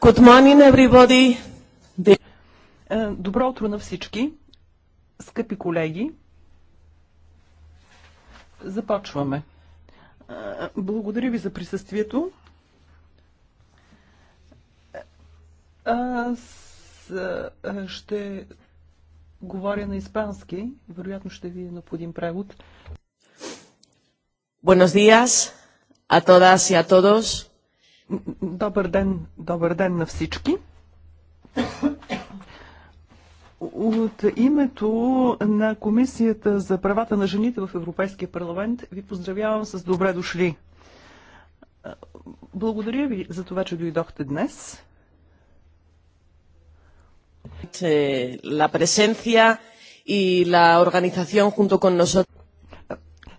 Good morning, everybody. Е, добро утро на всички, скъпи колеги. Започваме. Е, благодаря ви за присъствието. Е, аз ще говоря на испански. Вероятно ще ви е необходим превод. Buenos días a todas y a todos. Добър ден, добър ден на всички. От името на Комисията за правата на жените в Европейския парламент ви поздравявам с добре дошли. Благодаря ви за това, че дойдохте днес. Е, la presencia y la organización junto con nosotros.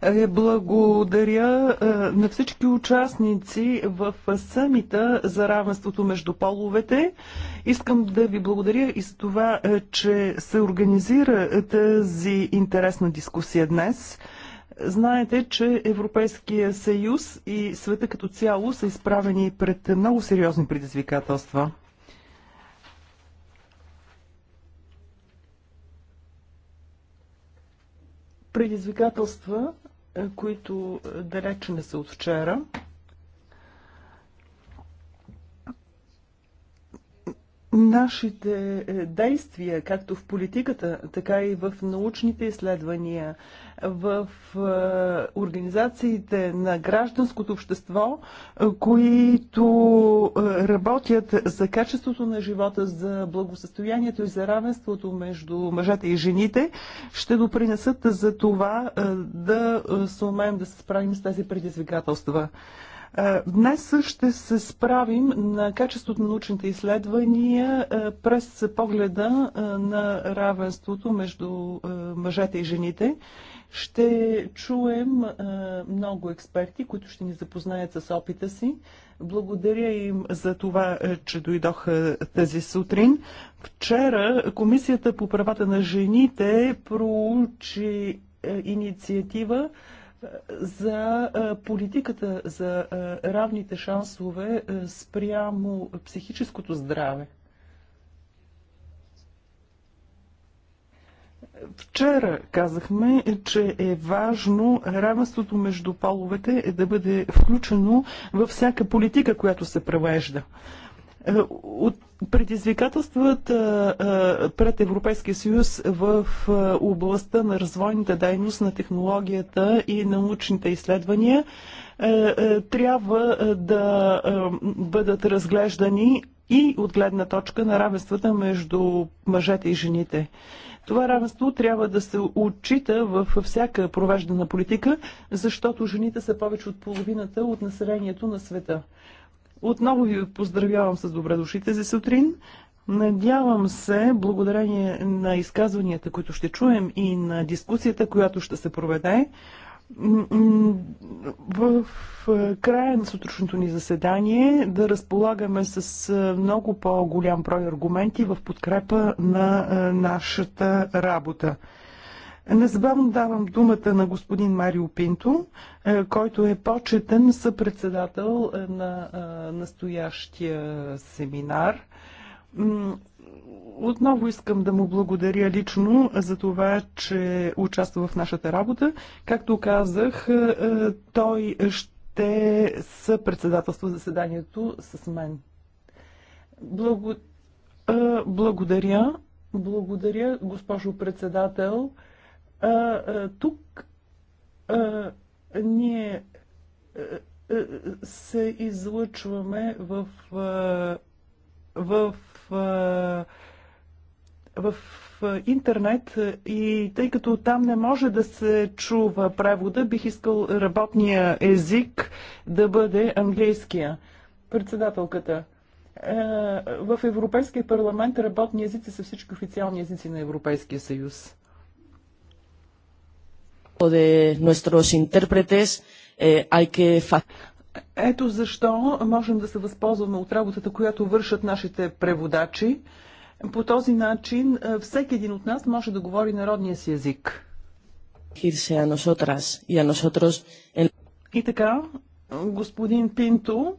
Е, благодаря е, на всички участници в самита за равенството между половете. Искам да ви благодаря и за това, е, че се организира тази интересна дискусия днес. Знаете, че Европейския съюз и света като цяло са изправени пред много сериозни предизвикателства. предизвикателства, които далеч не са от вчера. нашите е, действия, както в политиката, така и в научните изследвания, в е, организациите на гражданското общество, е, които работят за качеството на живота, за благосъстоянието и за равенството между мъжете и жените, ще допринесат за това да сумеем да се справим с тези предизвикателства. Е, днес ще се справим на качеството на научните изследвания е, през погледа е, на равенството между мъжете и жените. Ще чуем много експерти, които ще ни запознаят с опита си. Благодаря им за това, че дойдоха тази сутрин. Вчера Комисията по правата на жените проучи инициатива за политиката за равните шансове спрямо психическото здраве. Вчера казахме, че е важно равенството между половете да бъде включено във всяка политика, която се превежда. Е, от Предизвикателствата пред Европейския съюз в областта на развойната дейност на технологията и научните изследвания трябва да бъдат разглеждани и от гледна точка на равенствата между мъжете и жените. Това равенство трябва да се отчита във всяка провеждана политика, защото жените са повече от половината от населението на света. Отново ви поздравявам с добре душите за сутрин. Надявам се, благодарение на изказванията, които ще чуем и на дискусията, която ще се проведе, в е, края на сутрешното ни заседание да разполагаме с е, много по-голям брой аргументи в подкрепа на е, нашата работа. Незабавно давам думата на господин Марио Пинто, е, който е почетен съпредседател е, на е, настоящия семинар. Отново искам да му благодаря лично за това, че участва в нашата работа. Както казах, той ще съпредседателства заседанието с мен. Благодаря. Благодаря, госпожо председател. А, а, тук а, ние се излъчваме в, в, в, в интернет и тъй като там не може да се чува превода, бих искал работния език да бъде английския. Председателката. В Европейския парламент работни езици са всички официални езици на Европейския съюз de nuestros intérpretes eh, hay que Ето защо можем да се възползваме от работата, която вършат нашите преводачи. По този начин е, всеки един от нас може да говори народния си език. И така, господин Пинто,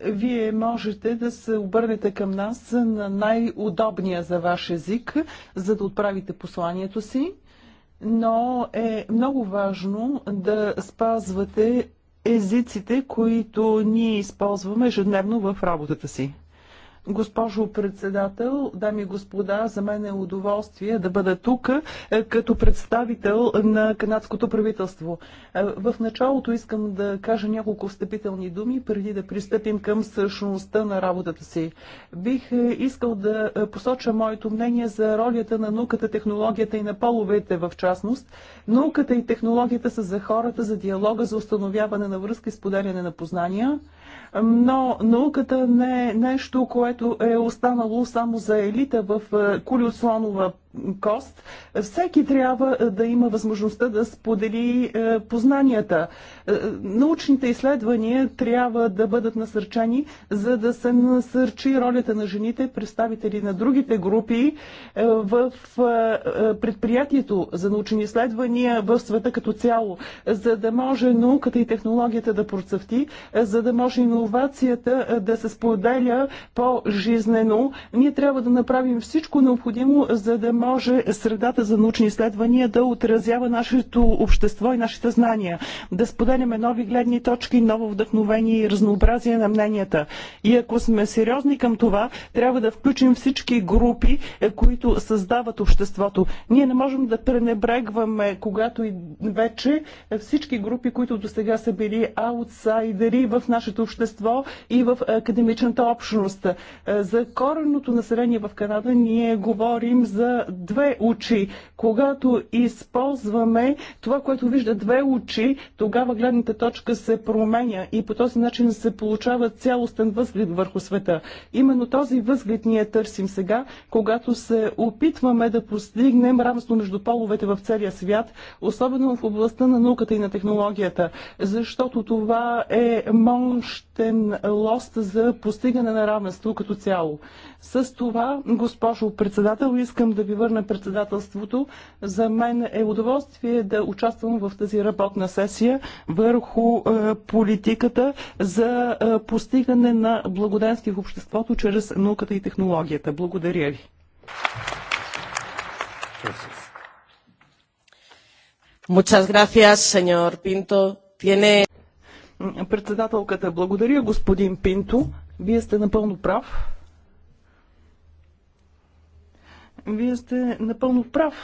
вие можете да се обърнете към нас на най-удобния за ваш език, за да отправите посланието си но е много важно да спазвате езиците, които ние използваме ежедневно в работата си. Госпожо председател, дами и господа, за мен е удоволствие да бъда тук е, като представител на канадското правителство. Е, в началото искам да кажа няколко встъпителни думи, преди да пристъпим към същността на работата си. Бих е, искал да посоча моето мнение за ролята на науката, технологията и на половете в частност. Науката и технологията са за хората, за диалога, за установяване на връзки, споделяне на познания. Но науката не е нещо, което което е останало само за елита в е, Кулиослонова кост, всеки трябва е, да има възможността да сподели е, познанията. Е, научните изследвания трябва да бъдат насърчани, за да се насърчи ролята на жените, представители на другите групи в предприятието за научни изследвания в света като цяло, за да може науката и технологията да процъфти, за да може иновацията да се споделя по-жизнено. Ние трябва да направим всичко необходимо, за да може може средата за научни изследвания да отразява нашето общество и нашите знания, да споделяме нови гледни точки, ново вдъхновение и разнообразие на мненията. И ако сме сериозни към това, трябва да включим всички групи, е, които създават обществото. Ние не можем да пренебрегваме, когато и вече е, всички групи, които до сега са били аутсайдери в нашето общество и в академичната общност. Е, за коренното население в Канада ние говорим за две очи. Когато използваме това, което вижда две очи, тогава гледната точка се променя и по този начин се получава цялостен възглед върху света. Именно този възглед ние търсим сега, когато се опитваме да постигнем равенство между половете в целия свят, особено в областта на науката и на технологията, защото това е мощен лост за постигане на равенство като цяло. С това, госпожо председател, искам да ви върна председателството. За мен е удоволствие да участвам в тази работна сесия върху е, политиката за е, постигане на благоденствие в обществото чрез науката и технологията. Благодаря ви. Muchas gracias, señor Pinto. Tiene... Председателката, благодаря, господин Пинто. Вие сте напълно прав. Вие сте напълно прав.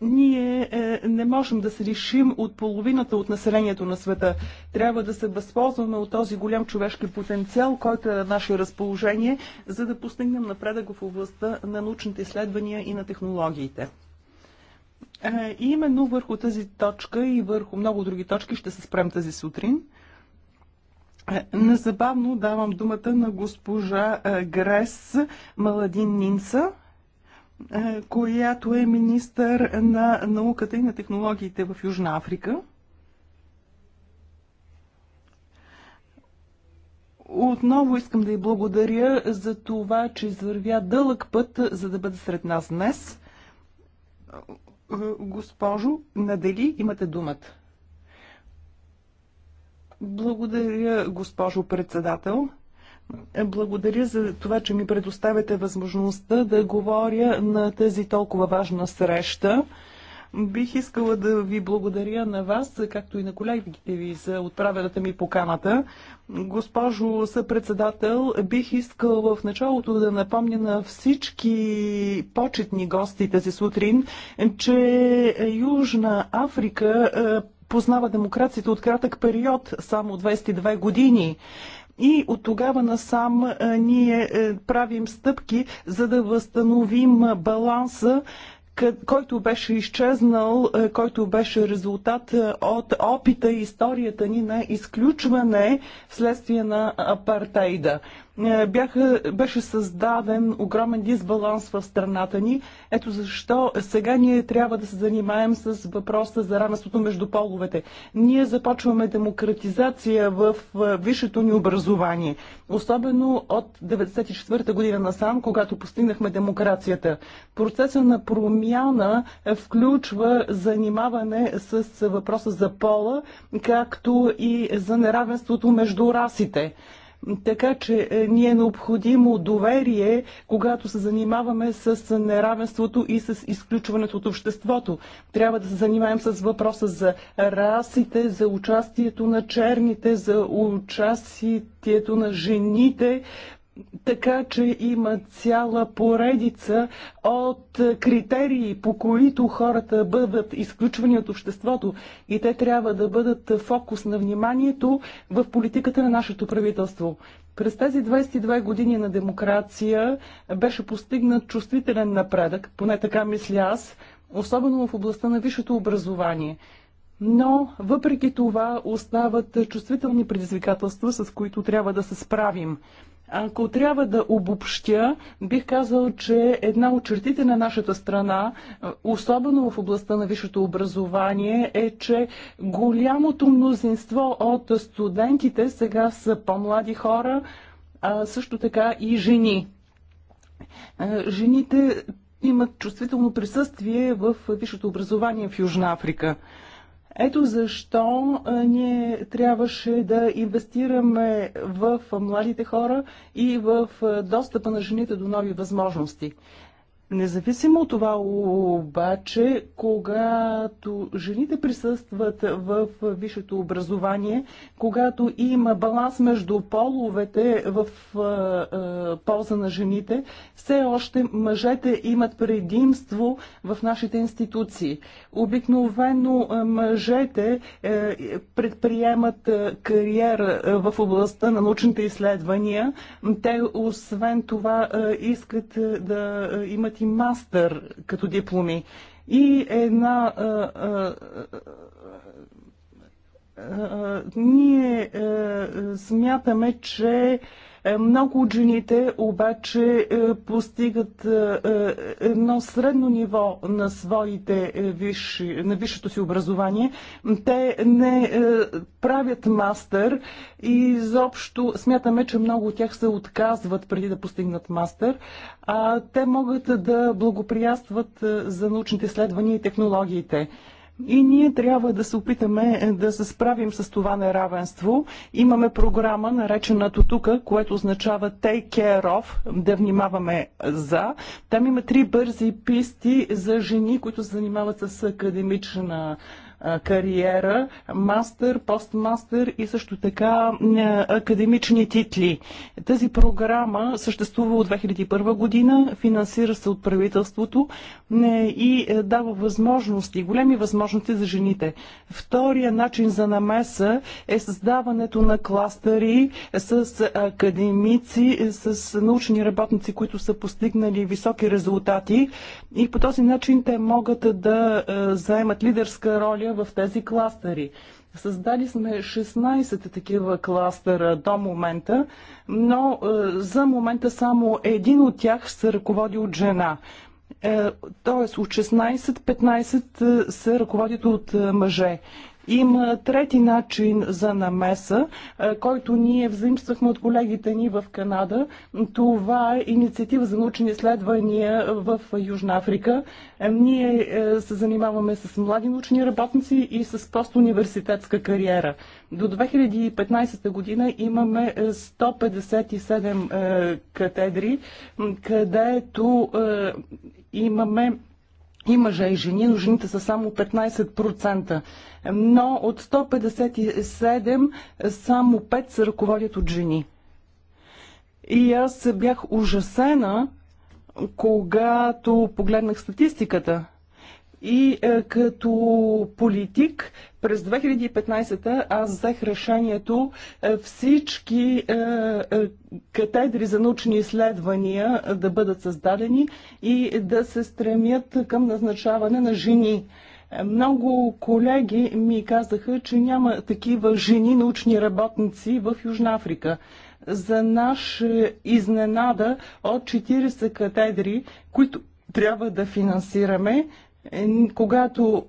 ние е, не можем да се решим от половината от населението на света. Трябва да се възползваме от този голям човешки потенциал, който е на наше разположение, за да постигнем напредък в областта на научните изследвания и на технологиите. Е, именно върху тази точка и върху много други точки ще се спрем тази сутрин. Е, незабавно давам думата на госпожа е, Грес Маладин Нинца, е, която е министър на науката и на технологиите в Южна Африка. Отново искам да й благодаря за това, че извървя дълъг път, за да бъде сред нас днес. Госпожо, надели имате думата. Благодаря, госпожо председател. Благодаря за това, че ми предоставяте възможността да говоря на тази толкова важна среща. Бих искала да ви благодаря на вас, както и на колегите ви за отправената ми поканата. Госпожо съпредседател, бих искала в началото да напомня на всички почетни гости тази сутрин, че Южна Африка е, познава демокрацията от кратък период, само 22 години. И от тогава насам е, ние е, правим стъпки, за да възстановим баланса който беше изчезнал, е, който беше резултат от опита и историята ни на изключване вследствие на апартейда. Е, бяха, беше създаден огромен дисбаланс в страната ни. Ето защо сега ние трябва да се занимаем с въпроса за равенството между половете. Ние започваме демократизация в е, висшето ни образование. Особено от 1994 година насам, когато постигнахме демокрацията. Процеса на промяна е, включва занимаване с въпроса за пола, както и за неравенството между расите. Така че е, ни е необходимо доверие, когато се занимаваме с неравенството и с изключването от обществото. Трябва да се занимаем с въпроса за расите, за участието на черните, за участието на жените, така че има цяла поредица от критерии, по които хората бъдат изключвани от обществото и те трябва да бъдат фокус на вниманието в политиката на нашето правителство. През тези 22 години на демокрация беше постигнат чувствителен напредък, поне така мисля аз, особено в областта на висшето образование. Но въпреки това остават чувствителни предизвикателства, с които трябва да се справим. Ако трябва да обобщя, бих казал, че една от чертите на нашата страна, особено в областта на висшето образование, е, че голямото мнозинство от студентите сега са по-млади хора, а също така и жени. Жените имат чувствително присъствие в висшето образование в Южна Африка. Ето защо ние трябваше да инвестираме в младите хора и в достъпа на жените до нови възможности. Независимо от това обаче, когато жените присъстват в висшето образование, когато има баланс между половете в полза на жените, все още мъжете имат предимство в нашите институции. Обикновено мъжете предприемат кариера в областта на научните изследвания. Те освен това искат да имат бакалавърът и мастър като дипломи. И една а, а, а, ние смятаме, че е, много от жените обаче е, постигат е, едно средно ниво на своите висши, на висшето си образование. Те не правят мастър и изобщо смятаме, че много от тях се отказват преди да постигнат мастър. А те могат да благоприятстват за научните изследвания и технологиите. И ние трябва да се опитаме е, да се справим с това неравенство. Имаме програма, наречена Тутука, което означава Take Care of, да внимаваме за. Там има три бързи писти за жени, които се занимават с академична кариера, мастър, постмастър и също така академични титли. Тази програма съществува от 2001 година, финансира се от правителството е, и е, дава възможности, големи възможности за жените. Втория начин за намеса е създаването на кластъри с академици, с научни работници, които са постигнали високи резултати и по този начин те могат да е, заемат лидерска роля в тези кластери. Създали сме 16 такива кластера до момента, но е, за момента само един от тях се ръководи от жена. Е, тоест от 16-15 е, се ръководят от мъже. Има трети начин за намеса, е, който ние взаимствахме от колегите ни в Канада. Това е инициатива за научни изследвания в Южна Африка. Е, ние е, се занимаваме с млади научни работници и с постуниверситетска кариера. До 2015 година имаме 157 катедри, където имаме и мъже и жени, но жените са само 15%. Но от 157 само 5 се ръководят от жени. И аз бях ужасена, когато погледнах статистиката. И е, като политик през 2015 аз взех решението е, всички е, е, катедри за научни изследвания да бъдат създадени и да се стремят към назначаване на жени. Много колеги ми казаха, че няма такива жени научни работници в Южна Африка. За наш изненада от 40 катедри, които трябва да финансираме, когато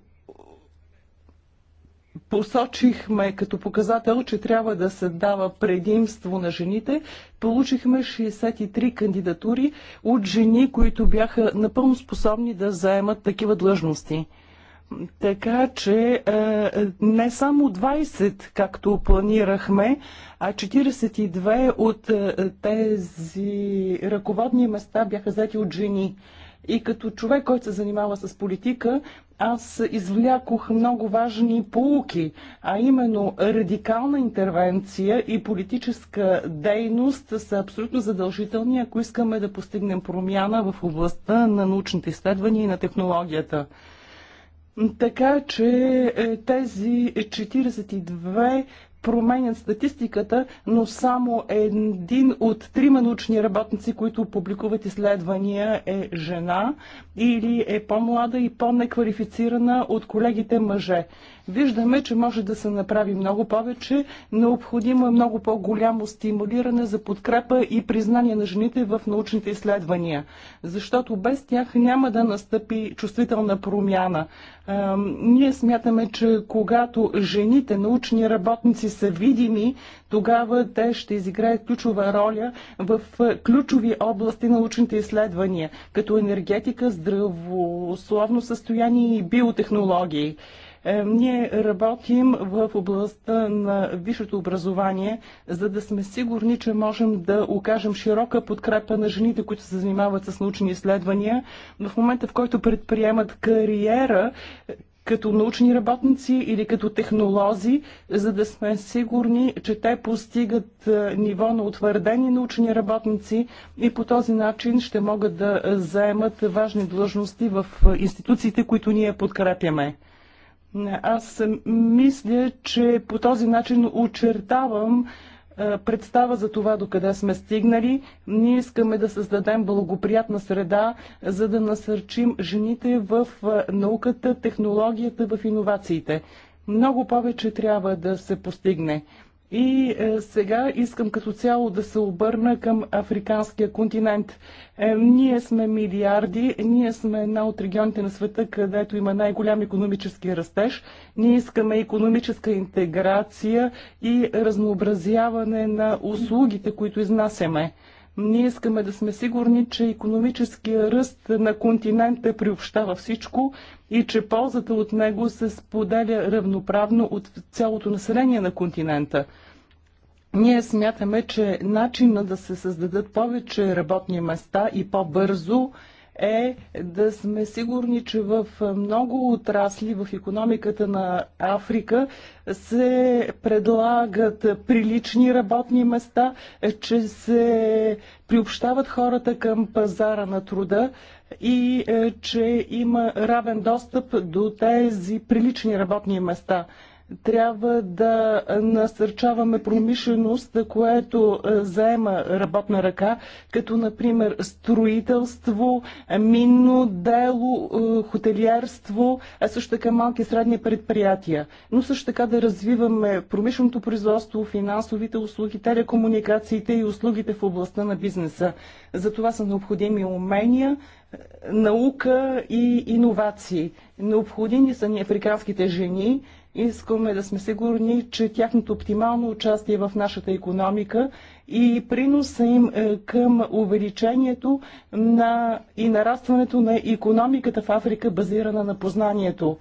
посочихме като показател, че трябва да се дава предимство на жените. Получихме 63 кандидатури от жени, които бяха напълно способни да заемат такива длъжности. Така че е, не само 20, както планирахме, а 42 от е, тези ръководни места бяха взети от жени. И като човек, който се занимава с политика, аз извлякох много важни полуки, а именно радикална интервенция и политическа дейност са абсолютно задължителни, ако искаме да постигнем промяна в областта на научните изследвания и на технологията. Така че е, тези 42 променят статистиката, но само един от трима научни работници, които публикуват изследвания е жена или е по-млада и по-неквалифицирана от колегите мъже. Виждаме, че може да се направи много повече. Необходимо е много по-голямо стимулиране за подкрепа и признание на жените в научните изследвания, защото без тях няма да настъпи чувствителна промяна. Ние смятаме, че когато жените, научни работници са видими, тогава те ще изиграят ключова роля в ключови области на научните изследвания, като енергетика, здравословно състояние и биотехнологии. Е, ние работим в областта на висшето образование, за да сме сигурни, че можем да окажем широка подкрепа на жените, които се занимават с научни изследвания. В момента, в който предприемат кариера, е, като научни работници или като технолози, за да сме сигурни, че те постигат е, ниво на утвърдени научни работници и по този начин ще могат да заемат важни длъжности в институциите, които ние подкрепяме. Аз мисля, че по този начин очертавам е, представа за това до къде сме стигнали. Ние искаме да създадем благоприятна среда, за да насърчим жените в е, науката, технологията, в иновациите. Много повече трябва да се постигне. И е, сега искам като цяло да се обърна към африканския континент. Е, ние сме милиарди, ние сме една от регионите на света, където има най-голям економически растеж. Ние искаме економическа интеграция и разнообразяване на услугите, които изнасяме. Ние искаме да сме сигурни, че економическия ръст на континента приобщава всичко и че ползата от него се споделя равноправно от цялото население на континента. Ние смятаме, че начина да се създадат повече работни места и по-бързо е е да сме сигурни, че в много отрасли в економиката на Африка се предлагат прилични работни места, че се приобщават хората към пазара на труда и е, че има равен достъп до тези прилични работни места трябва да насърчаваме промишленост, което е, заема работна ръка, като например строителство, минно дело, е, хотелиерство, а също така малки и средни предприятия. Но също така да развиваме промишленото производство, финансовите услуги, телекомуникациите и услугите в областта на бизнеса. За това са необходими умения, е, наука и иновации. Необходими са ни африканските жени, Искаме да сме сигурни, че тяхното оптимално участие в нашата економика и приноса им е, към увеличението на и нарастването на економиката в Африка, базирана на познанието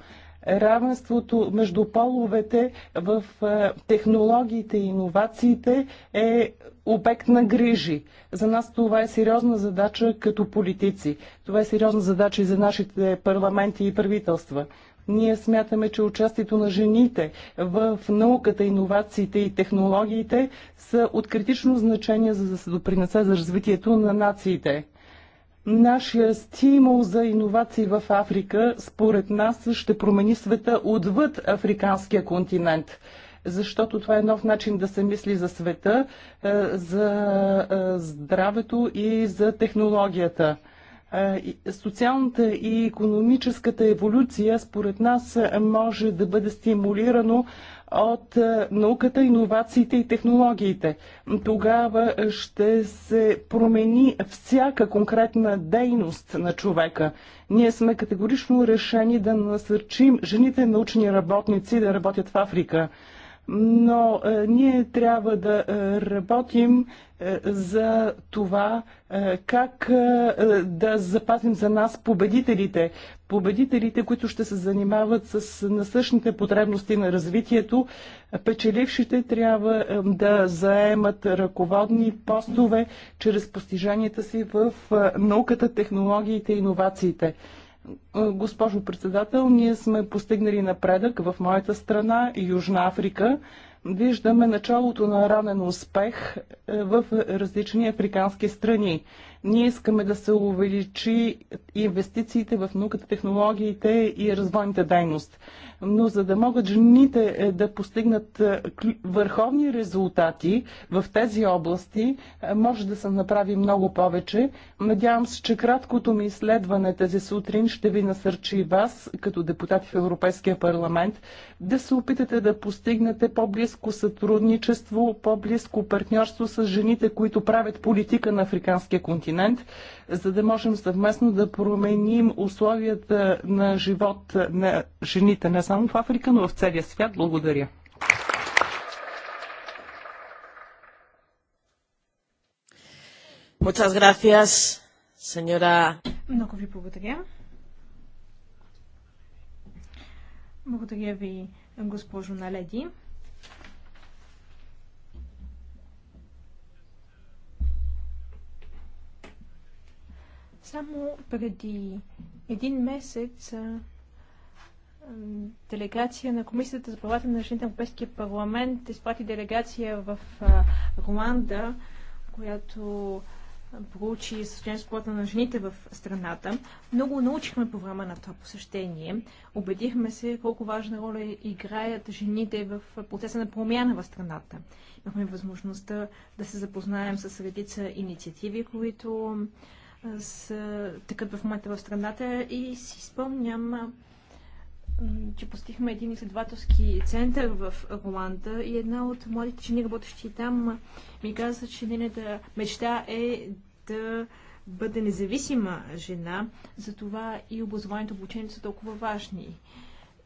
равенството между половете в е, технологиите и иновациите е обект на грижи. За нас това е сериозна задача като политици. Това е сериозна задача и за нашите парламенти и правителства. Ние смятаме, че участието на жените в науката, иновациите и технологиите са от критично значение за да се допринесе за развитието на нациите. Нашия стимул за иновации в Африка, според нас, ще промени света отвъд африканския континент защото това е нов начин да се мисли за света, е, за е, здравето и за технологията социалната и економическата еволюция според нас може да бъде стимулирано от науката, иновациите и технологиите. Тогава ще се промени всяка конкретна дейност на човека. Ние сме категорично решени да насърчим жените научни работници да работят в Африка но е, ние трябва да е, работим е, за това как да запазим за нас победителите. Победителите, които ще се занимават с насъщните потребности на развитието, печелившите трябва да заемат ръководни постове чрез постиженията си в науката, технологиите и иновациите. Е, госпожо председател, ние сме постигнали напредък в моята страна, Южна Африка. Виждаме началото на ранен успех е, в различни африкански страни. Ние искаме да се увеличи инвестициите в науката, технологиите и развойната дейност. Но за да могат жените е, да постигнат е, върховни резултати в тези области, е, може да се направи много повече. Надявам се, че краткото ми изследване тази сутрин ще ви насърчи вас, като депутати в Европейския парламент, да се опитате да постигнете по-близко сътрудничество, по-близко партньорство с жените, които правят политика на африканския континент континент, за да можем съвместно да променим условията на живот на жените не само в Африка, но в целия свят. Благодаря. Muchas gracias, señora. Много ви благодаря. Благодаря ви, госпожо Наледи. Само преди един месец делегация на Комисията за правата на жените на Европейския парламент изпрати делегация в Руанда, която проучи състоянието с на жените в страната. Много научихме по време на това посещение. Убедихме се колко важна роля играят жените в процеса на промяна в страната. Имахме възможността да се запознаем с редица инициативи, които са, такът в момента в страната и си спомням, че постихме един изследователски център в Руанда и една от младите жени, работещи там, ми каза, че нейната мечта е да бъде независима жена, затова и образованието, обучението са толкова важни.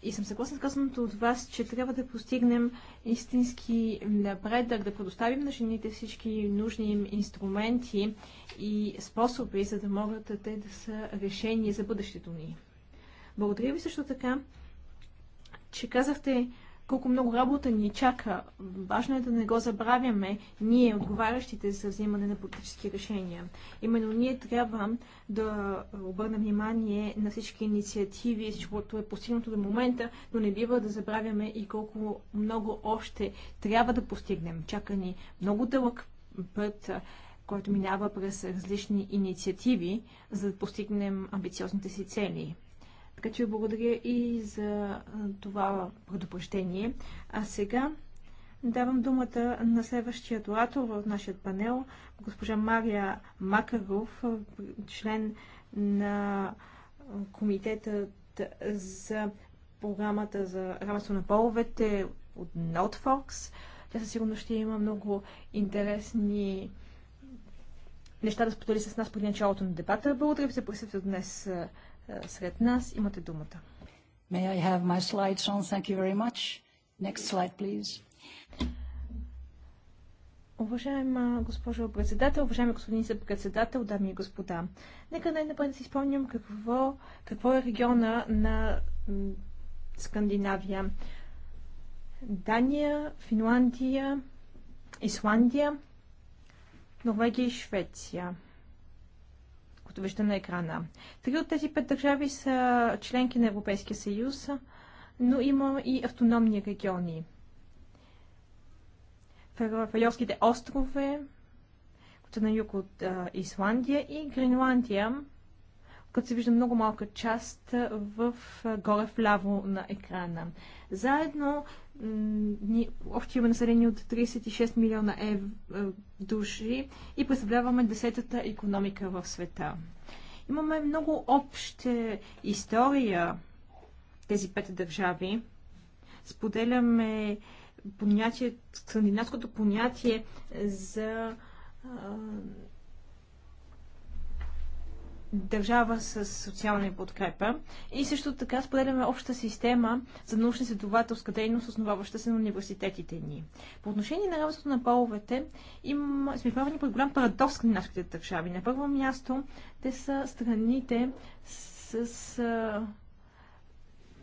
И съм съгласна с казаното от вас, че трябва да постигнем истински напредък, да предоставим на жените всички нужни им инструменти и способи, за да могат те да са решение за бъдещето ни. Благодаря ви също така, че казахте колко много работа ни чака. Важно е да не го забравяме, ние, отговарящите за взимане на политически решения. Именно ние трябва да обърнем внимание на всички инициативи, защото е постигнато до момента, но не бива да забравяме и колко много още трябва да постигнем. Чака ни много дълъг път, който минава през различни инициативи, за да постигнем амбициозните си цели. Така че благодаря и за това предупреждение. А сега давам думата на следващия оратор в нашия панел, госпожа Мария Макаров, член на комитетът за програмата за равенство на половете от NotFox. Тя със сигурност ще има много интересни неща да сподели с нас преди началото на дебата. Благодаря ви за присъствието днес е, сред нас. Имате думата. May I have my slides on? Thank you very much. Next slide, please. Уважаема госпожо председател, уважаеми господин председател, дами и господа. Нека най-напред си спомням какво, какво е региона на Скандинавия. Дания, Финландия, Исландия, Норвегия и Швеция както вижда на екрана. Три от тези пет държави са членки на Европейския съюз, но има и автономни региони. Фарерските острове, които на юг от Исландия и Гренландия, като се вижда много малка част в горе вляво на екрана. Заедно ние общо имаме население от 36 милиона ев, души и представляваме десетата економика в света. Имаме много обща история тези пет държави. Споделяме понятие, скандинавското понятие за държава с социална подкрепа и също така споделяме обща система за научно-изследователска дейност, основаваща се на университетите ни. По отношение на равенството на половете, им, сме правени под голям парадокс на нашите държави. На първо място, те са страните с, с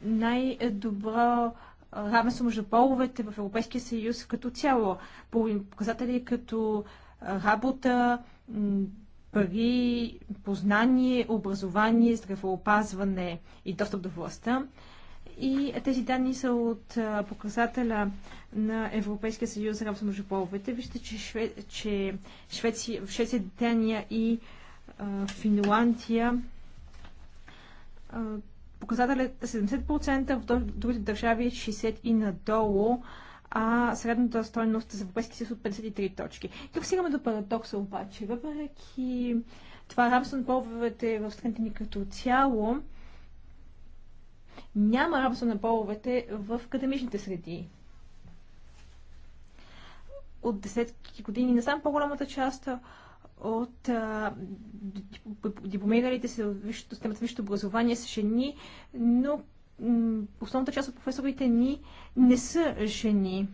най-добро равенство между половете в Европейския съюз като цяло. По показатели като работа, пари, познание, образование, здравеопазване и достъп до властта. И тези данни са от показателя на Европейския съюз за работа между половете. Вижте, че, Шве... че Швеция, в Швеция, Дания и а, Финландия а, показателят е 70%, в другите държави 60% е и надолу. А, а средната стойност за Европейския съюз от 53 точки. Тук стигаме до парадокса обаче. Въпреки това равенство на половете в страните ни като цяло, няма равенство на половете в академичните среди. От десетки години насам по-голямата част от дипломиралите се в висшето образование са жени, но основната част от професорите ни не са жени.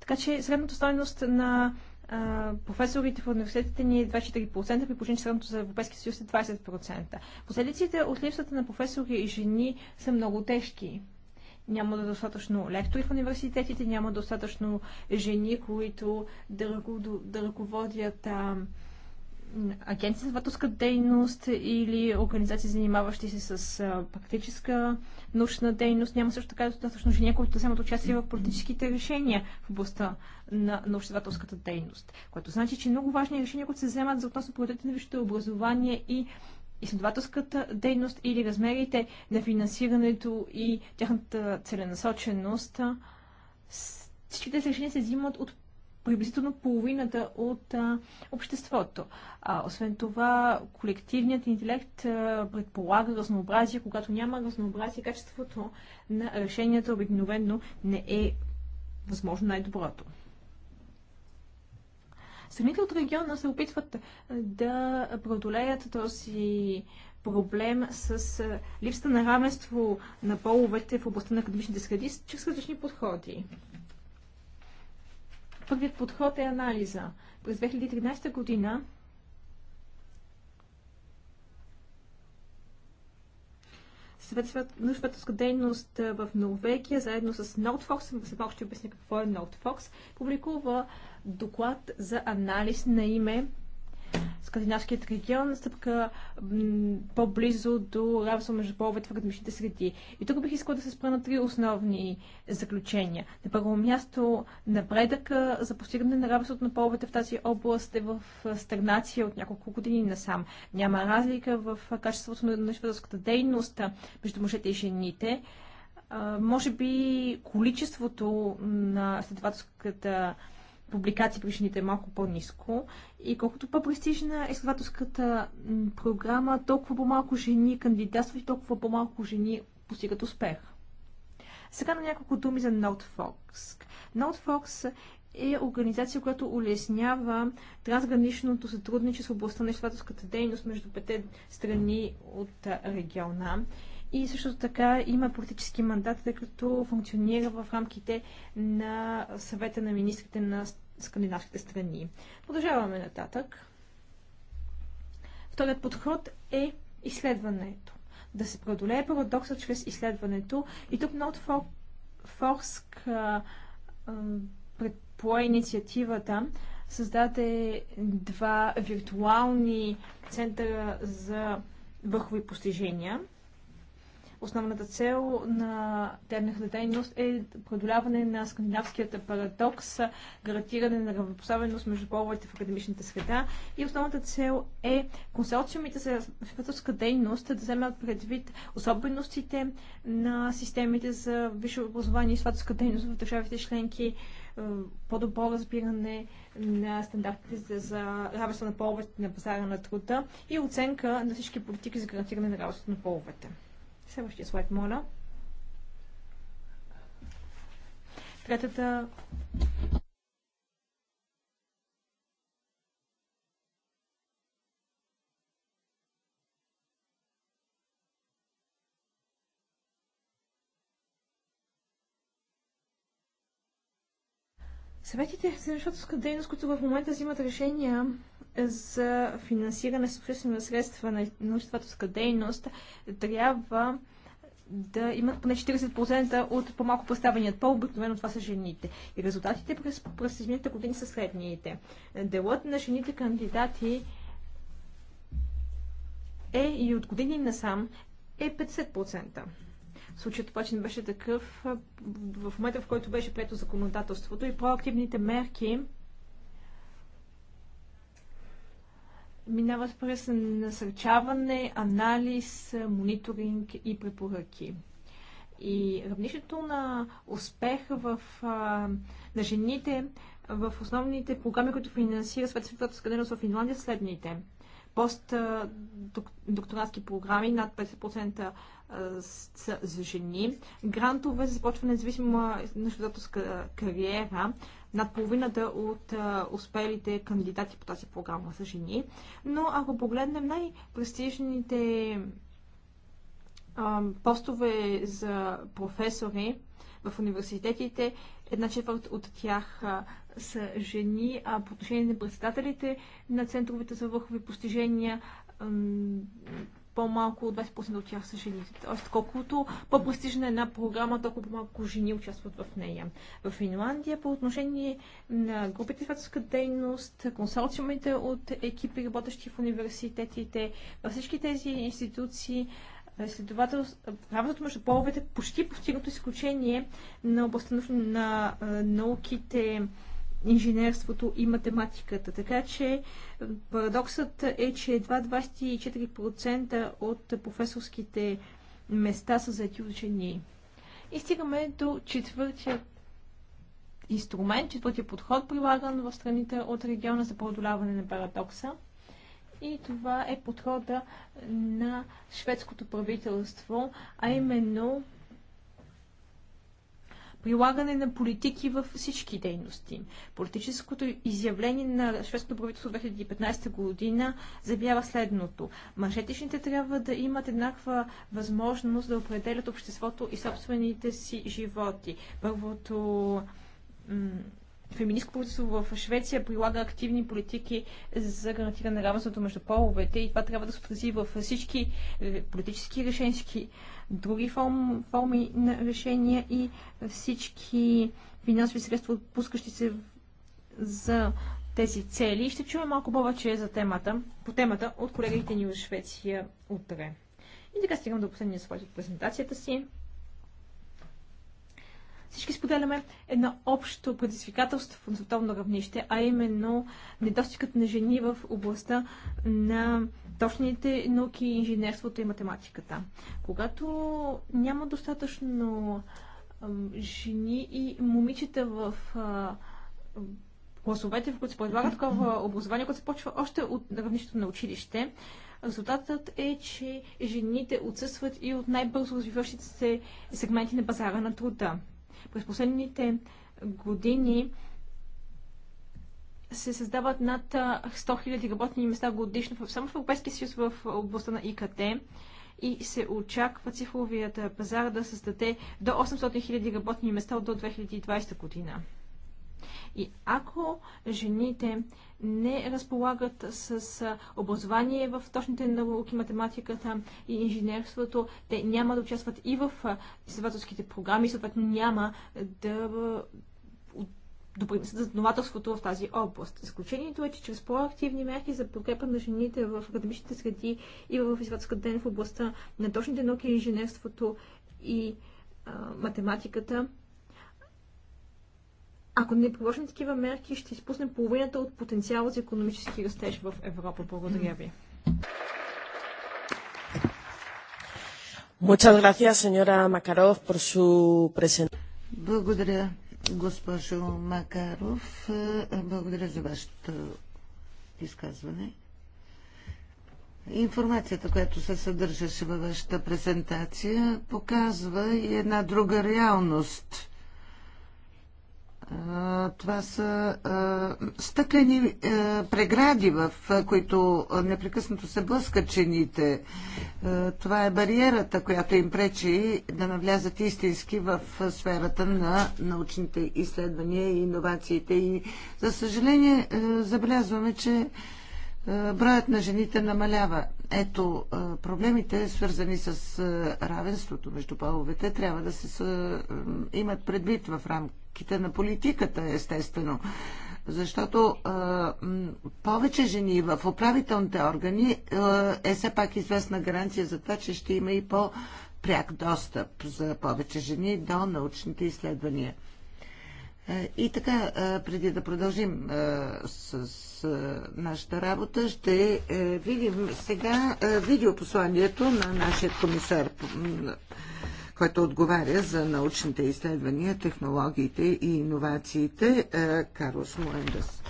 Така че средната стойност на професорите в университетите ни е 24%, при положение, че средното за Европейския съюз е 20%. Последиците от липсата на професори и жени са много тежки няма да е достатъчно лектори в университетите, няма достатъчно жени, които да, да ръководят а, агенции за вътрешна дейност или организации, занимаващи се с а, практическа научна дейност. Няма също така достатъчно жени, които да вземат участие в политическите решения в областта на научно дейност. Което значи, че много важни решения, които се вземат за относно политиката на висшето образование и изследователската дейност или размерите на финансирането и тяхната целенасоченост, всички тези решения се взимат от приблизително половината от а, обществото. А, освен това, колективният интелект а, предполага разнообразие. Когато няма разнообразие, качеството на решението обикновено не е възможно най-доброто. Страните от региона се опитват е, да преодолеят този проблем с е, липсата на равенство на половете в областта на академичните среди чрез различни подходи. Първият подход е анализа. През 2013 година научно-изследователска дейност в Норвегия, заедно с Nordfox, след малко ще обясня какво е Nordfox, публикува доклад за анализ на име скандинавският регион, стъпка по-близо до равенство между половете в академичните среди. И тук бих искала да се спра на три основни заключения. На първо място, напредъка за постигане на равенството на половете в тази област е в стагнация от няколко години насам. Няма разлика в качеството на нещодателската дейност между мъжете и жените. А, може би количеството на следователската публикации, причините е малко по-низко. И колкото по-престижна е следователската програма, толкова по-малко жени кандидатстват и толкова по-малко жени постигат успех. Сега на няколко думи за NoteFox. NoteFox е организация, която улеснява трансграничното сътрудничество в областта на изследователската дейност между пете страни от региона и също така има политически мандат, тъй като функционира в рамките на съвета на министрите на скандинавските страни. Продължаваме нататък. Вторият подход е изследването. Да се преодолее парадокса чрез изследването. И тук Нотфорск предпое инициативата, създаде два виртуални центъра за върхови постижения – Основната цел на тяхната дейност е преодоляване на скандинавският парадокс, гарантиране на равнопоставеност между половете в академичната среда и основната цел е консорциумите за философска дейност да вземат предвид особеностите на системите за висше образование и сватовска дейност в държавите членки, е, по-добро разбиране на стандартите за, равенство на половете на пазара на труда и оценка на всички политики за гарантиране на равенство на половете. Следващия слайд, моля. Третата Съветите за са дейност, които в момента взимат решения за финансиране с обществени средства на научно дейност, трябва да имат поне 40% от по-малко представеният пол, обикновено това са жените. И резултатите през, през изминалите години са следните. Делът на жените кандидати е и от години насам е 50%. Случаят обаче не беше такъв в момента, в който беше прието законодателството и проактивните мерки минават през насърчаване, анализ, мониторинг и препоръки. И равнището на успех в, на жените в основните програми, които финансира Светската дейност в Финландия, следните – постдокторантски програми, над 50% са за жени, грантове за започване независима на изследователска кариера, над половината от успелите кандидати по тази програма са жени. Но ако погледнем най-престижните постове за професори в университетите, една четвърт от тях са жени, а по отношение на председателите на центровете за върхови постижения по-малко от 20% от тях са жени. Тоест, колкото по-престижна е една програма, толкова по-малко жени участват в нея. В Финландия по отношение на групите изследователска дейност, консорциумите от екипи, работещи в университетите, във всички тези институции, следовател, равенството между половете почти постигнато изключение на областта на науките, инженерството и математиката. Така че парадоксът е, че едва 24% от професорските места са заети учени. И стигаме до четвъртия инструмент, четвъртия подход, прилаган в страните от региона за преодоляване на парадокса. И това е подхода на шведското правителство, а именно прилагане на политики във всички дейности. Политическото изявление на шведското правителство 2015 година заявява следното. Мъжете трябва да имат еднаква възможност да определят обществото и собствените си животи. Първото феминистко правителство в Швеция прилага активни политики за гарантиране на равенството между половете и това трябва да се отрази във всички е, политически решенски други форм, форми на решения и всички финансови средства, отпускащи се за тези цели. Ще чуем малко повече за темата, по темата от колегите ни от Швеция утре. И така стигам до последния слайд от презентацията си всички споделяме едно общо предизвикателство на световно равнище, а именно недостигът на жени в областта на точните науки, инженерството и математиката. Когато няма достатъчно жени и момичета в класовете, в които се предлага такова образование, което се почва още от равнището на училище, резултатът е, че жените отсъстват и от най-бързо развиващите се сегменти на пазара на труда. През последните години се създават над 100 000 работни места годишно само в Европейския съюз в областта на ИКТ и се очаква цифровият пазар да създаде до 800 000 работни места до 2020 година. И ако жените не разполагат с образование в точните науки, математиката и инженерството. Те няма да участват и в изследователските програми, съответно няма да допринесат за новаторството в тази област. Изключението е, че чрез по-активни мерки за подкрепа на жените в академичните среди и в изследователската ден в областта на точните науки, инженерството и а, математиката, ако не положим такива мерки, ще изпуснем половината от потенциала за економически растеж в Европа. Благодаря ви. Muchas gracias, señora Макаров, por su Благодаря, госпожо Макаров. Благодаря за вашето изказване. Информацията, която се съдържаше във вашата презентация, показва и една друга реалност. Това са стъклени прегради, в които непрекъснато се блъскат А, Това е бариерата, която им пречи да навлязат истински в сферата на научните изследвания и иновациите. И, за съжаление, забелязваме, че броят на жените намалява. Ето, проблемите, свързани с равенството между половете, трябва да се имат предвид в рамките рамките на политиката, естествено. Защото а, повече жени в управителните органи а, е все пак известна гаранция за това, че ще има и по-пряк достъп за повече жени до научните изследвания. И така, преди да продължим с нашата работа, ще е, видим сега видеопосланието на нашия комисар който отговаря за научните изследвания, технологиите и иновациите, Карлос Муендес.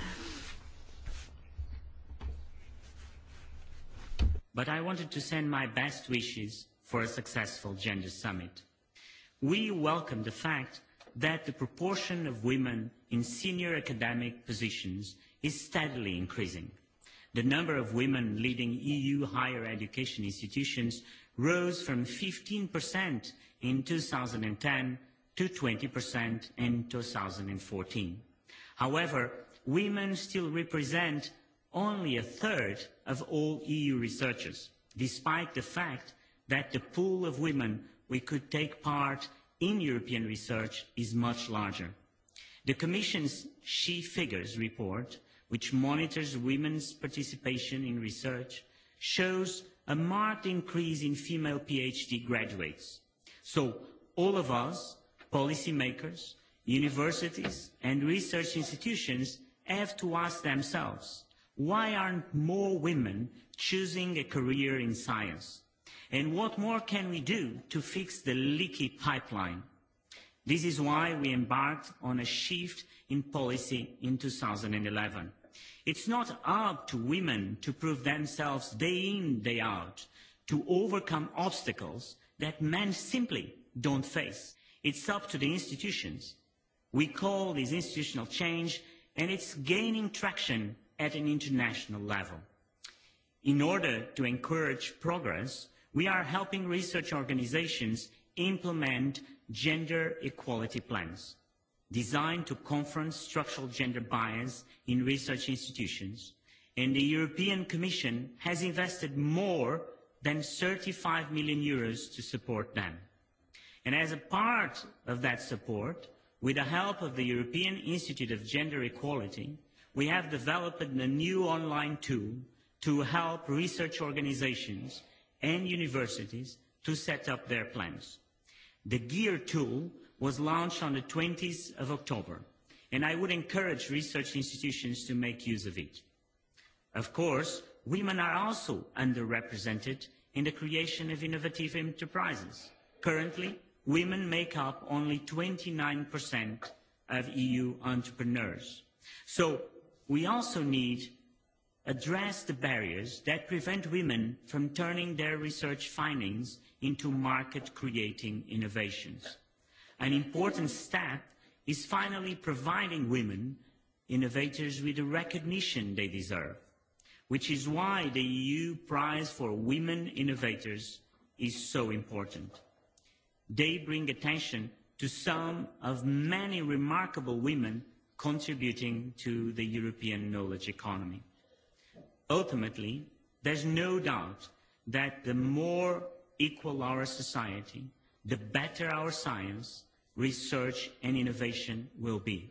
But I wanted to send my best wishes for a successful gender summit. We welcome the fact that the proportion of women in senior academic positions is steadily increasing. The number of women leading EU higher education institutions rose from 15% in 2010 to 20% in 2014. However, women still represent only a third of all EU researchers, despite the fact that the pool of women we could take part in European research is much larger. The Commission's She Figures report, which monitors women's participation in research, shows a marked increase in female PhD graduates. So all of us, policymakers, universities and research institutions have to ask themselves, why aren't more women choosing a career in science? And what more can we do to fix the leaky pipeline? This is why we embarked on a shift in policy in 2011 It's not up to women to prove themselves day in, day out, to overcome obstacles that men simply don't face. It's up to the institutions. We call this institutional change, and it's gaining traction at an international level. In order to encourage progress, we are helping research organizations implement gender equality plans designed to confront structural gender bias in research institutions, and the European Commission has invested more than 35 million euros to support them. And as a part of that support, with the help of the European Institute of Gender Equality, we have developed a new online tool to help research organizations and universities to set up their plans. The GEAR tool was launched on the 20th of October, and I would encourage research institutions to make use of it. Of course, women are also underrepresented in the creation of innovative enterprises. Currently, women make up only 29% of EU entrepreneurs. So we also need address the barriers that prevent women from turning their research findings into market-creating innovations An important step is finally providing women innovators with the recognition they deserve, which is why the EU Prize for Women Innovators is so important. They bring attention to some of many remarkable women contributing to the European knowledge economy. Ultimately, there's no doubt that the more equal our society, the better our science, research and innovation will be.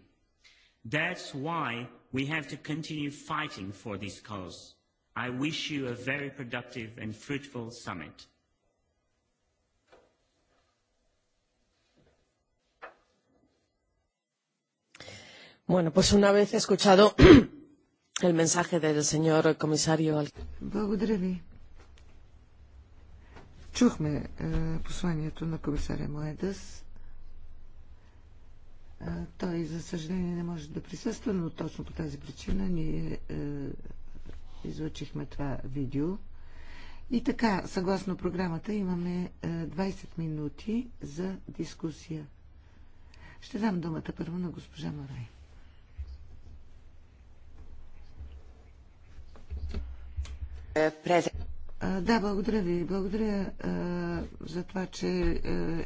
That's why we have to continue fighting for this cause. I wish you a very productive and fruitful summit. Bueno, pues una vez escuchado el mensaje del señor comisario. Благодаря ви. Чухме е, посланието на комисаря Моедас. Той, за съжаление, не може да присъства, но точно по тази причина ние е, излучихме това видео. И така, съгласно програмата, имаме 20 е, минути за дискусия. Ще дам думата първо на госпожа Марай. Да, благодаря ви. Благодаря е, за това, че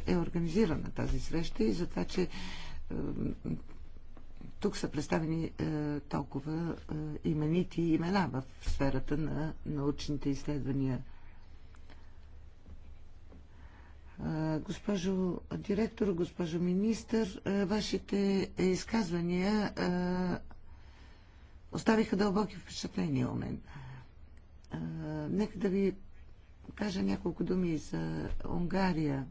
е организирана тази среща и за това, че тук са представени е, толкова е, именити имена в сферата на научните изследвания. Е, госпожо директор, госпожо министър, вашите изказвания оставиха дълбоки впечатления у мен. нека да ви кажа няколко думи за Унгария.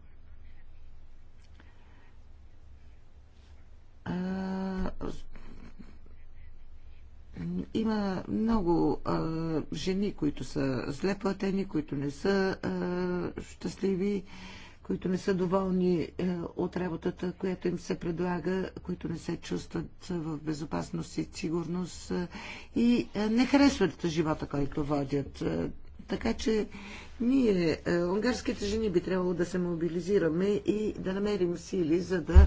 има много а, жени, които са зле платени, които не са а, щастливи, които не са доволни а, от работата, която им се предлага, които не се чувстват в безопасност и сигурност а, и а, не харесват живота, който водят. А, така че ние, а, унгарските жени, би трябвало да се мобилизираме и да намерим сили, за да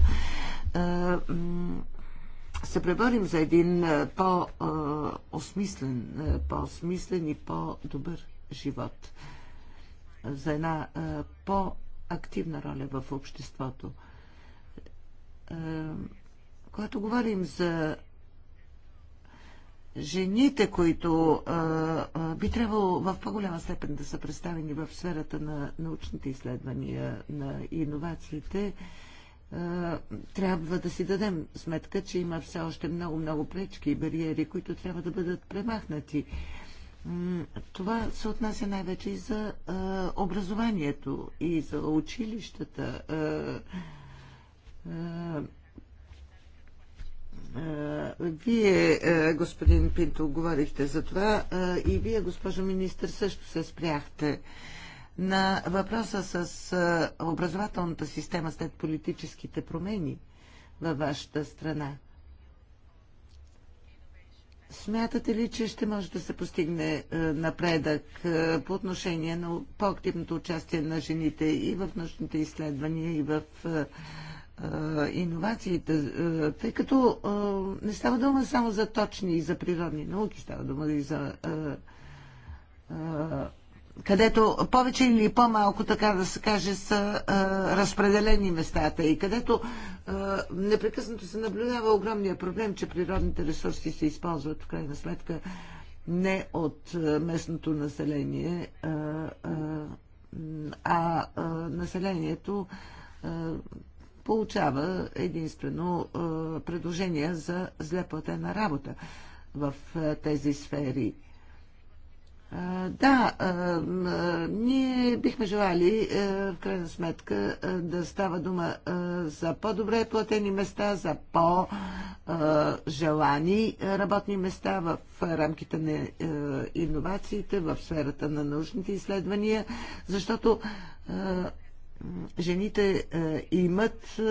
се преборим за един по-осмислен, по-осмислен и по-добър живот, за една по-активна роля в обществото. Когато говорим за жените, които би трябвало в по-голяма степен да са представени в сферата на научните изследвания, на иновациите, трябва да си дадем сметка, че има все още много-много пречки и бариери, които трябва да бъдат премахнати. Това се отнася най-вече и за образованието, и за училищата. Вие, господин Пинто, говорихте за това и вие, госпожо министр, също се спряхте на въпроса с образователната система след политическите промени във вашата страна. Смятате ли, че ще може да се постигне напредък по отношение на по-активното участие на жените и в научните изследвания, и в иновациите, тъй като не става дума само за точни и за природни науки, става дума и за където повече или по-малко, така да се каже, са а, разпределени местата и където а, непрекъснато се наблюдава огромния проблем, че природните ресурси се използват в крайна сметка не от местното население, а, а, а, населението а, получава единствено а, предложения за зле платена работа в а, тези сфери. Да, ние бихме желали в крайна сметка да става дума за по-добре платени места, за по-желани работни места в рамките на иновациите, в сферата на научните изследвания, защото жените имат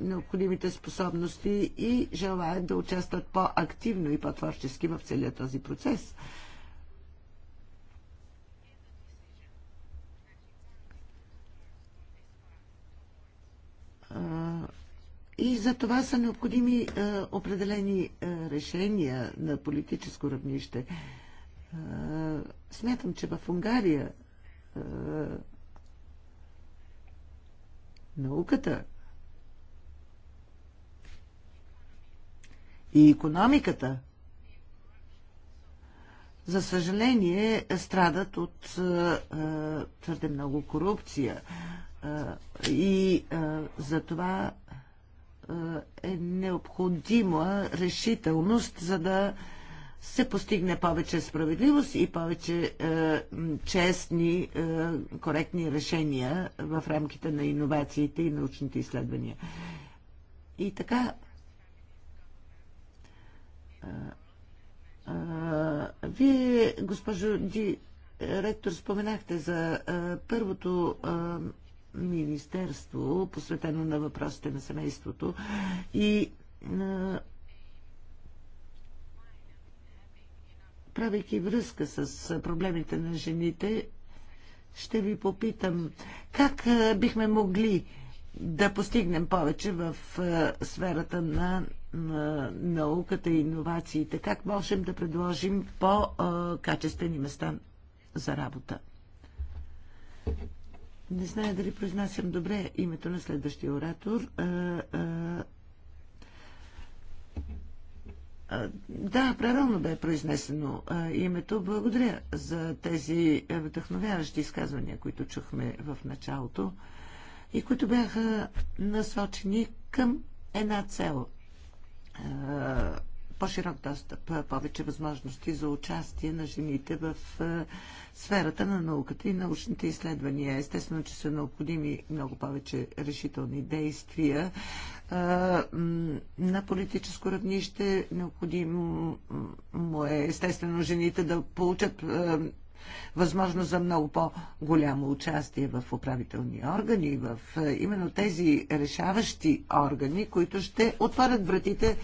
необходимите способности и желаят да участват по-активно и по-творчески в целия този процес. И за това са необходими определени решения на политическо равнище. Смятам, че в Унгария науката и економиката за съжаление, страдат от твърде много корупция и за това е необходима решителност, за да се постигне повече справедливост и повече е, честни, е, коректни решения в рамките на иновациите и научните изследвания. И така, е, е, вие, госпожо Ди, ректор, споменахте за е, първото министерство, посветено на въпросите на семейството и правейки връзка с проблемите на жените, ще ви попитам как бихме могли да постигнем повече в сферата на науката и иновациите? Как можем да предложим по-качествени места за работа? Не зная дали произнасям добре името на следващия оратор. Да, правилно бе произнесено името. Благодаря за тези е, вдъхновяващи изказвания, които чухме в началото и които бяха насочени към една цел по-широк достъп, повече възможности за участие на жените в сферата на науката и научните изследвания. Естествено, че са необходими много повече решителни действия на политическо равнище. Необходимо е, естествено, жените да получат възможност за много по-голямо участие в управителни органи, в именно тези решаващи органи, които ще отворят вратите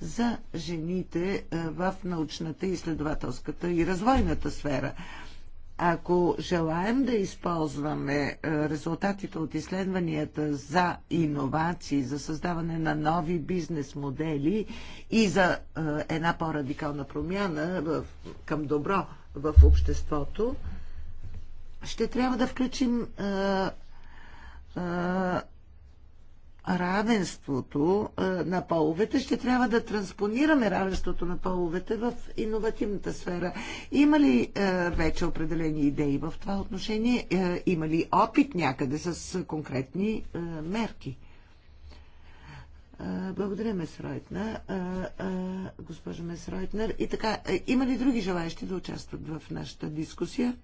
за жените е, в научната, изследователската и развойната сфера. Ако желаем да използваме е, резултатите от изследванията за иновации, за създаване на нови бизнес модели и за е, една по-радикална промяна в, към добро в обществото, ще трябва да включим равенството е, на половете, ще трябва да транспонираме равенството на половете в иновативната сфера. Има ли е, вече определени идеи в това отношение? Е, има ли опит някъде с конкретни мерки? Благодаря, Месройтна. Госпожа Ройтнер. И така, има ли други желаящи да участват в нашата дискусия?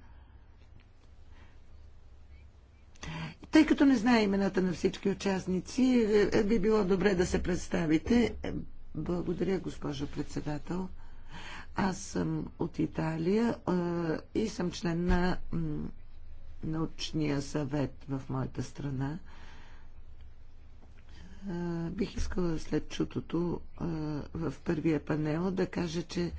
Тъй като не знае имената на всички участници, е, е, би било добре да се представите. Е, благодаря, госпожо председател. Аз съм от Италия и съм член на научния съвет в моята страна. Бих искала след чутото в първия панел да кажа, че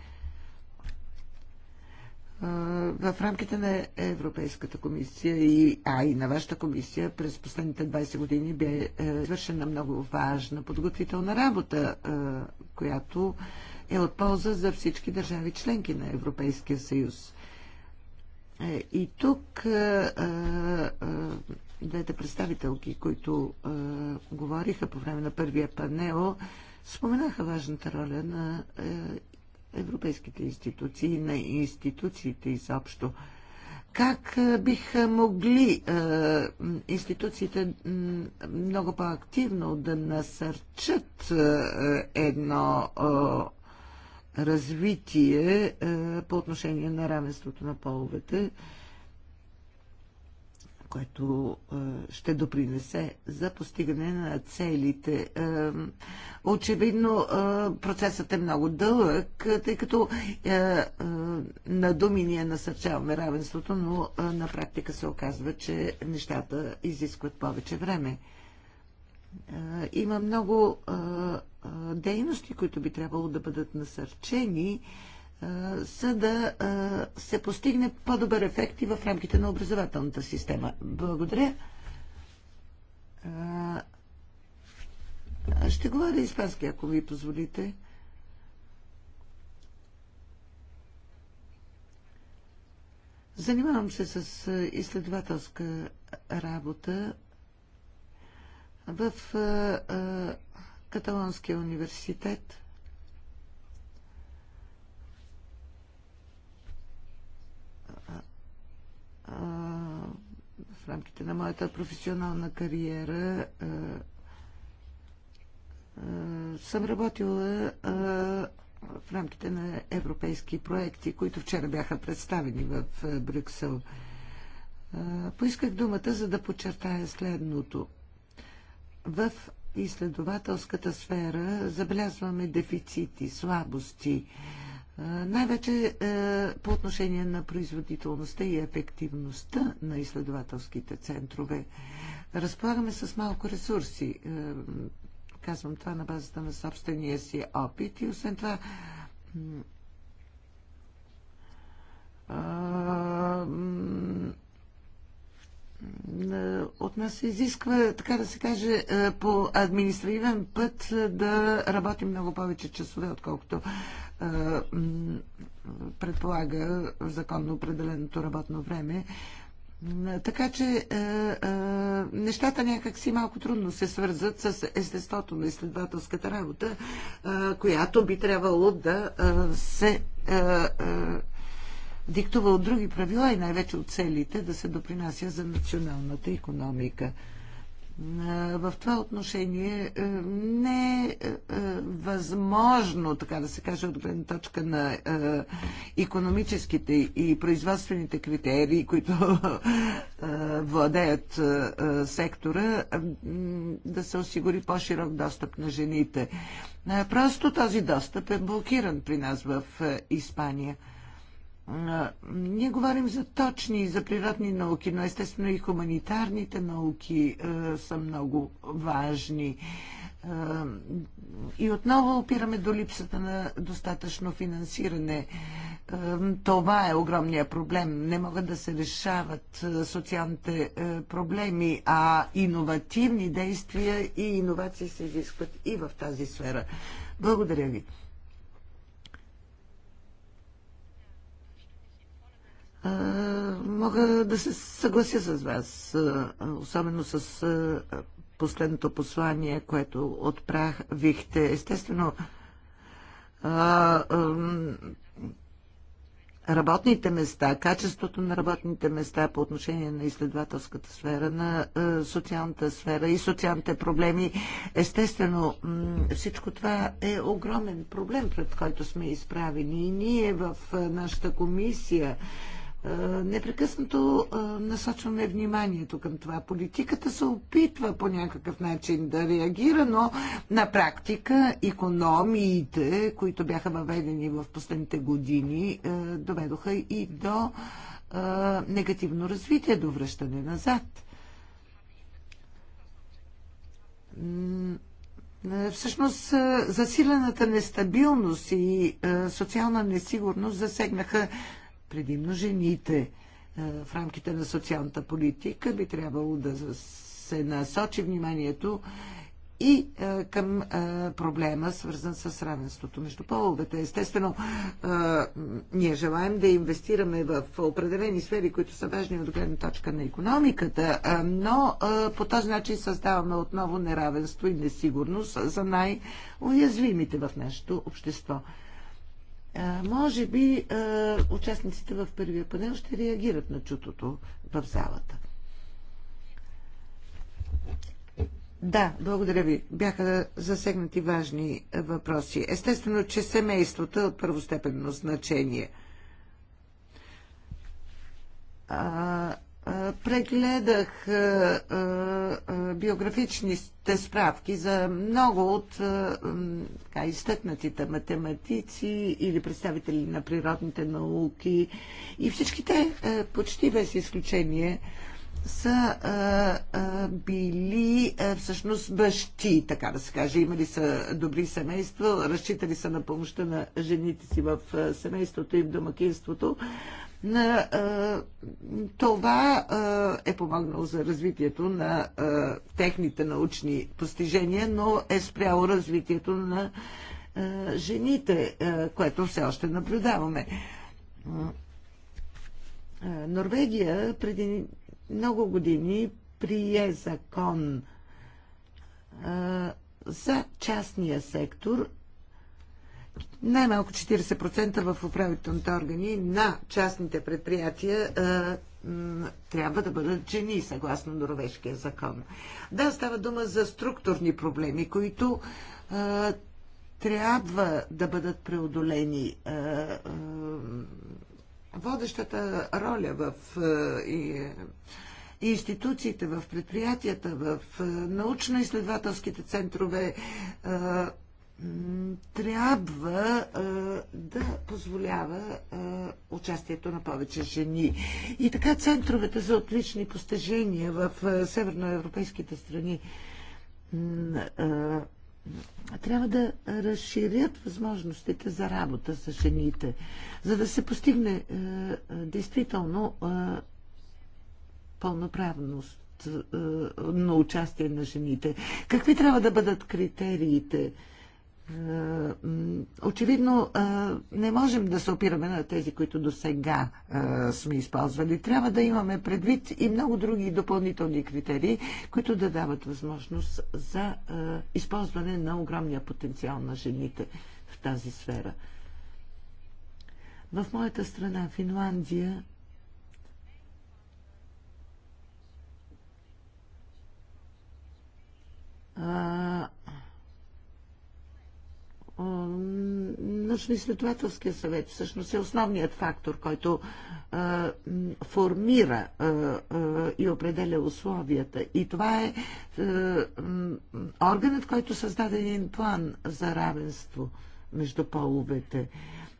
в рамките на Европейската комисия, и, а и на вашата комисия, през последните 20 години бе е, извършена много важна подготвителна работа, е, която е от полза за всички държави членки на Европейския съюз. Е, и тук двете представителки, които говориха по време на първия панел, споменаха важната роля на европейските институции, на институциите изобщо. Как биха могли е, институциите много по-активно да насърчат е, едно е, развитие е, по отношение на равенството на половете? Е, което е, ще допринесе за постигане на целите. Е, очевидно е, процесът е много дълъг, тъй като на думи ние насърчаваме равенството, но на практика се оказва, че нещата изискват повече време. Има много дейности, които би трябвало да бъдат насърчени за да се постигне по-добър ефект и в рамките на образователната система. Благодаря. Ще говоря испански, ако ми позволите. Занимавам се с изследователска работа в Каталонския университет. в рамките на моята професионална кариера съм работила в рамките на европейски проекти, които вчера бяха представени в Брюксел. Поисках думата, за да подчертая следното. В изследователската сфера забелязваме дефицити, слабости, най-вече е, по отношение на производителността и ефективността на изследователските центрове. Разполагаме с малко ресурси. Е, казвам това на базата на собствения си опит и освен това от нас се изисква, така да се каже, е, по административен път да работим много повече часове, отколкото предполага законно определеното работно време. Така че нещата някак си малко трудно се свързат с естеството на изследователската работа, която би трябвало да се диктува от други правила и най-вече от целите да се допринася за националната економика. В това отношение е, не е, е възможно, така да се каже, от гледна точка на економическите и производствените критерии, които е, владеят сектора, да се осигури по-широк достъп на жените. Просто този достъп е блокиран при нас в Испания. Ние говорим за точни и за природни науки, но естествено и хуманитарните науки са много важни. И отново опираме до липсата на достатъчно финансиране. Това е огромния проблем. Не могат да се решават социалните проблеми, а иновативни действия и иновации се изискват и в тази сфера. Благодаря ви. мога да се съглася с вас, особено с последното послание, което отправихте. Естествено, работните места, качеството на работните места по отношение на изследователската сфера, на социалната сфера и социалните проблеми. Естествено, всичко това е огромен проблем, пред който сме изправени. И ние в нашата комисия непрекъснато насочваме вниманието към това. Политиката се опитва по някакъв начин да реагира, но на практика економиите, които бяха въведени в последните години, доведоха и до негативно развитие, до връщане назад. Всъщност засилената нестабилност и социална несигурност засегнаха предимно жените е, в рамките на социалната политика би трябвало да се насочи вниманието и е, към е, проблема, свързан с равенството между половете. Естествено, ние желаем да инвестираме в определени сфери, които са важни от гледна точка на економиката, но по този начин създаваме отново неравенство и несигурност за най-уязвимите в нашето общество. Може би участниците в първия панел ще реагират на чутото в залата. Да, благодаря ви. Бяха засегнати важни въпроси. Естествено, че семейството е от първостепенно значение. А, Прегледах биографичните справки за много от така, изтъкнатите математици или представители на природните науки и всичките почти без изключение са а, а, били а, всъщност бащи, така да се каже. Имали са добри семейства, разчитали са на помощта на жените си в семейството и в домакинството на това е помогнало за развитието на техните научни постижения, но е спряло развитието на жените, което все още наблюдаваме. Норвегия преди много години прие закон за частния сектор най-малко 40% в управителните органи на частните предприятия трябва да бъдат жени, съгласно норвежкия закон. Да, става дума за структурни проблеми, които трябва да бъдат преодолени. Водещата роля в институциите, в предприятията, в научно-изследователските центрове, трябва а, да позволява а, участието на повече жени. И така центровете за отлични постижения в а, северноевропейските страни а, трябва да разширят възможностите за работа с жените, за да се постигне а, действително а, пълноправност а, на участие на жените. Какви трябва да бъдат критериите? Е, очевидно е, не можем да се опираме на тези, които до сега е, сме използвали. Трябва да имаме предвид и много други допълнителни критерии, които да дават възможност за използване на огромния потенциал на жените в тази сфера. В моята страна, Финландия, а, научно-изследователския съвет всъщност е основният фактор, който формира и определя условията. И това е органът, който създаде един план за равенство между половете.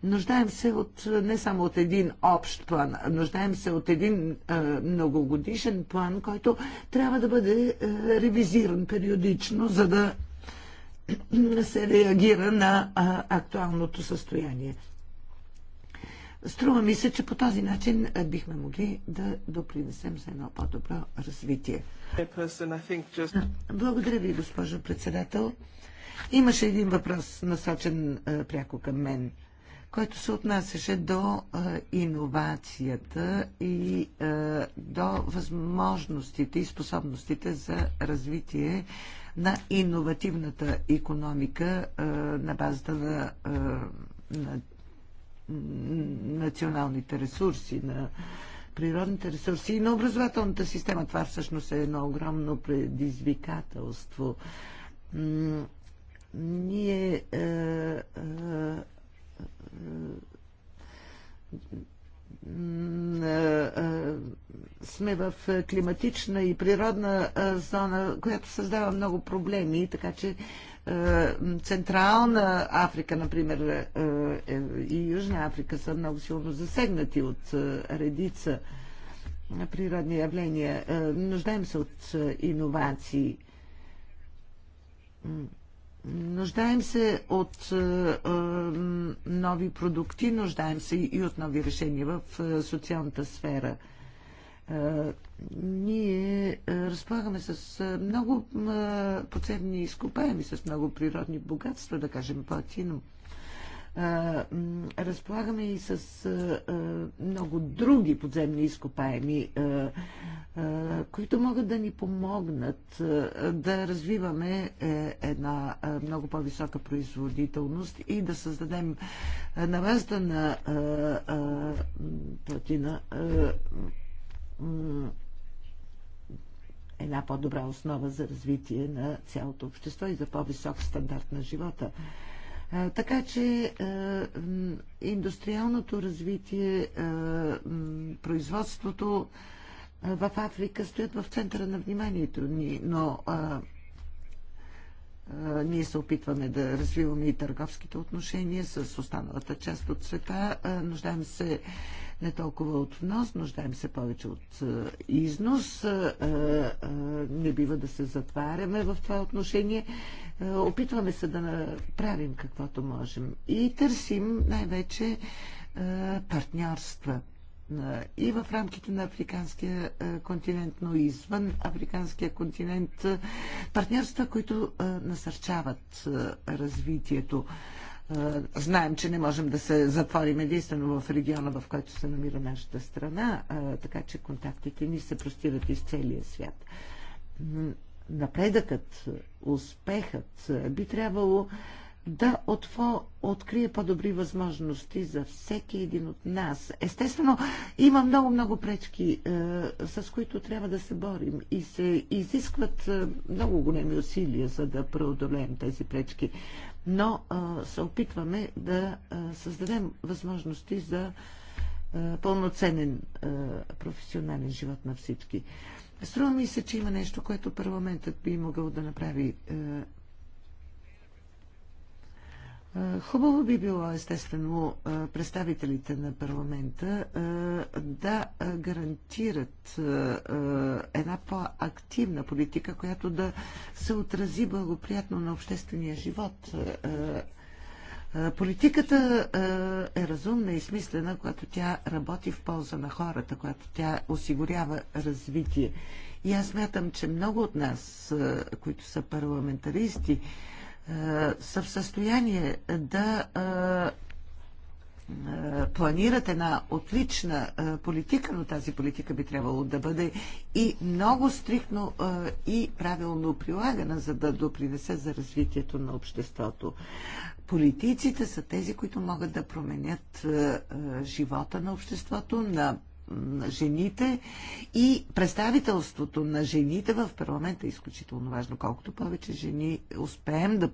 Нуждаем се от, не само от един общ план, а нуждаем се от един е, многогодишен план, който трябва да бъде е, ревизиран периодично, за да се реагира на актуалното състояние. Струва ми се, че по този начин бихме могли да допринесем за едно по-добро развитие. Благодаря ви, госпожо председател. Имаше един въпрос, насочен пряко към мен, който се отнасяше до иновацията и до възможностите и способностите за развитие на иновативната економика на базата на, на националните ресурси, на природните ресурси и на образователната система. Това всъщност е едно огромно предизвикателство. Ние А, а, а, сме в климатична и природна зона, която създава много проблеми, така че Централна Африка, например, е, и Южна Африка са много силно засегнати от редица природни явления. Нуждаем се от иновации. Нуждаем се от е, е, нови продукти, нуждаем се и от нови решения в е, социалната сфера. Ние разполагаме с много подземни изкопаеми, с много природни богатства, да кажем платино. По разполагаме и с много други подземни изкопаеми, които могат да ни помогнат да развиваме е, една много по-висока производителност и да създадем на базата на платина една по-добра основа за развитие на цялото общество и за по-висок стандарт на живота. Така че индустриалното развитие, производството в Африка стоят в центъра на вниманието ни, но ние се опитваме да развиваме и търговските отношения с останалата част от света. Нуждаем се не толкова от внос, нуждаем се повече от е, износ. Е, е, не бива да се затваряме в това отношение. Опитваме се да направим каквото можем и търсим най-вече партньорства и в рамките на африканския континент, но и извън африканския континент партньорства, които насърчават развитието знаем, че не можем да се затворим единствено в региона, в който се намира нашата страна, така че контактите ни се простират из целия свят. Напредъкът, успехът би трябвало да отво, открие по-добри възможности за всеки един от нас. Естествено, има много-много пречки, е, с които трябва да се борим и се изискват е, много големи усилия, за да преодолеем тези пречки. Но е, се опитваме да е, създадем възможности за е, пълноценен е, професионален живот на всички. Струва ми се, че има нещо, което парламентът би могъл да направи е, Хубаво би било, естествено, представителите на парламента да гарантират една по-активна политика, която да се отрази благоприятно на обществения живот. Политиката е разумна и смислена, когато тя работи в полза на хората, когато тя осигурява развитие. И аз мятам, че много от нас, които са парламентаристи, е, са в състояние да е, е, планират една отлична политика, но тази политика би трябвало да бъде и много стрикно и правилно прилагана, за да допринесе за развитието на обществото. Политиците са тези, които могат да променят живота на обществото, на на жените и представителството на жените в парламента е изключително важно. Колкото повече жени успеем да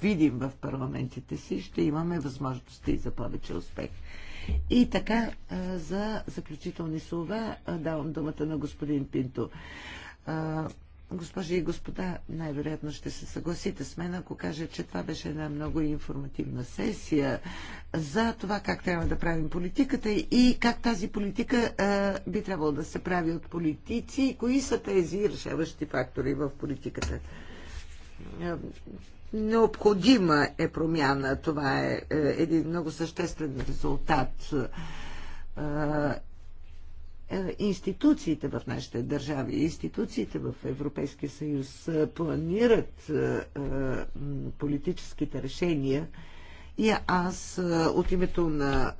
видим в парламентите си, ще имаме възможности за повече успех. И така, за заключителни слова давам думата на господин Пинто. Госпожи и господа, най-вероятно ще се съгласите с мен, ако кажа, че това беше една много информативна сесия за това как трябва да правим политиката и как тази политика а, е, би трябвало да се прави от политици и кои са тези решаващи фактори в политиката. Е, необходима е промяна. Това е, е един много съществен резултат е, институциите в нашите държави, институциите в Европейския съюз е, планират е, политическите решения и аз е, от името на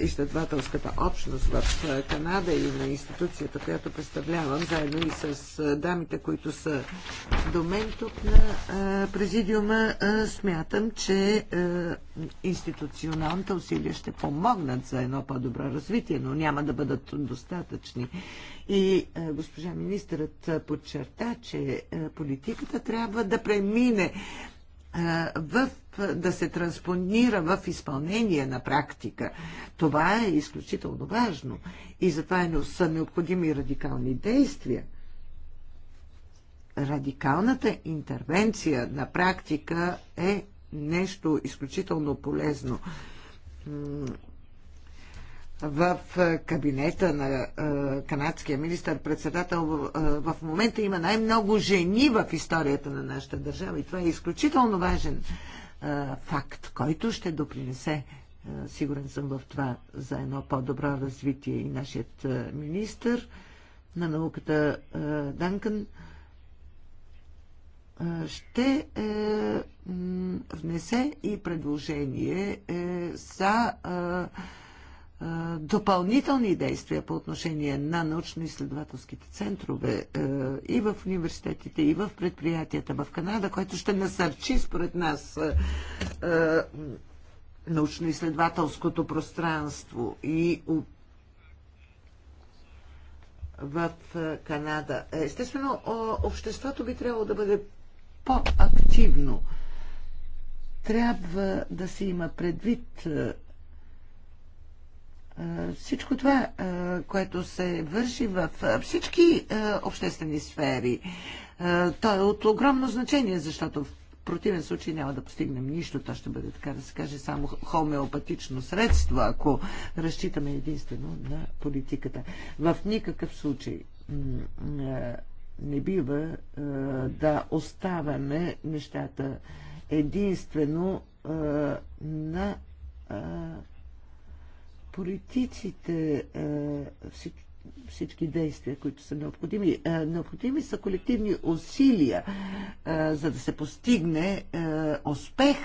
е, изследователската общност в Канада и на институцията, която представлявам, заедно и с е, дамите, които са до мен тук на президиума, смятам, че институционалните усилия ще помогнат за едно по-добро развитие, но няма да бъдат достатъчни. И госпожа министърът подчерта, че политиката трябва да премине в да се транспонира в изпълнение на практика. Това е изключително важно и затова е, са необходими радикални действия. Радикалната интервенция на практика е нещо изключително полезно. В е, кабинета на е, канадския министър-председател е, в момента има най-много жени в историята на нашата държава и това е изключително важен факт, който ще допринесе, сигурен съм в това, за едно по-добро развитие и нашият министр на науката Данкън ще е, внесе и предложение е, за допълнителни действия по отношение на научно-изследователските центрове и в университетите, и в предприятията в Канада, което ще насърчи според нас научно-изследователското пространство и в Канада. Естествено, обществото би трябвало да бъде по-активно. Трябва да се има предвид е, всичко това, е, което се върши в е, всички обществени сфери, то е от огромно значение, защото в противен случай няма да постигнем нищо. То ще бъде, така да се каже, само хомеопатично средство, ако разчитаме единствено на политиката. В никакъв случай не бива да оставяме нещата единствено на политиците, всички действия, които са необходими. Необходими са колективни усилия, за да се постигне успех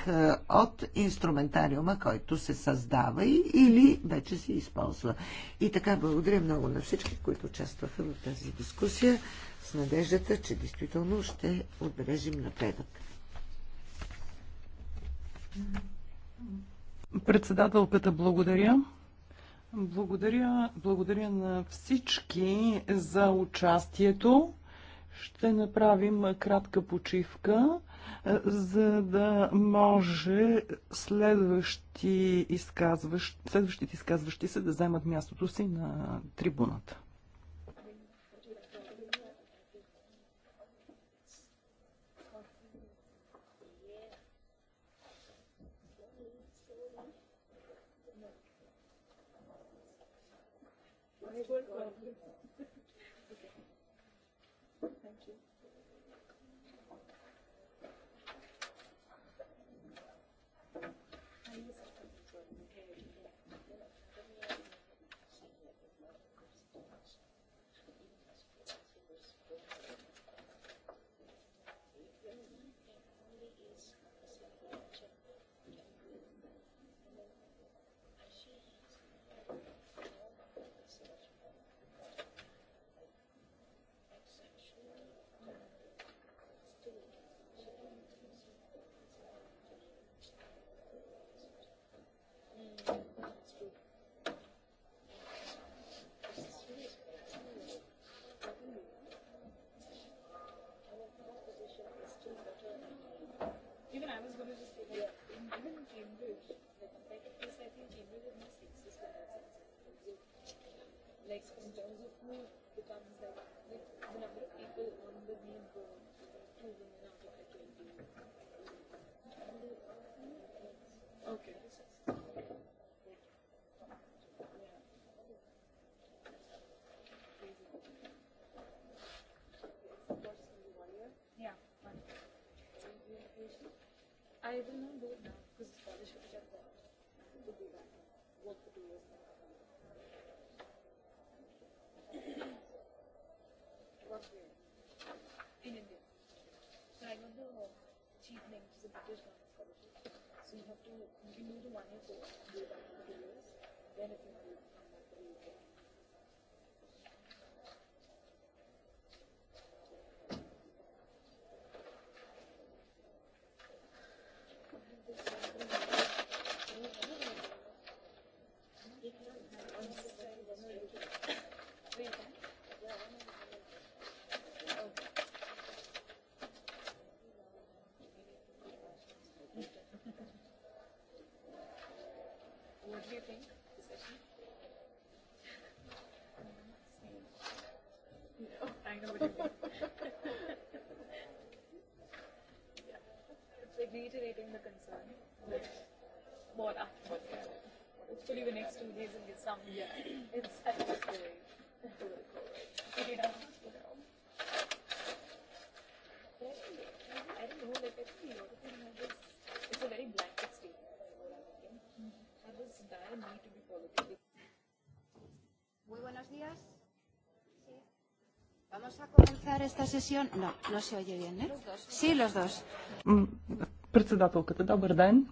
от инструментариума, който се създава или вече се използва. И така, благодаря много на всички, които участваха в тази дискусия, с надеждата, че действително ще отбележим напредък. Председателката, благодаря. Благодаря, благодаря на всички за участието. Ще направим кратка почивка, е, за да може следващи изказващи, следващите изказващи се да вземат мястото си на трибуната. Nicole Korf. I will not do it now because the scholarships are there to do that. What to do is that. Work in India. So you have to, can the that for two years, then if you do some incentives doing political right. You know? I don't know, like I think a lot of this it's a very blanket statement have this dire need to be political. Muy buenos días. Vamos a comenzar esta sesión. No, no se oye bien, ¿eh? Sí, los dos. Председателката, добър ден.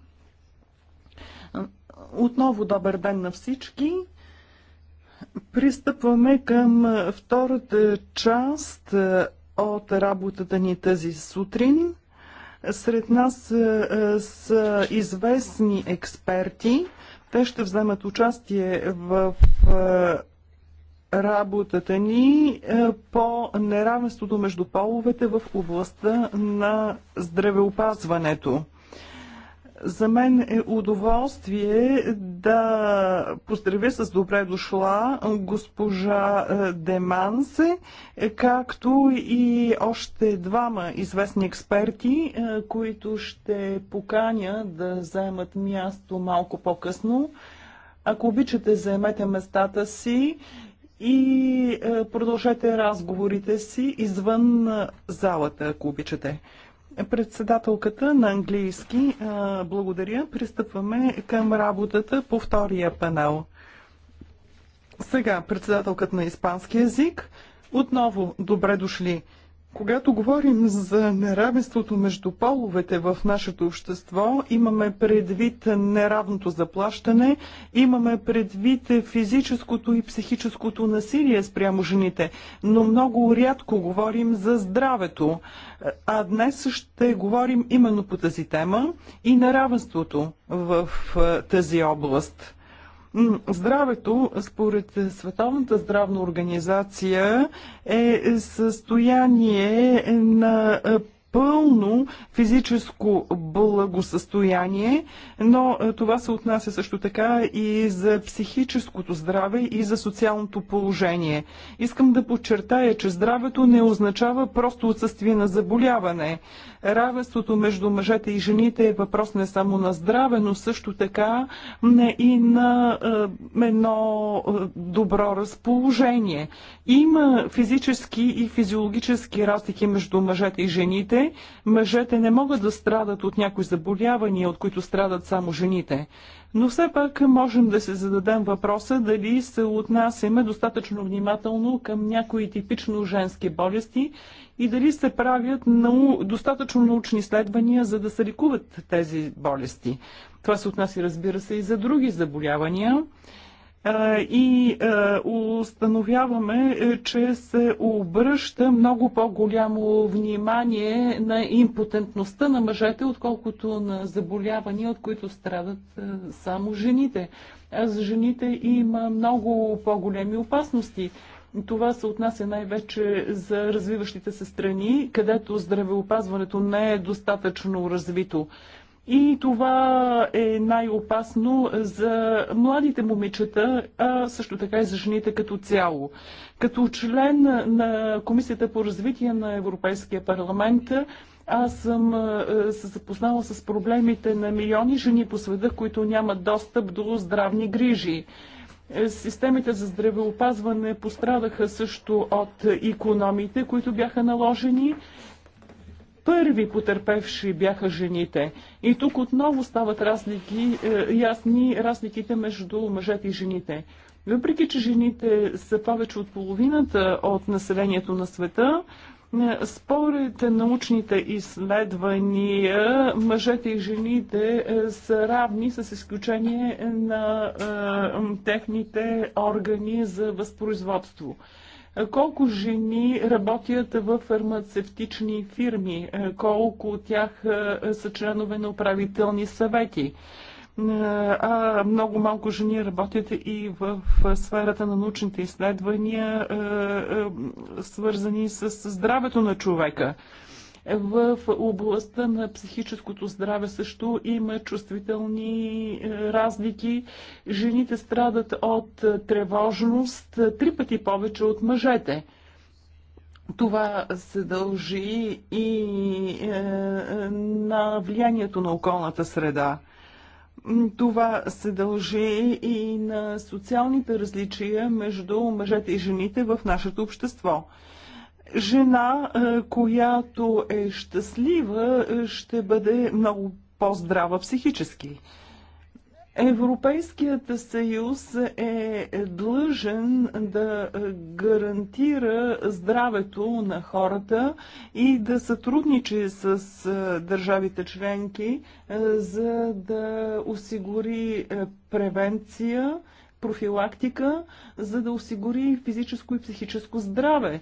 Отново добър ден на всички. Пристъпваме към втората част от работата ни тази сутрин. Сред нас са известни експерти. Те ще вземат участие в работата ни по неравенството между половете в областта на здравеопазването. За мен е удоволствие да поздравя с добре дошла госпожа е, Демансе, е, както и още двама известни експерти, е, които ще поканя да вземат място малко по-късно. Ако обичате, заемете местата си и продължете разговорите си извън залата, ако обичате. Председателката на английски, благодаря. Пристъпваме към работата по втория панел. Сега председателката на испански язик. Отново добре дошли когато говорим за неравенството между половете в нашето общество, имаме предвид неравното заплащане, имаме предвид физическото и психическото насилие спрямо жените, но много рядко говорим за здравето. А днес ще говорим именно по тази тема и неравенството в тази област. Здравето, според Световната здравна организация, е състояние на пълно физическо благосъстояние, но е, това се отнася също така и за психическото здраве и за социалното положение. Искам да подчертая, че здравето не означава просто отсъствие на заболяване. Равенството между мъжете и жените е въпрос не само на здраве, но също така и на е, едно е, добро разположение. Има физически и физиологически разлики между мъжете и жените, мъжете. не могат да страдат от някои заболявания, от които страдат само жените. Но все пак можем да се зададем въпроса дали се отнасяме достатъчно внимателно към някои типично женски болести и дали се правят нау... достатъчно научни изследвания, за да се лекуват тези болести. Това се отнася, разбира се, и за други заболявания и установяваме, е, че се обръща много по-голямо внимание на импотентността на мъжете, отколкото на заболявания, от които страдат само жените. А за жените има много по-големи опасности. Това се отнася най-вече за развиващите се страни, където здравеопазването не е достатъчно развито. И това е най-опасно за младите момичета, а също така и за жените като цяло. Като член на Комисията по развитие на Европейския парламент, аз съм се запознала с проблемите на милиони жени по света, които нямат достъп до здравни грижи. Системите за здравеопазване пострадаха също от економите, които бяха наложени Първи потерпевши бяха жените. И тук отново стават разлики, е, ясни разликите между мъжете и жените. Въпреки, че жените са повече от половината от населението на света, е, според научните изследвания, мъжете и жените е, са равни с изключение на техните органи за възпроизводство. Колко жени работят в фармацевтични фирми? Е, колко от тях е, са членове на управителни съвети? Е, а много малко жени работят и в сферата на научните изследвания, свързани с здравето на човека. В областта на психическото здраве също има чувствителни е, разлики. Жените страдат от е, тревожност е, три пъти повече от мъжете. Това се дължи и на влиянието на околната среда. Това се дължи и на социалните различия между мъжете и жените в нашето общество жена, е, която е щастлива, е, ще бъде много по-здрава психически. Европейският съюз е длъжен да е, гарантира здравето на хората и да сътрудничи с държавите членки, за да осигури превенция, профилактика, за да осигури физическо и психическо здраве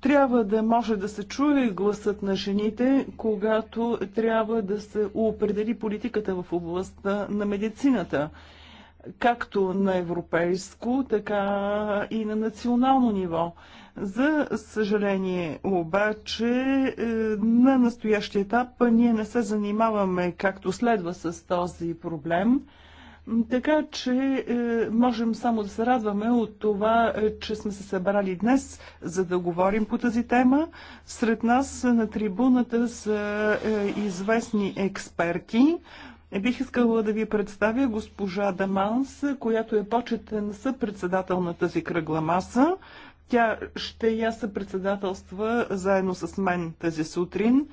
трябва да може да се чуе гласът на жените, когато трябва да се определи политиката в областта на медицината, както на европейско, така и на национално ниво. За съжаление обаче, е, на настоящия етап ние не се занимаваме както следва с този проблем. Така че е, можем само да се радваме от това, е, че сме се събрали днес, за да говорим по тази тема. Сред нас е, на трибуната са известни експерти. Бих искала да ви представя госпожа Даманс, която е почетен съпредседател на тази кръгла маса. Тя ще я съпредседателства заедно с мен тази сутрин.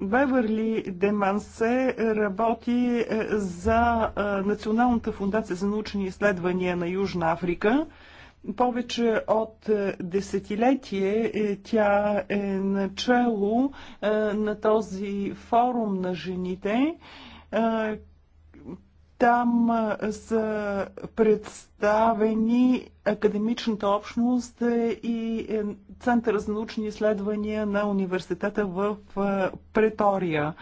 Беверли Демансе работи е, за е, Националната фундация за научни изследвания на Южна Африка. Повече от е, десетилетие тя е начало на този форум на жените, там са представени академичната общност е, и е, Център за научни изследвания на университета в Претория.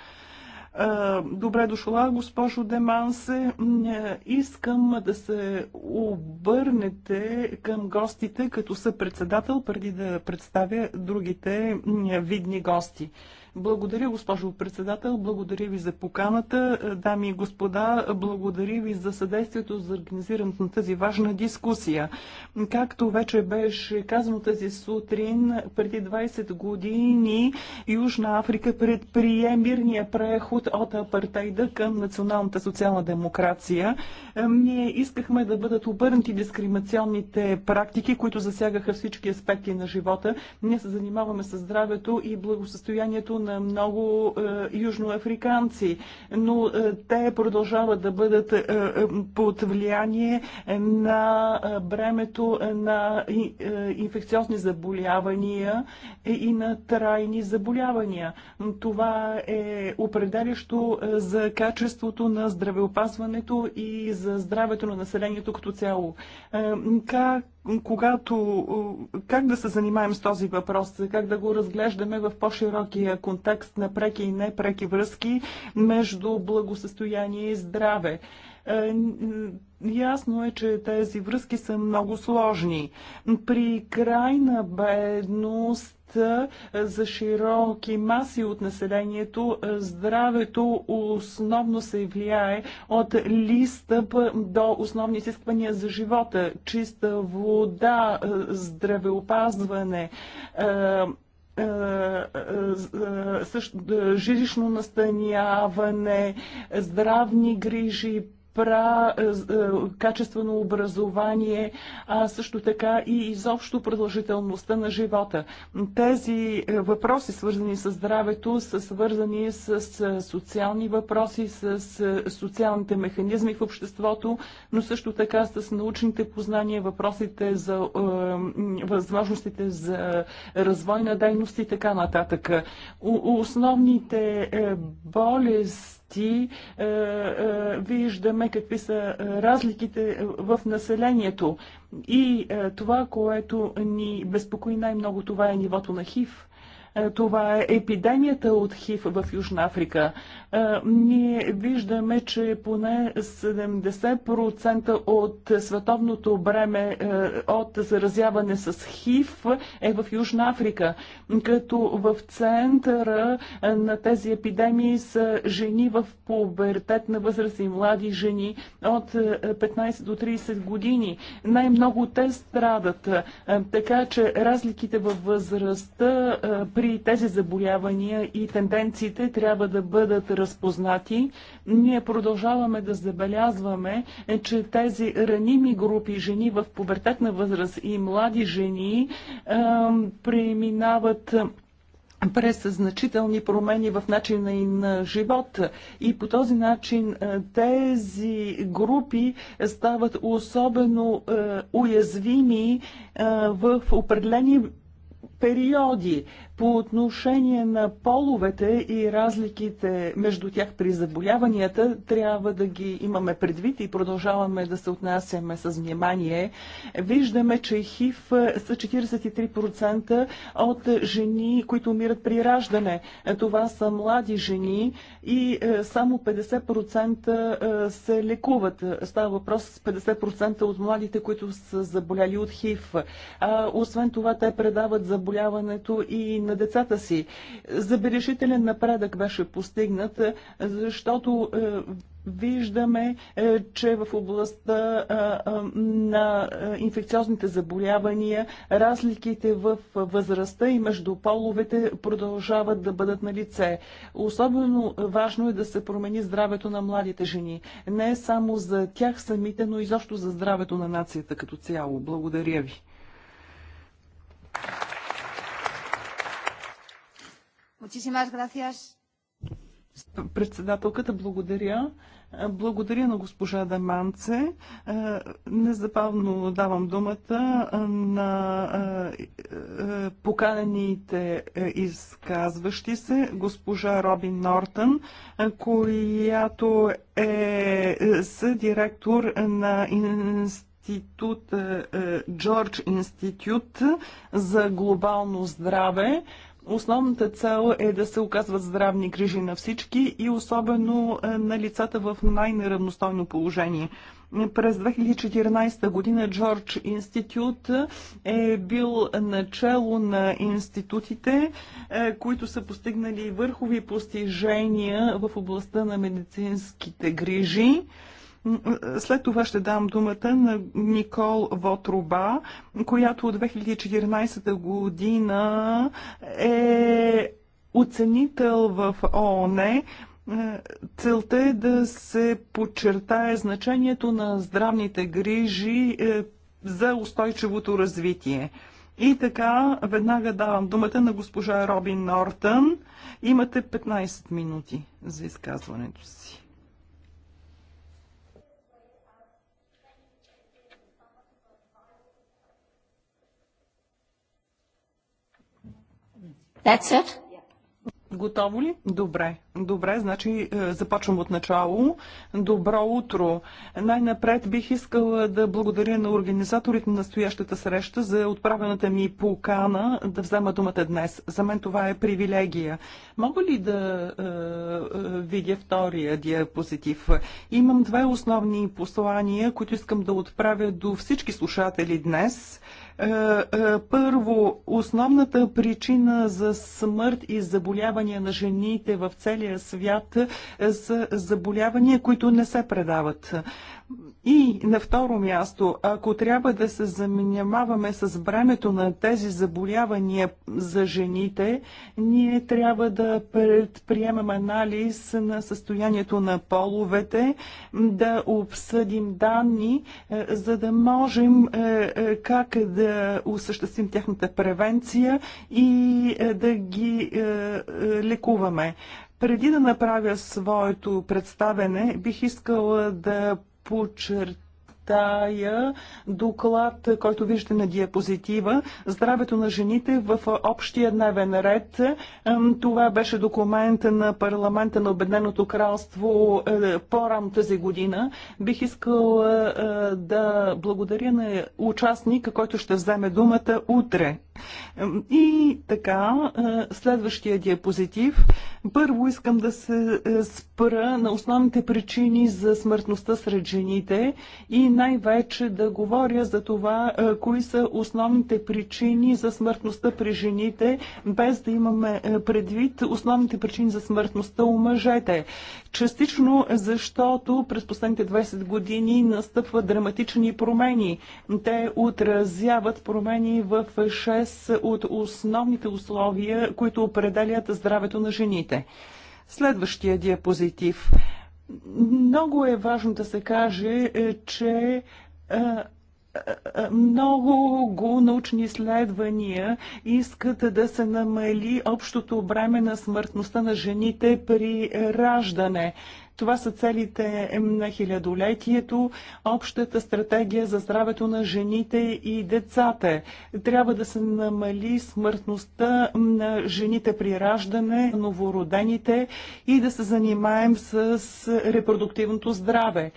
Добре дошла, госпожо Демансе. Е, искам да се обърнете към гостите като съпредседател, преди да представя другите видни гости. Благодаря, госпожо председател, благодаря ви за поканата. Дами и господа, благодаря ви за съдействието за организирането на тази важна дискусия. Както вече беше казано тази сутрин, преди 20 години Южна Африка предприе мирния преход от апартейда към националната социална демокрация. Ние искахме да бъдат обърнати дискриминационните практики, които засягаха всички аспекти на живота. Ние се занимаваме с здравето и благосъстоянието на много е, южноафриканци, но е, те продължават да бъдат е, под влияние на бремето на инфекциозни заболявания и на трайни заболявания. Това е определящо за качеството на здравеопазването и за здравето на населението като цяло. Как когато как да се занимаем с този въпрос, как да го разглеждаме в по-широкия контекст на преки и непреки връзки между благосъстояние и здраве. Е, ясно е, че тези връзки са много сложни. При крайна бедност за широки маси от населението, здравето основно се влияе от листъп до основни изисквания за живота, чиста вода, здравеопазване, жилищно настаняване, здравни грижи, пра, е, е, качествено образование, а също така и изобщо продължителността на живота. Тези е, въпроси, свързани с здравето, са свързани с социални въпроси, с социалните механизми в обществото, но също така с научните познания, въпросите за възможностите за развой на дейности и така нататък. основните болести ти е, е, виждаме какви са разликите в населението. И е, това, което ни безпокои най-много, това е нивото на ХИВ. Е, това е епидемията от ХИВ в Южна Африка. Е, ние виждаме, че поне 70% от световното бреме е, от заразяване с ХИВ е в Южна Африка, като в центъра е, на тези епидемии са жени в повертет на възраст и млади жени от 15 до 30 години. Най-много те страдат, така че разликите във възрастта при тези заболявания и тенденциите трябва да бъдат разпознати. Ние продължаваме да забелязваме, е, че тези раними групи жени в пубертетна възраст и млади жени преминават през значителни промени в начина и на живот. И по този начин е, тези групи стават особено е, уязвими в определени периоди. По отношение на половете и разликите между тях при заболяванията, трябва да ги имаме предвид и продължаваме да се отнасяме с внимание. Виждаме, че ХИВ са 43% от жени, които умират при раждане. Това са млади жени и е, само 50% е, се лекуват. Става въпрос с 50% от младите, които са заболяли от ХИВ. Освен това, те предават заболяването и на децата си. Забележителен напредък беше постигнат, е, защото е, виждаме, е, че в областта на инфекциозните заболявания разликите в възрастта и между половете продължават да бъдат на лице. Особено важно е да се промени здравето на младите жени. Не само за тях самите, но и защо за здравето на нацията като цяло. Благодаря ви. Председателката, благодаря. Благодаря на госпожа Даманце. Е, незабавно давам думата на е, е, поканените изказващи се госпожа Робин Нортън, която е съдиректор на институт институт, Джордж институт за глобално здраве. Основната цел е да се оказват здравни грижи на всички и особено е, на лицата в най-неравностойно положение. През 2014 година Джордж Институт е, е бил начало на институтите, е, които са постигнали върхови постижения в областта на медицинските грижи. След това ще дам думата на Никол Вотруба, която от 2014 година е оценител в ООН. Целта е да се подчертае значението на здравните грижи е, за устойчивото развитие. И така, веднага давам думата на госпожа Робин Нортън. Имате 15 минути за изказването си. That's it? Готово ли? Добре. Добре, значи е, започвам от начало. Добро утро! Най-напред бих искала да благодаря на организаторите на настоящата среща за отправената ми покана да взема думата днес. За мен това е привилегия. Мога ли да е, е, видя втория диапозитив? Имам две основни послания, които искам да отправя до всички слушатели днес – е, е, първо, основната причина за смърт и заболявания на жените в целия свят са е заболявания, които не се предават. И на второ място, ако трябва да се занимаваме с бремето на тези заболявания за жените, ние трябва да предприемем анализ на състоянието на половете, да обсъдим данни, е, за да можем е, е, как да осъществим тяхната превенция и да ги лекуваме. Преди да направя своето представене, бих искала да подчерта Тая доклад, който виждате на диапозитива Здравето на жените в общия дневен ред. Това беше документ на парламента на Обедненото кралство е, по-рано тази година. Бих искал е, е, да благодаря на участника, който ще вземе думата утре. И така, следващия диапозитив. Първо искам да се спра на основните причини за смъртността сред жените и най-вече да говоря за това, е, кои са основните причини за смъртността при жените, без да имаме е, предвид основните причини за смъртността у мъжете. Частично защото през последните 20 години настъпват драматични промени. Те отразяват промени в 6 от основните условия, които определят здравето на жените. Следващия диапозитив. Много е важно да се каже, е, че е, е, много научни изследвания искат да се намали общото бреме на смъртността на жените при раждане. Това са целите на хилядолетието, общата стратегия за здравето на жените и децата. Трябва да се намали смъртността на жените при раждане, новородените и да се занимаем с репродуктивното здраве.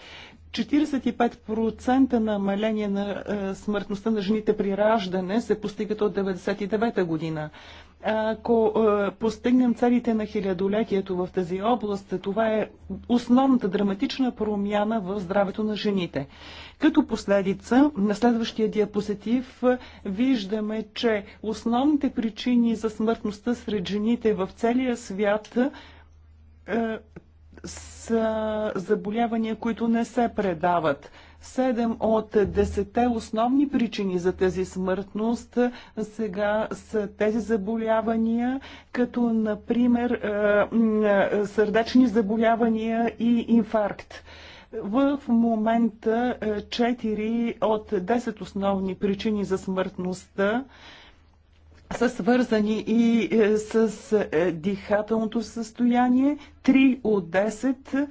45% намаление на е, смъртността на жените при раждане се постигат от 1999 година. Ако е, постигнем целите на хилядолетието в тази област, това е основната драматична промяна в здравето на жените. Като последица, на следващия диапозитив виждаме, че основните причини за смъртността сред жените в целия свят е, са заболявания, които не се предават. Седем от десете основни причини за тази смъртност сега са тези заболявания, като например сърдечни заболявания и инфаркт. В момента 4 от 10 основни причини за смъртността са свързани и е, с е, дихателното състояние. 3 от 10 е,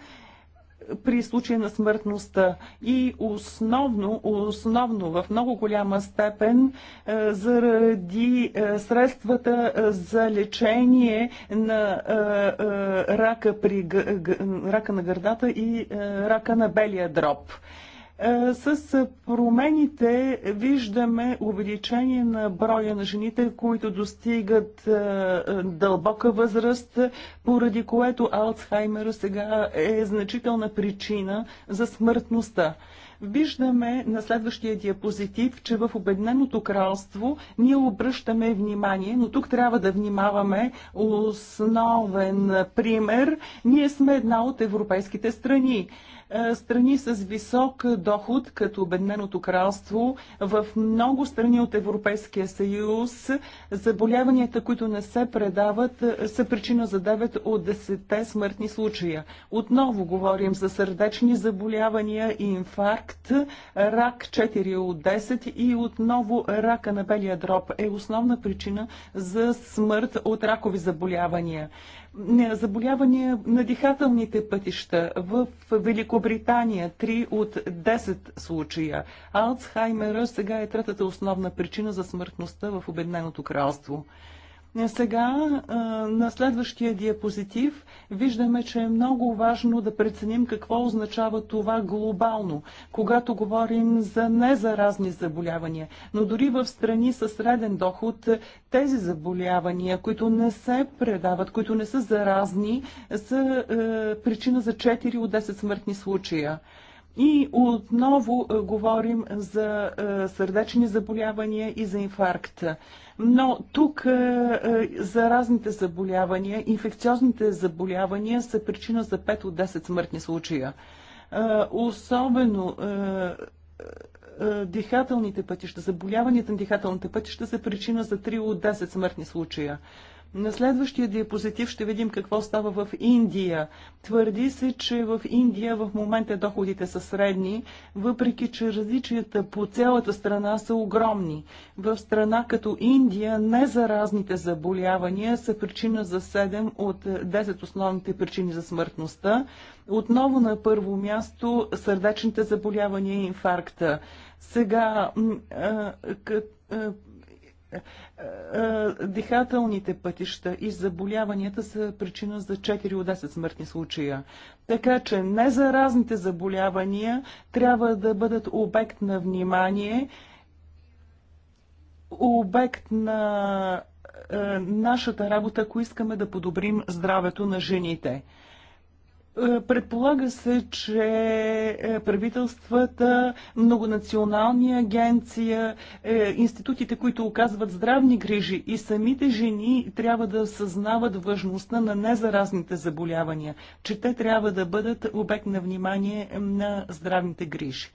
при случай на смъртността и основно, основно в много голяма степен заради средствата за лечение на рака, при, рака на гърдата и рака на белия дроб. Е, с промените виждаме увеличение на броя на жените, които достигат е, дълбока възраст, поради което Алцхаймер сега е значителна причина за смъртността. Виждаме на следващия диапозитив, че в Обедненото кралство ние обръщаме внимание, но тук трябва да внимаваме основен пример. Ние сме една от европейските страни. Е, страни с висок доход, като Обедненото кралство, в много страни от Европейския съюз заболяванията, които не се предават, е, са причина за 9 от 10 смъртни случая. Отново говорим за сърдечни заболявания, инфаркт, рак 4 от 10 и отново рака на белия дроб е основна причина за смърт от ракови заболявания заболявания на дихателните пътища. В Великобритания 3 от 10 случая. Алцхаймера сега е третата основна причина за смъртността в Обединеното кралство. Сега на следващия диапозитив виждаме, че е много важно да преценим какво означава това глобално, когато говорим за незаразни заболявания. Но дори в страни с среден доход тези заболявания, които не се предават, които не са заразни, са е, причина за 4 от 10 смъртни случая. И отново е, говорим за е, сърдечни заболявания и за инфаркт. Но тук е, е, заразните заболявания, инфекциозните заболявания са причина за 5 от 10 смъртни случая. Е, особено дихателните пътища, заболяванията на дихателните пътища са причина за 3 от 10 смъртни случая. На следващия диапозитив ще видим какво става в Индия. Твърди се, че в Индия в момента доходите са средни, въпреки че различията по цялата страна са огромни. В страна като Индия незаразните заболявания са причина за 7 от 10 основните причини за смъртността. Отново на първо място сърдечните заболявания и инфаркта. Сега, е, е, дихателните пътища и заболяванията са причина за 4 от 10 смъртни случая. Така че незаразните заболявания трябва да бъдат обект на внимание, обект на е, нашата работа, ако искаме да подобрим здравето на жените. Е, предполага се, че е, правителствата, многонационални агенция, е, институтите, които оказват здравни грижи и самите жени трябва да съзнават важността на незаразните заболявания, че те трябва да бъдат обект на внимание на здравните грижи.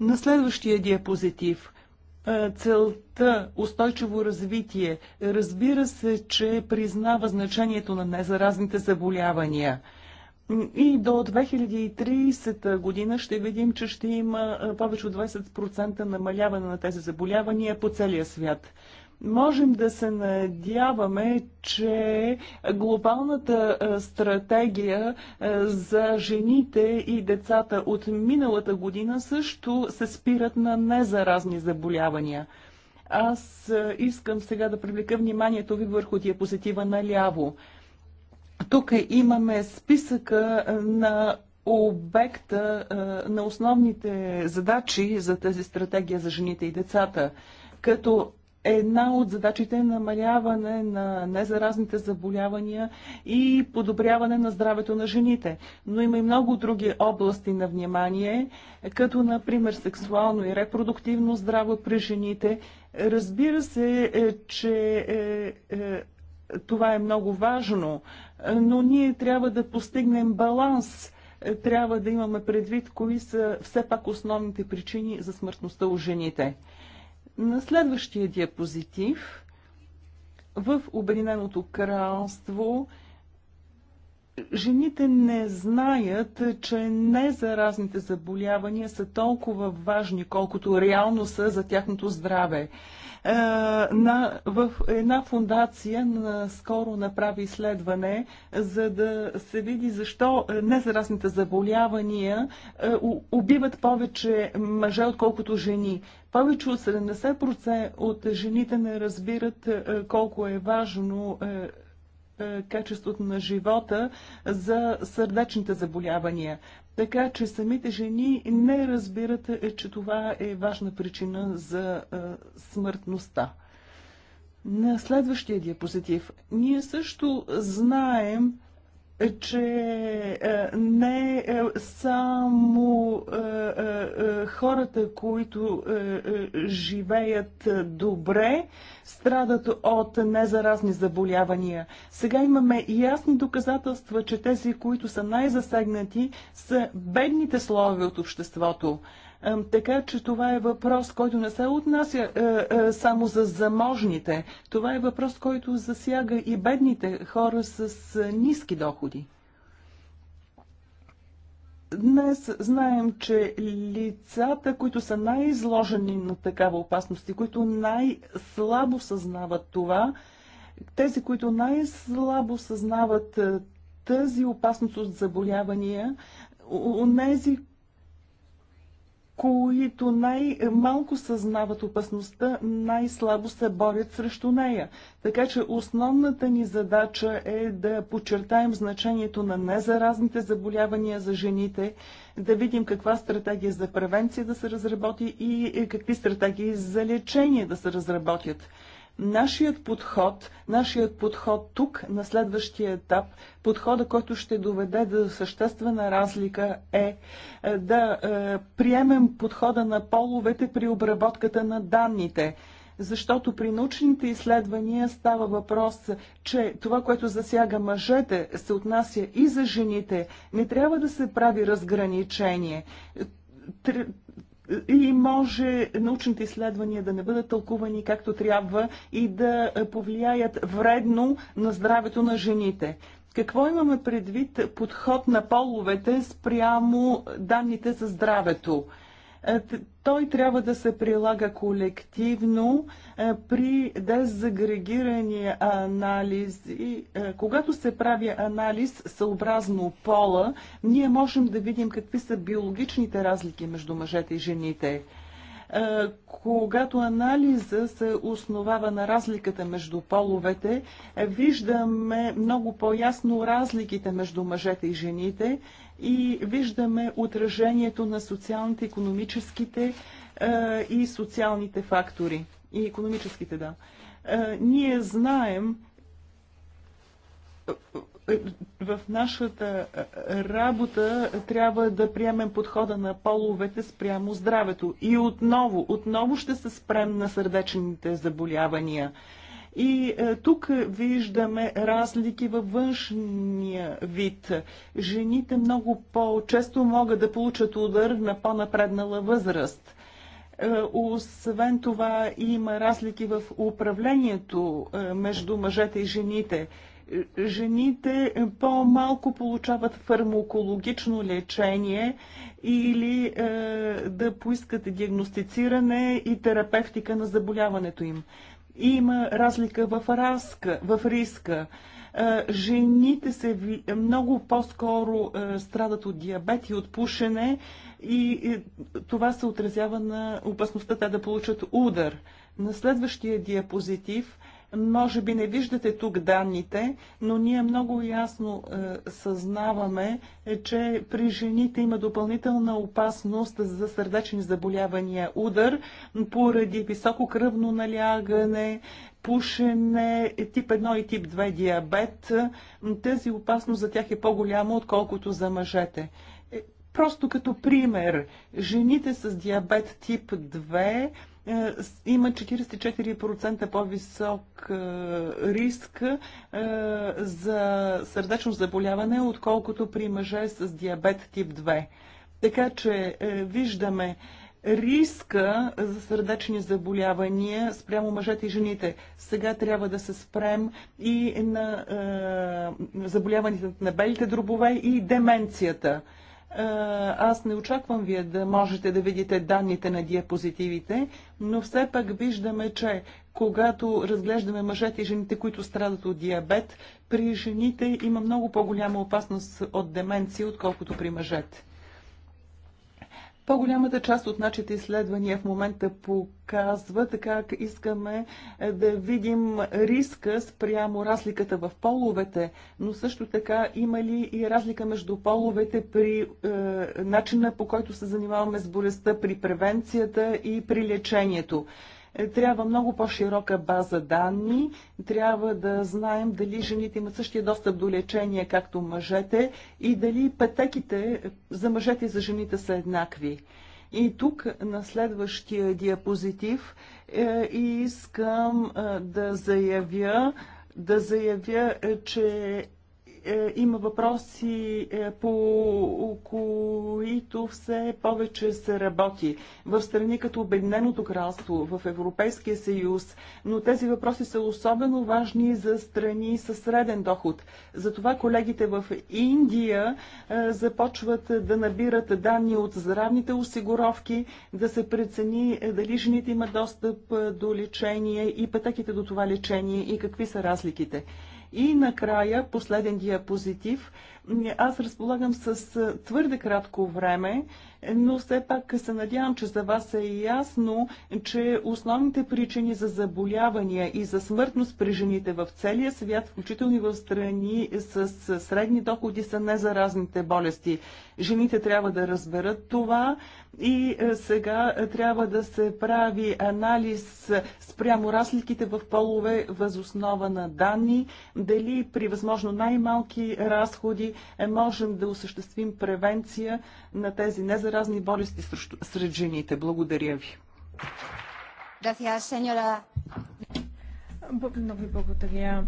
На следващия диапозитив – целта устойчиво развитие, разбира се, че признава значението на незаразните заболявания – и до 2030 година ще видим, че ще има повече от 20% намаляване на тези заболявания по целия свят. Можем да се надяваме, че глобалната стратегия за жените и децата от миналата година също се спират на незаразни заболявания. Аз искам сега да привлека вниманието ви върху диапозитива наляво. ляво тук имаме списъка е, на обекта е, на основните задачи за тази стратегия за жените и децата, като една от задачите е намаляване на незаразните заболявания и подобряване на здравето на жените. Но има и много други области на внимание, като например сексуално и репродуктивно здраво при жените. Разбира се, е, че това е много важно, но ние трябва да постигнем баланс. Трябва да имаме предвид кои са все пак основните причини за смъртността у жените. На следващия диапозитив в Обединеното кралство жените не знаят, че незаразните заболявания са толкова важни, колкото реално са за тяхното здраве. Е, на, в една фундация скоро направи изследване, за да се види защо незаразните заболявания е, убиват повече мъже, отколкото жени. Повече от 70% от жените не разбират е, колко е важно качеството на живота за сърдечните заболявания. Така че самите жени не разбират, е, че това е важна причина за е, смъртността. На следващия диапозитив. Ние също знаем, че е, не е, само е, хората, които живеят добре, страдат от незаразни заболявания. Сега имаме ясни доказателства, че тези, които са най-засегнати, са бедните слоеве от обществото. Така че това е въпрос, който не се отнася е, е, само за заможните. Това е въпрос, който засяга и бедните хора с е, ниски доходи. Днес знаем, че лицата, които са най-изложени на такава опасност и които най-слабо съзнават това, тези, които най-слабо съзнават тази опасност от заболявания, у нези които най-малко съзнават опасността, най-слабо се борят срещу нея. Така че основната ни задача е да подчертаем значението на незаразните заболявания за жените, да видим каква стратегия за превенция да се разработи и какви стратегии за лечение да се разработят. Нашият подход, нашият подход тук на следващия етап, подхода, който ще доведе до съществена разлика е, е да е, приемем подхода на половете при обработката на данните защото при научните изследвания става въпрос, че това, което засяга мъжете, се отнася и за жените. Не трябва да се прави разграничение и може научните изследвания да не бъдат тълкувани както трябва и да повлияят вредно на здравето на жените. Какво имаме предвид подход на половете спрямо данните за здравето? Е, той трябва да се прилага колективно е, при дезагрегирани анализи. Е, когато се прави анализ съобразно пола, ние можем да видим какви са биологичните разлики между мъжете и жените когато анализа се основава на разликата между половете, виждаме много по-ясно разликите между мъжете и жените и виждаме отражението на социалните, економическите е, и социалните фактори. И економическите, да. Е, ние знаем е, е, в нашата е, работа трябва да приемем подхода на половете спрямо здравето. И отново, отново ще се спрем на сърдечните заболявания – и е, тук виждаме разлики във външния вид. Жените много по-често могат да получат удар на по-напреднала възраст. Е, освен това има разлики в управлението е, между мъжете и жените. Жените по-малко получават фармакологично лечение или е, да поискат диагностициране и терапевтика на заболяването им. Има разлика в, разка, в риска. Е, жените се много по-скоро е, страдат от диабет и от пушене и е, това се отразява на опасността те да получат удар. На следващия диапозитив може би не виждате тук данните, но ние много ясно е, съзнаваме, е, че при жените има допълнителна опасност за сърдечни заболявания удар поради високо кръвно налягане, пушене, тип 1 и тип 2 диабет. Тази опасност за тях е по-голяма, отколкото за мъжете. Е, просто като пример, жените с диабет тип 2 е, има 44% по-висок е, риск е, за сърдечно заболяване, отколкото при мъже с диабет тип 2. Така че виждаме риска за сърдечни заболявания спрямо мъжете и жените. Сега трябва да се спрем и на заболяванията на белите дробове и деменцията. Е, аз не очаквам вие да можете да видите данните на диапозитивите, но все пак виждаме, че когато разглеждаме мъжете и жените, които страдат от диабет, при жените има много по-голяма опасност от деменция, отколкото при мъжете. По-голямата част от нашите изследвания в момента показва, така искаме е, да видим риска спрямо разликата в половете, но също така има ли и разлика между половете при е, начина по който се занимаваме с болестта, при превенцията и при лечението. Е, трябва много по-широка база данни. Трябва да знаем дали жените имат същия достъп до лечение, както мъжете и дали пътеките за мъжете и за жените са еднакви. И тук на следващия диапозитив е, искам е, да заявя, да заявя, е, че е, има въпроси, е, по които все повече се работи в страни като Обединеното кралство, в Европейския съюз, но тези въпроси са особено важни за страни със среден доход. Затова колегите в Индия е, започват да набират данни от здравните осигуровки, да се прецени дали жените имат достъп до лечение и пътеките до това лечение и какви са разликите. И накрая, последен диапозитив. Аз разполагам с твърде кратко време но все пак се надявам, че за вас е ясно, че основните причини за заболявания и за смъртност при жените в целия свят, включително и в страни с средни доходи, са незаразните болести. Жените трябва да разберат това и е, сега трябва да се прави анализ спрямо разликите в полове възоснова на данни, дали при възможно най-малки разходи е, можем да осъществим превенция на тези незаразни заразни болести сред жените. Благодаря ви. Много ви благодаря,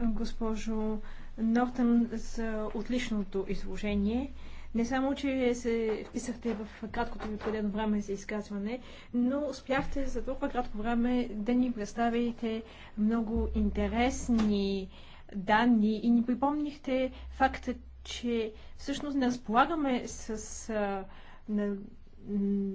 госпожо Нортън, за отличното изложение. Не само, че се вписахте в краткото ви определено време за изказване, но успяхте за толкова кратко време да ни представите много интересни данни и ни припомнихте фактът, че всъщност не разполагаме с а, на,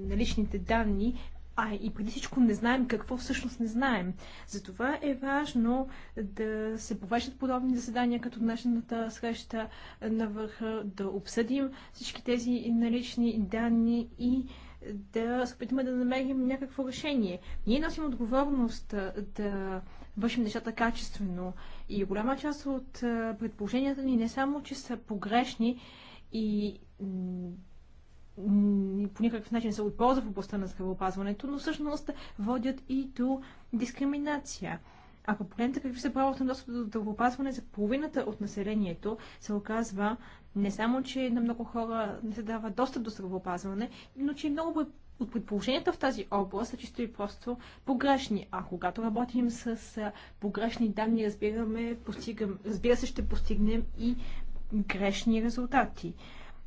наличните данни, а и преди всичко не знаем какво всъщност не знаем. Затова е важно да се повеждат подобни заседания, като днешната среща на върха, да обсъдим всички тези налични данни и да се опитаме да намерим някакво решение. Ние носим отговорност да вършим нещата качествено. И голяма част от предположенията ни не само, че са погрешни и по никакъв начин са от полза в областта на здравеопазването, но всъщност водят и до дискриминация. Ако погледнете какви са правото на достъп до здравеопазване за половината от населението, се оказва не само, че на много хора не се дава достъп до здравеопазване, но че и много е от предположенията в тази област са чисто и просто погрешни. А когато работим с погрешни данни, разбираме, постигам, разбира се, ще постигнем и грешни резултати.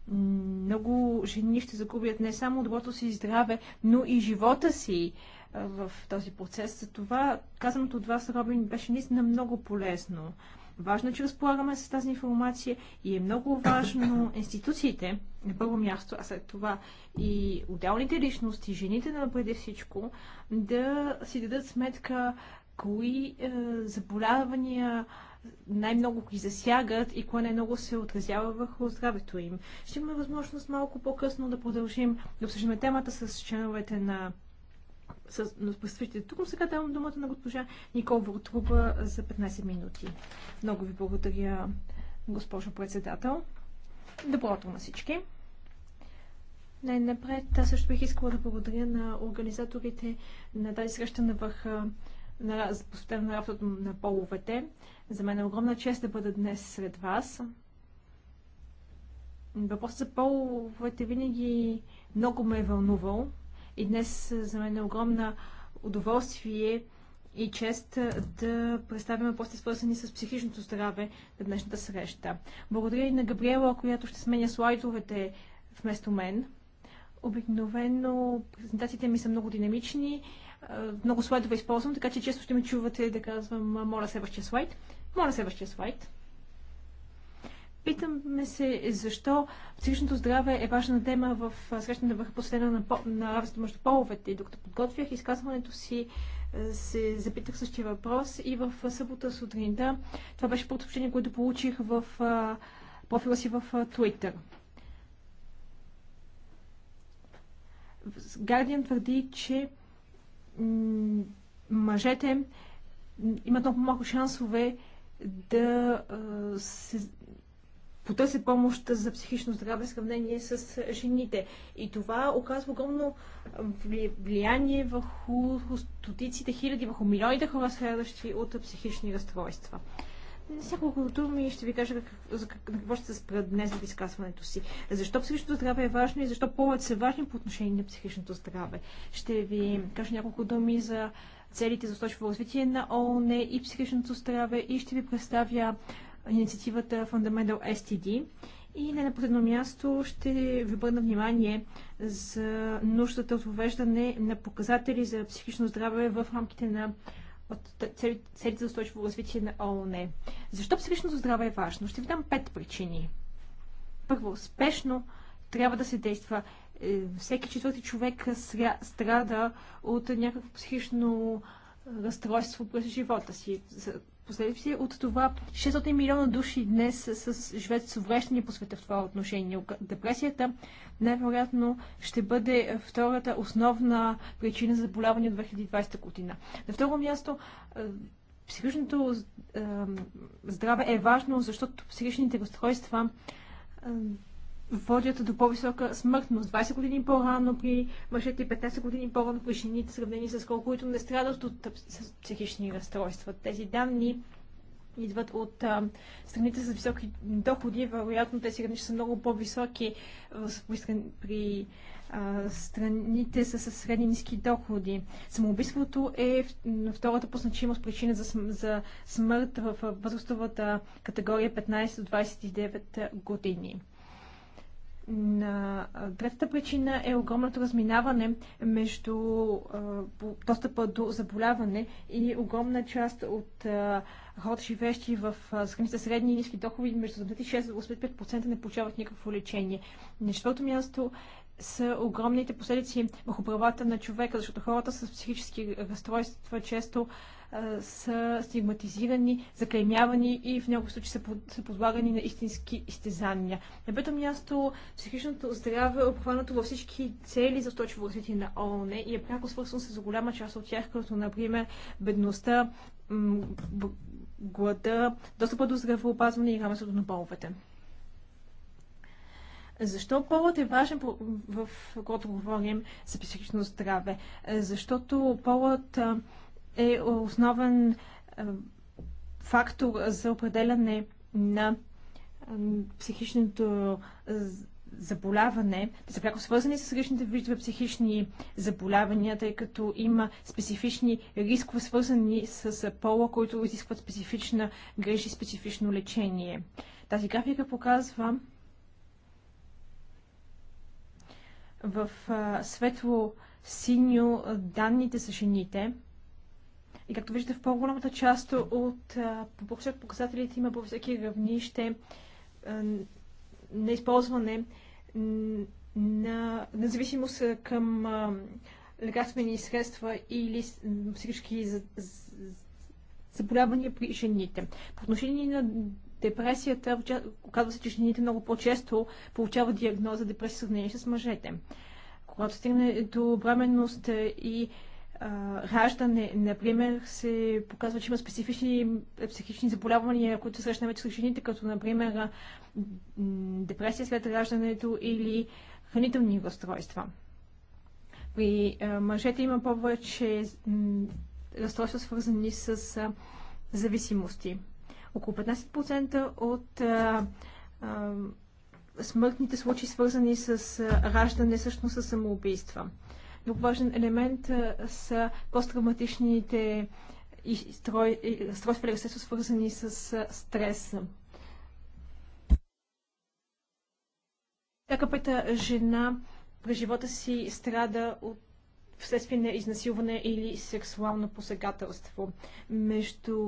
Много жени ще загубят не само доброто си здраве, но и живота си в този процес. Затова казаното от вас, Робин, беше наистина много полезно. Важно е, че разполагаме с тази информация и е много важно институциите, на първо място, а след това и отделните личности, жените на преди всичко, да си дадат сметка кои е, заболявания най-много ги засягат и кое най-много се отразява върху здравето им. Ще имаме възможност малко по-късно да продължим да обсъждаме темата с членовете на тук, но сега давам думата на госпожа Никол Въртруба за 15 минути. Много ви благодаря, госпожо председател. Доброто на всички! Най-напред, аз също бих искала да благодаря на организаторите на тази среща на върха на, посветена на работата на половете. За мен е огромна чест да бъда днес сред вас. Въпросът за половете винаги много ме е вълнувал. И днес е, за мен е огромна удоволствие и чест е, да представим въпросите свързани с психичното здраве на днешната среща. Благодаря и на Габриела, която ще сменя слайдовете вместо мен. Обикновено презентациите ми са много динамични, е, много слайдове използвам, така че често ще ме чувате да казвам моля следващия слайд, моля следващия слайд. Питаме се защо психичното здраве е важна тема в срещата на върха последна на, на равенството между половете. И докато подготвях изказването си, се запитах същия въпрос и в събота сутринта това беше протъпчение, което получих в профила си в Twitter. Guardian твърди, че мъжете имат много малко шансове да се потърсят помощ за психично здраве в сравнение с жените. И това оказва огромно влияние върху стотиците хиляди, върху милионите хора, следващи от психични разстройства. Няколко думи ще ви кажа как, за как, на какво ще се спра днес в изказването си. Защо психичното здраве е важно и защо повод са важни по отношение на психичното здраве. Ще ви кажа няколко думи за целите за устойчиво развитие на ООН и психичното здраве и ще ви представя инициативата Fundamental STD. И не на последно място ще ви обърна внимание за нуждата от въвеждане на показатели за психично здраве в рамките на целите за устойчиво развитие на ООН. Защо психичното здраве е важно? Ще ви дам пет причини. Първо, спешно трябва да се действа. Е, всеки четвърти човек страда от някакво психично разстройство през живота си последствие от това 600 милиона души днес с, живеят с увреждания по света в това отношение. Депресията най-вероятно ще бъде втората основна причина за заболяване от 2020 година. На второ място психичното здраве е важно, защото психичните разстройства водят до по-висока смъртност. 20 години по-рано при мъжете и 15 години по-рано при жените, сравнени с колко, които не страдат от психични разстройства. Тези данни идват от а, страните с високи доходи. Вероятно тези граничи са много по-високи при а, страните с, с средни ниски доходи. Самоубийството е втората по значимост причина за, за смърт в възрастовата категория 15 до 29 години. На третата причина е огромното разминаване между достъпа до заболяване и огромна част от хората, живещи в страните средни и ниски доходи, между 26 и 85% не получават никакво лечение. На четвърто място са огромните последици върху правата на човека, защото хората с психически разстройства често а, са стигматизирани, заклеймявани и в някои случаи са, са подлагани на истински изтезания. На пето място, психичното здраве е обхванато във всички цели за устойчиво развитие на ООН и е пряко свързано с голяма част от тях, като например бедността, глада, достъпа до здравеопазване и рамесото на боловете. Защо полът е важен, в когато говорим за психично здраве? Е, защото полът е основен фактор за определяне на психичното заболяване, те са пряко свързани с различните видове психични заболявания, тъй като има специфични рискове, свързани с пола, които изискват специфична грижа и специфично лечение. Тази графика показва в светло-синьо данните са жените. И както виждате, в по-голямата част от показателите има по всеки равнище на използване на независимост към лекарствени средства или психически заболявания при жените. По отношение на депресията, оказва се, че жените много по-често получават диагноза депресия в сравнение с мъжете. Когато стигне до бременност е, и а, раждане, например, се показва, че има специфични е, психични заболявания, които срещаме вече с жените, като, например, депресия след раждането или хранителни разстройства. При а, мъжете има повече разстройства, свързани с а, зависимости около 15% от а, а, смъртните случаи, свързани с раждане, също са самоубийства. Друг важен елемент а, са посттравматичните и строй, свързани с стрес. Всяка пета жена през живота си страда от вследствие на изнасилване или сексуално посегателство. Между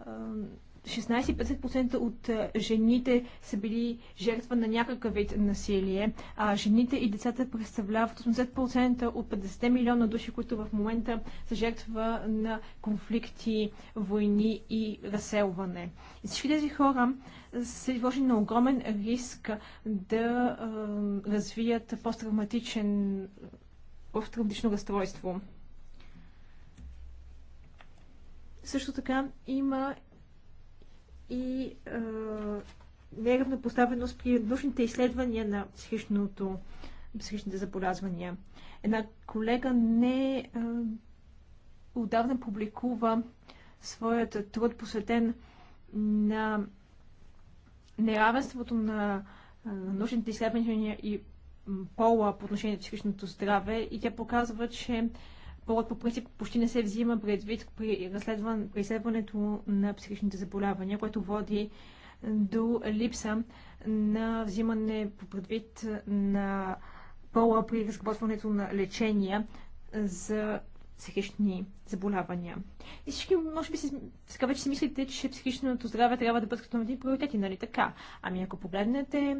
16-50% от е, жените са били жертва на някакъв вид насилие, а жените и децата представляват 80% от 50 милиона души, които в момента са жертва на конфликти, войни и разселване. И всички тези хора са изложени на огромен риск да е, развият посттравматичен посттравматично разстройство. Също така има и е, неравна поставеност при научните изследвания на психичното, психичните заболязвания. Една колега не е, отдавна публикува своят труд, посветен на неравенството на научните изследвания и пола по отношение на психичното здраве и тя показва, че Полът по принцип почти не се взима предвид при, разследван, при изследването на психичните заболявания, което води до липса на взимане по предвид на пола при разработването на лечения за психични заболявания. И всички, може би, сега вече си мислите, че психичното здраве трябва да бъде като един приоритет, нали така? Ами ако погледнете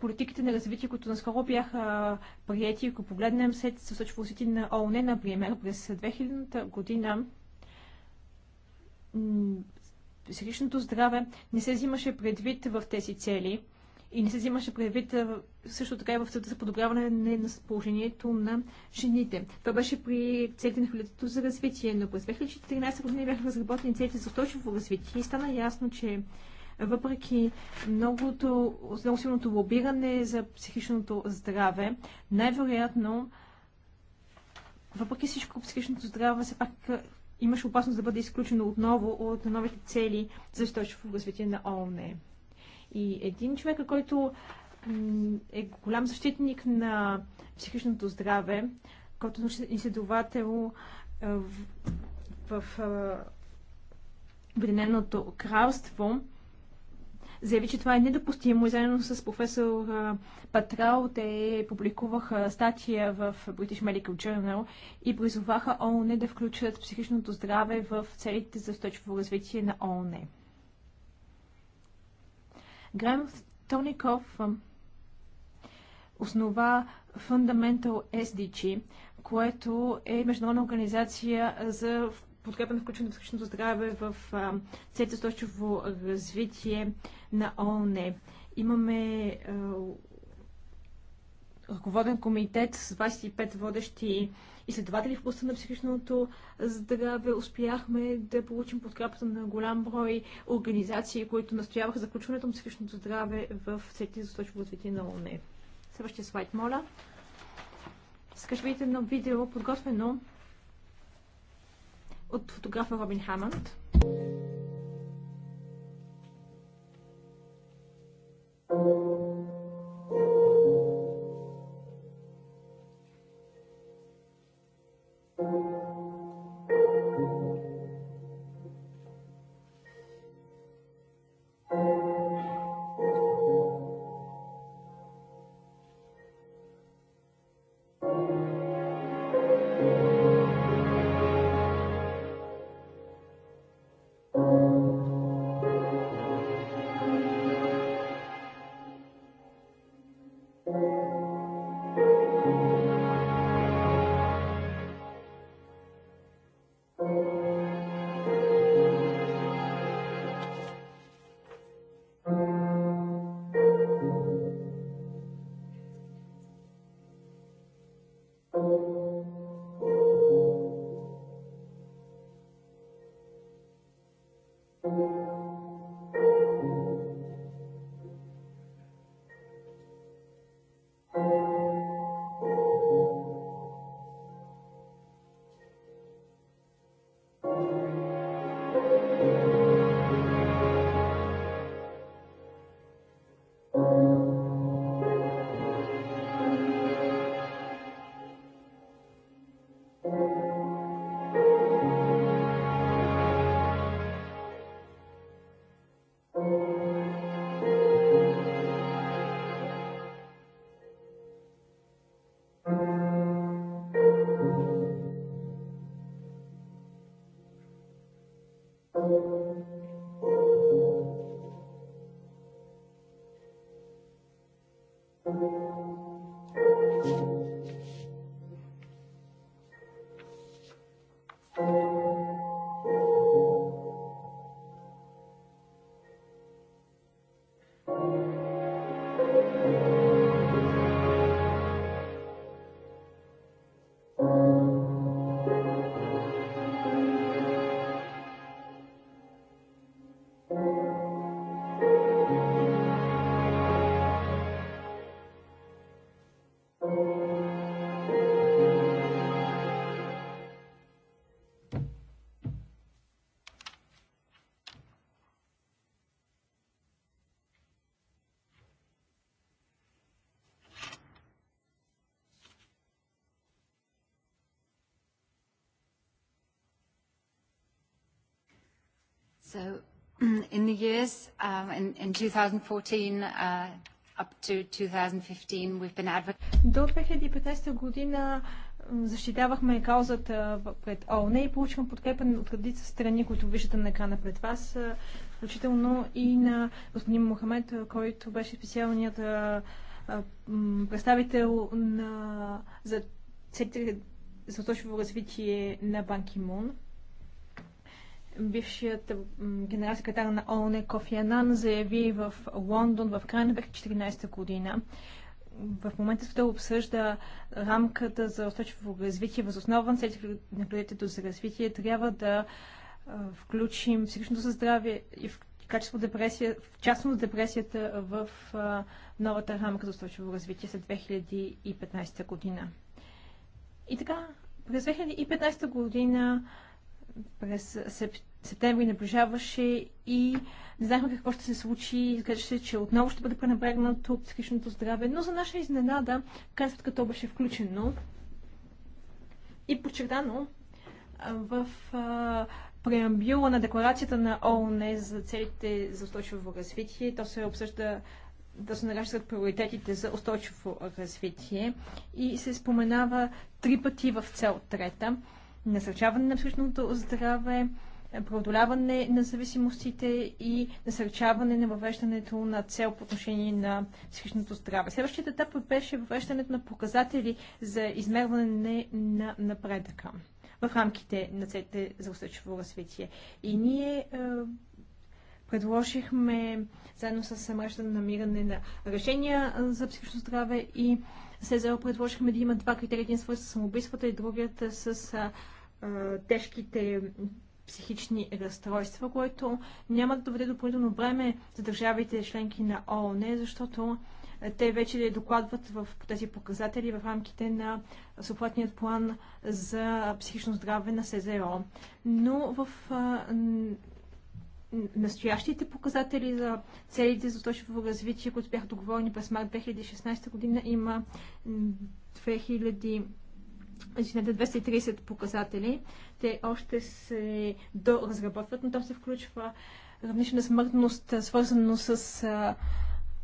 политиките на развитие, които наскоро бяха приети, Ако погледнем след съсъчва на ООН, например, през 2000 година психичното здраве не се взимаше предвид в тези цели и не се взимаше предвид също така и в целта за подобряване на положението на жените. Това беше при целите на хвилятото за развитие, но през 2014 година бяха разработени целите за устойчиво развитие и стана ясно, че въпреки многото, много силното лобиране за психичното здраве, най-вероятно, въпреки всичко, психичното здраве все пак имаше опасност да бъде изключено отново от новите цели за устойчиво развитие на ООН. И един човек, който е голям защитник на психичното здраве, който е изследовател в Обединеното кралство, заяви, че това е недопустимо и заедно с професор Патрал те публикуваха статия в British Medical Journal и призоваха ООН да включат психичното здраве в целите за устойчиво развитие на ООН. Грайм Тоников основа Fundamental SDG, което е международна организация за подкрепа на включване на психичното здраве в целите устойчиво развитие на ООН. Имаме ръководен комитет с 25 водещи изследователи в областта на психичното здраве. Успяхме да получим подкрепата на голям брой организации, които настояваха за включването на психичното здраве в целите за устойчиво развитие на ООН. Следващия слайд, моля. Скаш видите едно видео, подготвено от фотографа Робин Хамънд. So in the years um, in, in 2014 uh, up to 2015 we've been advocating. До 2015 година защитавахме каузата пред ООН и получихме подкрепа от редица страни, които виждате на екрана пред вас, включително и на господин Мохамед, който беше специалният представител на, за целите за устойчиво развитие на Банки Мун бившият генерал секретар на ООН е Кофи Анан заяви в Лондон в края на 2014 година. В момента се обсъжда рамката за устойчиво развитие. възоснован след целите на гледането за развитие трябва да включим психичното здраве и в качество депресия, в частност депресията в новата рамка за устойчиво развитие след 2015 година. И така, през 2015 година през септември наближаваше и не знаехме какво ще се случи. Изглеждаше, че отново ще бъде пренебрегнато психичното здраве, но за наша изненада, крайна като беше включено и подчертано в преамбюла на декларацията на ООН за целите за устойчиво развитие. То се обсъжда да се нареждат приоритетите за устойчиво развитие и се споменава три пъти в цел трета насърчаване на психичното здраве, преодоляване на зависимостите и насърчаване на въвеждането на цел по отношение на психичното здраве. Следващият етап беше въвеждането на показатели за измерване на напредъка в рамките на целите за устойчиво развитие. И ние е, предложихме заедно с мрежата на намиране на решения е, за психично здраве и СЗО предложихме да има два критерия, един свързан с самоубийствата и другият е с е, тежките психични разстройства, което няма да доведе допълнително време за държавите членки на ООН, защото те вече докладват в тези показатели в рамките на съответният план за психично здраве на СЗО. Но в настоящите показатели за целите за устойчиво развитие, които бяха договорени през март 2016 година, има 2000 жената 230 показатели. Те още се доразработват, но там се включва равнична смъртност, свързано с а,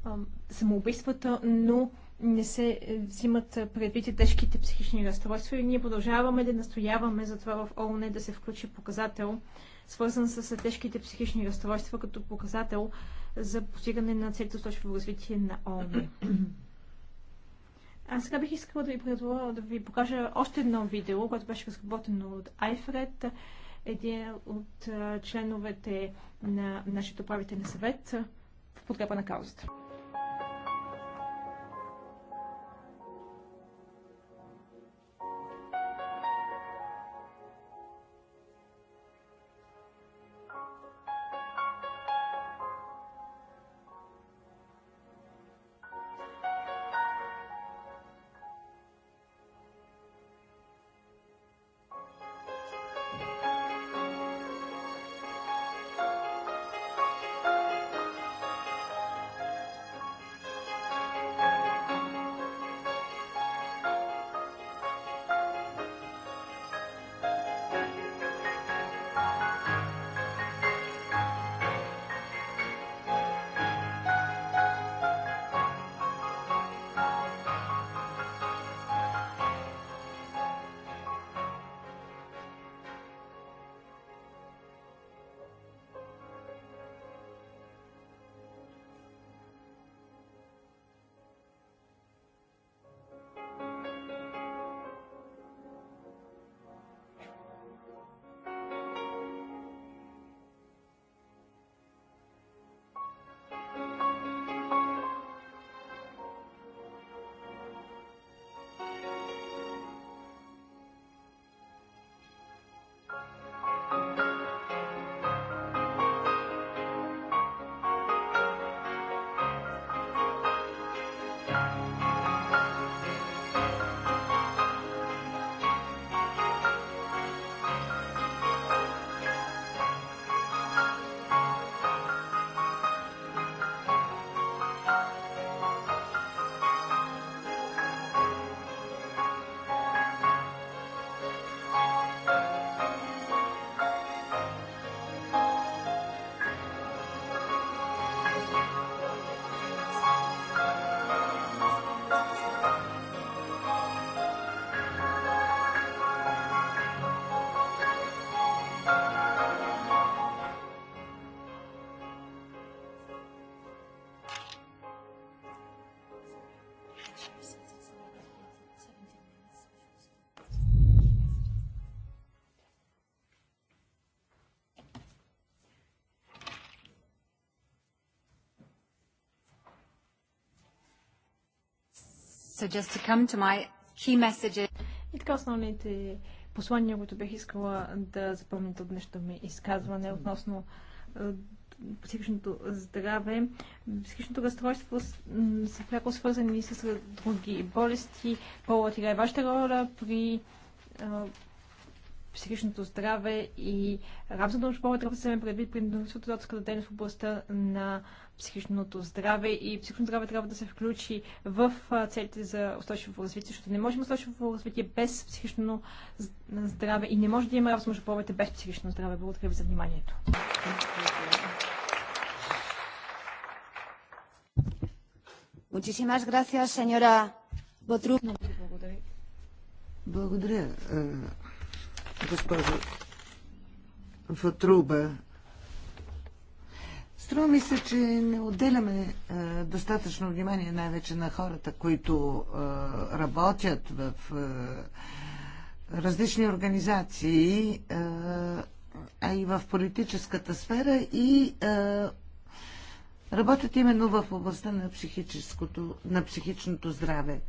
а, самоубийствата, но не се взимат предвид и тежките психични разстройства и ние продължаваме да настояваме за това в ООН да се включи показател, свързан с тежките психични разстройства като показател за постигане на целите устойчиво развитие на ООН. А сега бих искала да ви, предложа, да ви покажа още едно видео, което беше разработено от Айфред, един от членовете на нашето правителен съвет в подкрепа на каузата. So just to come to my key messages. И така основните послания, които бих искала да запомните от днешното ми изказване относно психичното здраве. Психичното разстройство са пряко свързани с други болести. Полът играе вашата роля при психичното здраве и работата на школата трябва да се вземе предвид при научно дейност в областта на психичното здраве и психичното здраве трябва да се включи в целите за устойчиво развитие, защото не можем устойчиво развитие без психично здраве и не може да има работа между половете без психично здраве. Благодаря ви за вниманието. Muchísimas gracias, señora Благодаря, госпожо Фатруба. Струва ми се, че не отделяме а, е, достатъчно внимание най-вече на хората, които а, е, работят в а, е, различни организации, а, а и в политическата сфера и а, работят именно в областта на, психическото, на психичното здраве.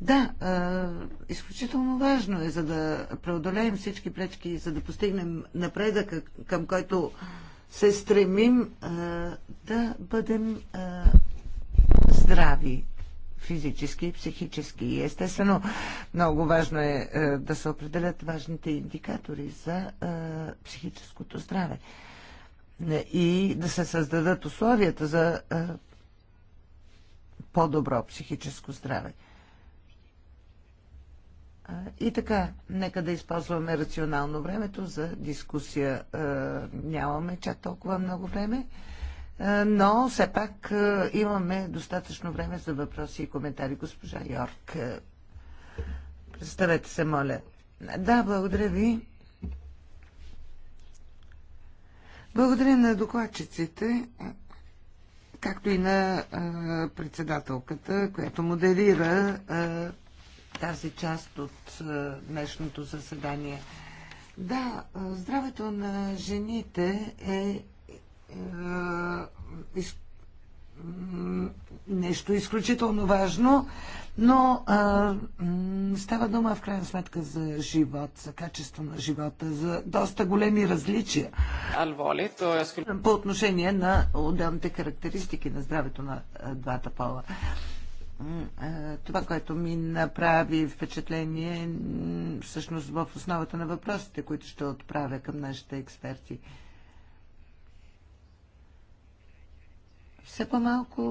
Да, а, изключително важно е, за да преодолеем всички пречки, за да постигнем напредъка, към който се стремим а, да бъдем а, здрави физически и психически. Естествено, много важно е а, да се определят важните индикатори за а, психическото здраве и да се създадат условията за а, по-добро психическо здраве. И така, нека да използваме рационално времето за дискусия. Нямаме чак толкова много време, но все пак имаме достатъчно време за въпроси и коментари. Госпожа Йорк, представете се, моля. Да, благодаря ви. Благодаря на докладчиците, както и на председателката, която модерира тази част от е, днешното заседание. Да, е, здравето на жените е, е, е нещо изключително важно, но е, става дума в крайна сметка за живот, за качество на живота, за доста големи различия. Алволи, то е... По отношение на отделните характеристики на здравето на двата пола. Е, това, което ми направи впечатление, всъщност в основата на въпросите, които ще отправя към нашите експерти. Все по-малко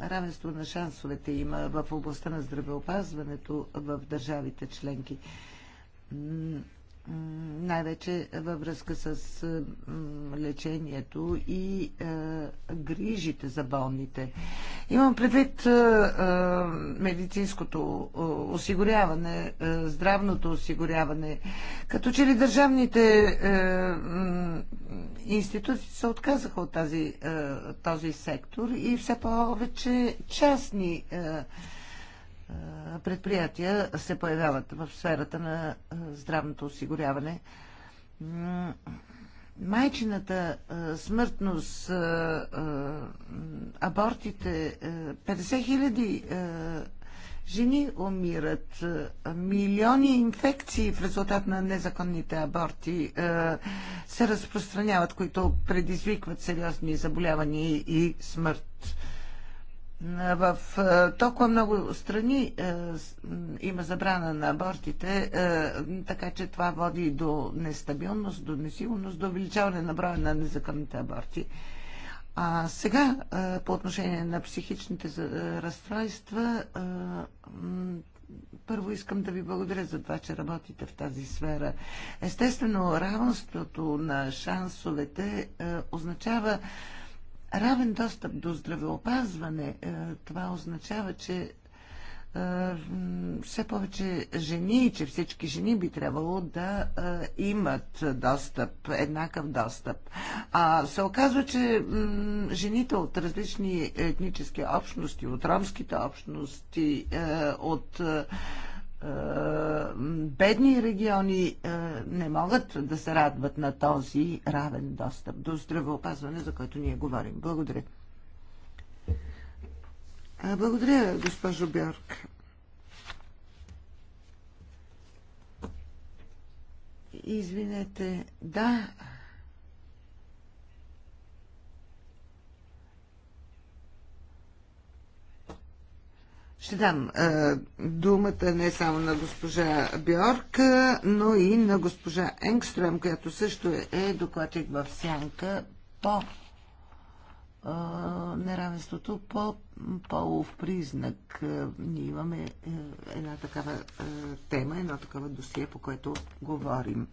равенство на шансовете има в областта на здравеопазването в държавите членки най-вече във връзка с лечението и е, грижите за болните. Имам предвид е, е, медицинското осигуряване, здравното осигуряване. Като че ли държавните институции се отказаха от тази, този сектор и все повече частни предприятия се появяват в сферата на здравното осигуряване. Майчината смъртност, абортите, 50 хиляди жени умират, милиони инфекции в резултат на незаконните аборти се разпространяват, които предизвикват сериозни заболявания и смърт. В е, толкова много страни е, има забрана на абортите, е, така че това води до нестабилност, до несигурност, до увеличаване на броя на незаконните аборти. А сега, по отношение на психичните разстройства, първо искам да ви благодаря за това, че работите в тази сфера. Естествено, равенството на шансовете означава равен достъп до здравеопазване, е, това означава, че е, все повече жени че всички жени би трябвало да е, имат достъп, еднакъв достъп. А се оказва, че жените от различни етнически общности, от ромските общности, от е, бедни региони е, не могат да се радват на този равен достъп до здравеопазване, за който ние говорим. Благодаря. Е, благодаря, госпожо Бьорк. Извинете, да, Ще дам а, е, думата не само на госпожа Бьорк, но и на госпожа Енгстрем, която също е, е докладчик в сянка по а, е, неравенството по полов признак. Ние имаме а, една такава а, тема, едно такава досие, по което говорим.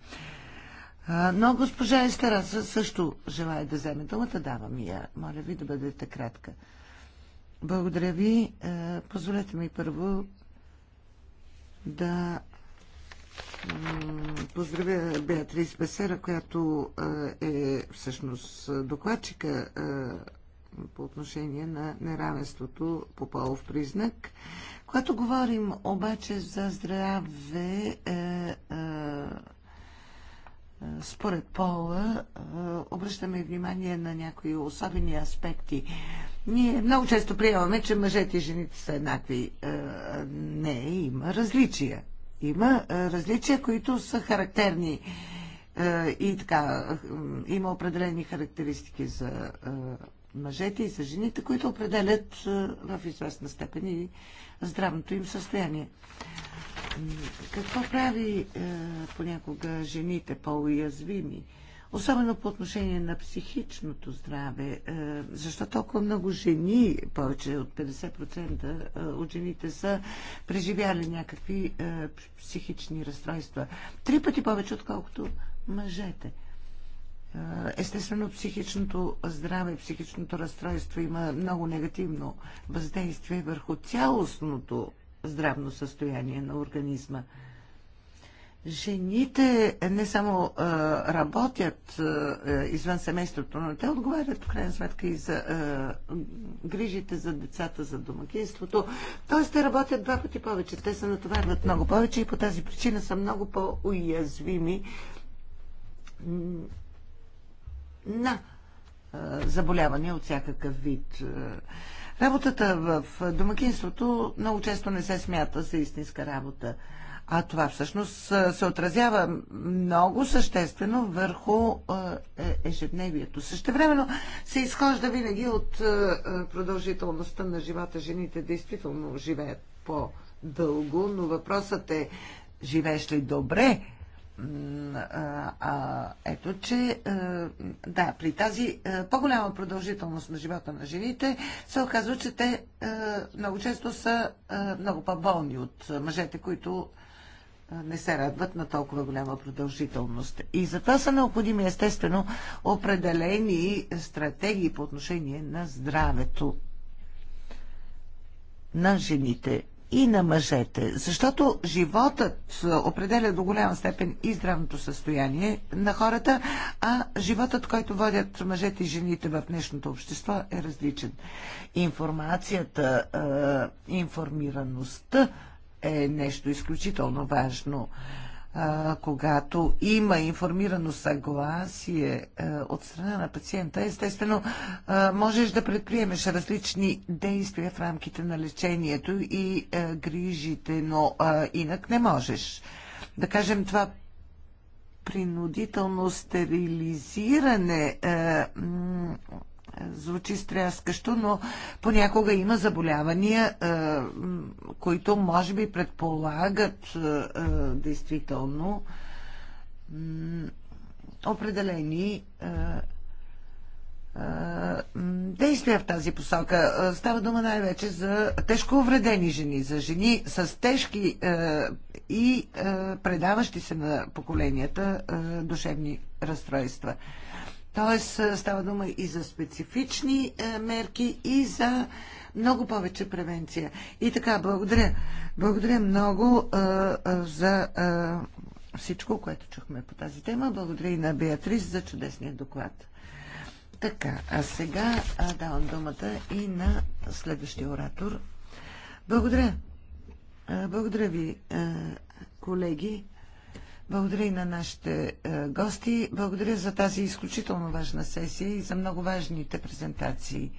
Но госпожа Естераса също желая да вземе думата. Давам я. Моля ви да бъдете кратка. Благодаря ви. Е, позволете ми първо да поздравя Беатрис Бесера, която е, е всъщност докладчика е, по отношение на неравенството по полов признак. Когато говорим обаче за здраве, според пола, обръщаме внимание на някои особени аспекти. Ние много често приемаме, че мъжете и жените са еднакви. Е, не, има различия. Има е, различия, които са характерни е, и така. Има определени характеристики за мъжете и за жените, които определят в известна степен и здравното им състояние. Какво прави понякога жените по-уязвими? особено по отношение на психичното здраве. Е, защо толкова много жени, повече от 50% е, от жените са преживяли някакви е, психични разстройства? Три пъти повече, отколкото мъжете. Естествено, психичното здраве, психичното разстройство има много негативно въздействие върху цялостното здравно състояние на организма жените не само а, работят а, извън семейството, но те отговарят в крайна сметка и за а, грижите за децата, за домакинството. Тоест те работят два пъти повече. Те се натоварват много повече и по тази причина са много по-уязвими на а, заболявания от всякакъв вид. Работата в домакинството много често не се смята за истинска работа. А, а това всъщност се отразява много съществено върху е, ежедневието. Същевременно се изхожда винаги от продължителността на живота. Жените действително живеят по-дълго, но въпросът е живееш ли добре? А, ето, че да, при тази по-голяма продължителност на живота на жените се оказва, че те много често са много по-болни от мъжете, които не се радват на толкова голяма продължителност. И затова са необходими, естествено, определени стратегии по отношение на здравето на жените и на мъжете, защото животът определя до голяма степен и здравното състояние на хората, а животът, който водят мъжете и жените в днешното общество е различен. Информацията, информираността е нещо изключително важно. Когато има информирано съгласие от страна на пациента, естествено, можеш да предприемеш различни действия в рамките на лечението и грижите, но инак не можеш. Да кажем това принудително стерилизиране звучи стряскащо, но понякога има заболявания, е, които може би предполагат е, е, действително определени действия в тази посока. Става дума най-вече за тежко увредени жени, за жени с тежки и предаващи се на поколенията душевни разстройства. Тоест е, става дума и за специфични е, мерки и за много повече превенция. И така, благодаря. Благодаря много е, за всичко, което чухме по тази тема. Благодаря и на Беатрис за чудесния доклад. Така, а сега давам думата и на следващия оратор. Благодаря. Благодаря ви, колеги. Благодаря и на нашите е, гости. Благодаря за тази изключително важна сесия и за много важните презентации.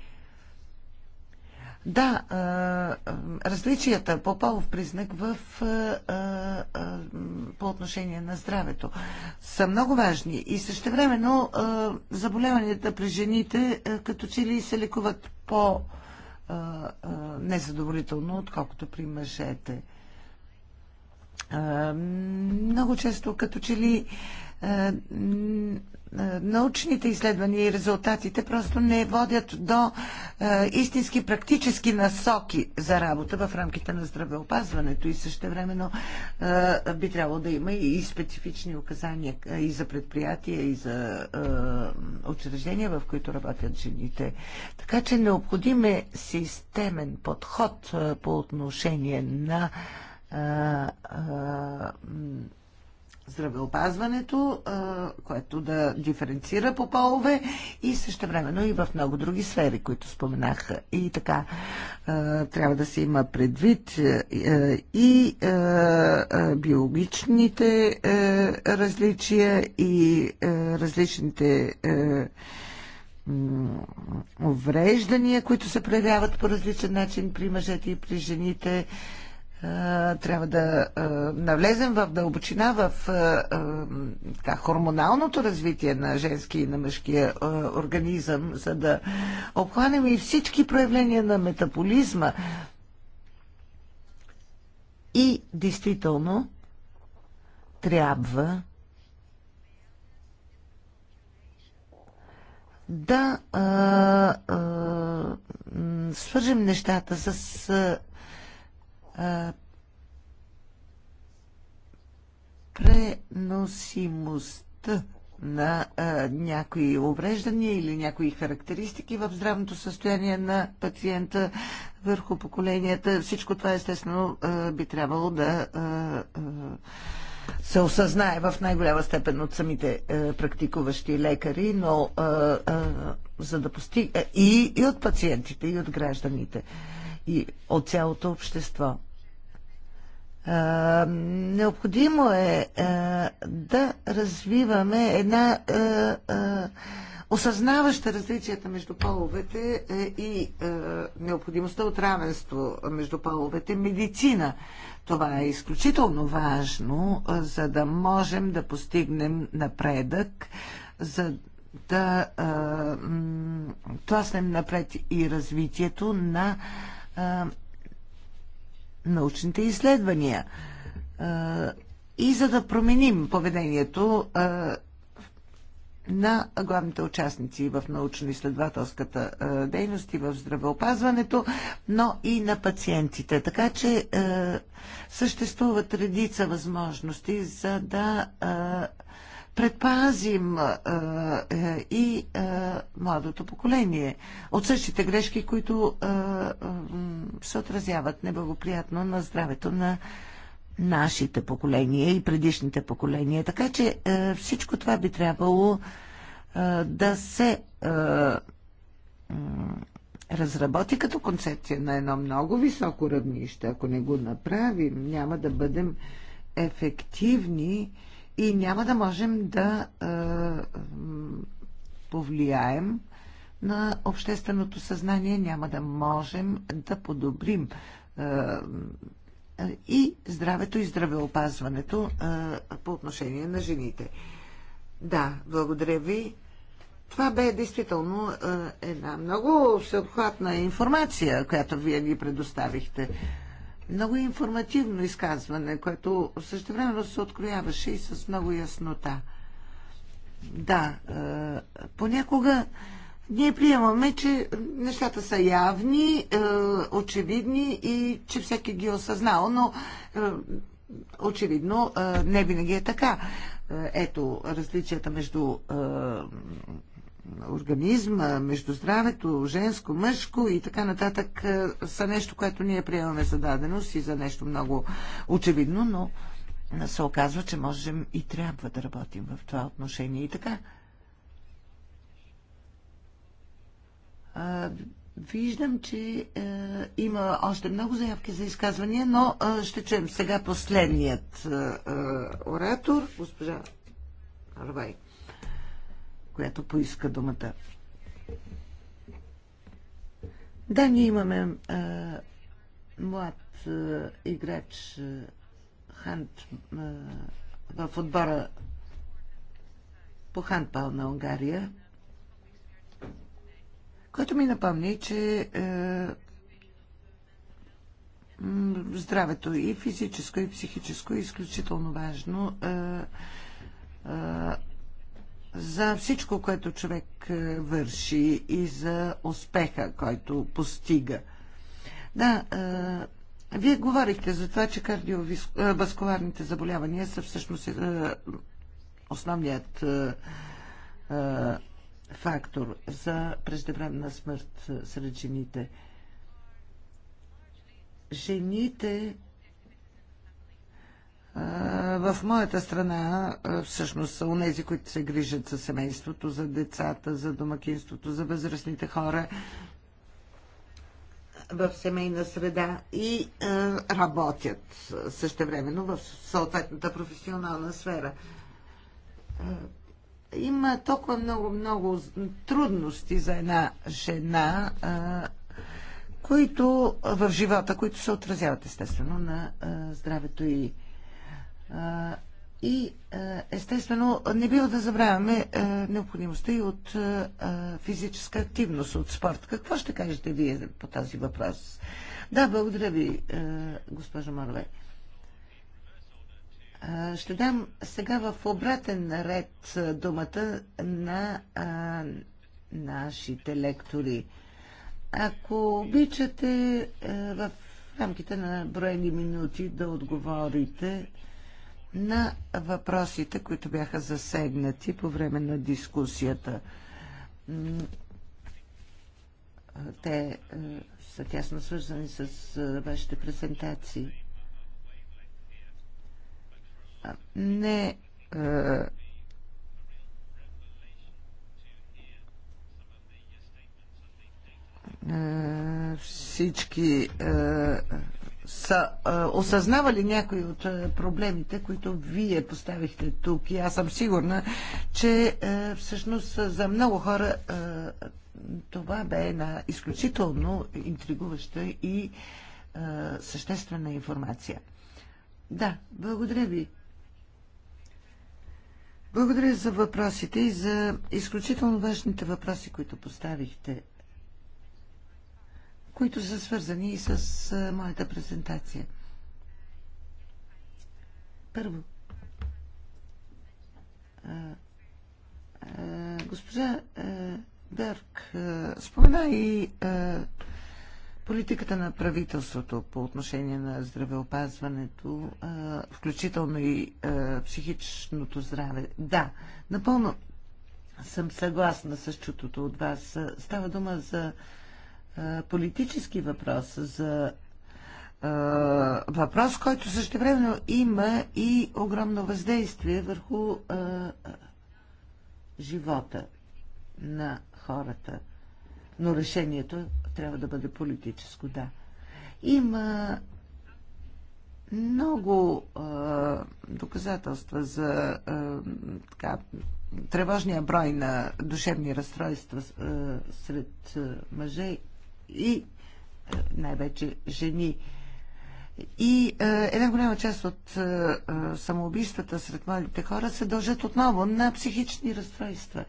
Да, е, е, различията по полов признак в, по отношение на здравето са много важни и същевременно заболяванията при жените като че ли се лекуват по незадоволително, отколкото при мъжете много често като че ли научните изследвания и резултатите просто не водят до истински практически насоки за работа в рамките на здравеопазването и също времено би трябвало да има и специфични указания и за предприятия, и за учреждения, в които работят жените. Така че необходим е системен подход по отношение на здравеопазването, което да диференцира по полове и също времено и в много други сфери, които споменах. И така, трябва да се има предвид и биологичните различия и различните увреждания, които се проявяват по различен начин при мъжете и при жените трябва да навлезем в дълбочина в така, хормоналното развитие на женския и на мъжкия организъм, за да обхванем и всички проявления на метаболизма. И действително трябва да а, а, свържем нещата с преносимостта на а, някои увреждания или някои характеристики в здравното състояние на пациента върху поколенията. Всичко това естествено а, би трябвало да а, а, се осъзнае в най-голяма степен от самите а, практикуващи лекари, но а, а, за да постигне и, и от пациентите, и от гражданите, и от цялото общество. Необходимо е да развиваме една осъзнаваща различията между половете и необходимостта от равенство между половете медицина. Това е изключително важно, за да можем да постигнем напредък, за да тласнем напред и развитието на научните изследвания и за да променим поведението на главните участници в научно-изследователската дейност и в здравеопазването, но и на пациентите. Така че съществуват редица възможности за да предпазим и младото поколение от същите грешки, които се отразяват неблагоприятно на здравето на нашите поколения и предишните поколения. Така че всичко това би трябвало да се разработи като концепция на едно много високо равнище. Ако не го направим, няма да бъдем ефективни и няма да можем да повлияем на общественото съзнание, няма да можем да подобрим и здравето и здравеопазването по отношение на жените. Да, благодаря ви. Това бе действително една много всеобхватна информация, която вие ни предоставихте много информативно изказване, което време се открояваше и с много яснота. Да, е, понякога ние приемаме, че нещата са явни, е, очевидни и че всеки ги е осъзнал, но очевидно не винаги е така. Ето различията между организма, между здравето, женско, мъжко и така нататък е, са нещо, което ние приемаме за даденост и за нещо много очевидно, но се оказва, че можем и трябва да работим в това отношение. И така. Виждам, че е, има още много заявки за изказвания, но е, ще чуем сега последният е, е оратор, госпожа Арвайк която поиска думата. Да, ние имаме а, млад а, играч а, хант, а, в отбора по хантбал на Унгария, който ми напомни, че а, здравето и физическо, и психическо е изключително важно. А, а, за всичко, което човек е, върши и за успеха, който постига. Да, е, вие говорихте за това, че кардиоваскуларните заболявания са всъщност е, основният е, е фактор за преждевременна смърт е, сред жените. Жените в моята страна всъщност са унези, които се грижат за семейството, за децата, за домакинството, за възрастните хора в семейна среда и е, работят същевременно в съответната професионална сфера. Е, има толкова много, много трудности за една жена, е, които в живота, които се отразяват естествено на е, здравето и и естествено не бива да забравяме необходимостта и от физическа активност, от спорт. Какво ще кажете вие по този въпрос? Да, благодаря ви, госпожа Марле. Ще дам сега в обратен ред думата на нашите лектори. Ако обичате в рамките на броени минути да отговорите на въпросите, които бяха засегнати по време на дискусията. Те е, са тясно свързани с е, вашите презентации. Не е, всички са а, осъзнавали някои от а, проблемите, които вие поставихте тук. И аз съм сигурна, че а, всъщност за много хора а, това бе една изключително интригуваща и а, съществена информация. Да, благодаря ви. Благодаря за въпросите и за изключително важните въпроси, които поставихте които са свързани и с моята презентация. Първо, госпожа Берг спомена и политиката на правителството по отношение на здравеопазването, включително и психичното здраве. Да, напълно съм съгласна с чутото от вас. Става дума за политически въпрос, за въпрос, който същевременно има и огромно въздействие върху живота на хората. Но решението трябва да бъде политическо, да. Има много е, доказателства за е, така, тревожния брой на душевни разстройства е, сред е, мъже и е, най-вече жени. И е, една голяма част от е, е, самоубийствата сред младите хора се дължат отново на психични разстройства.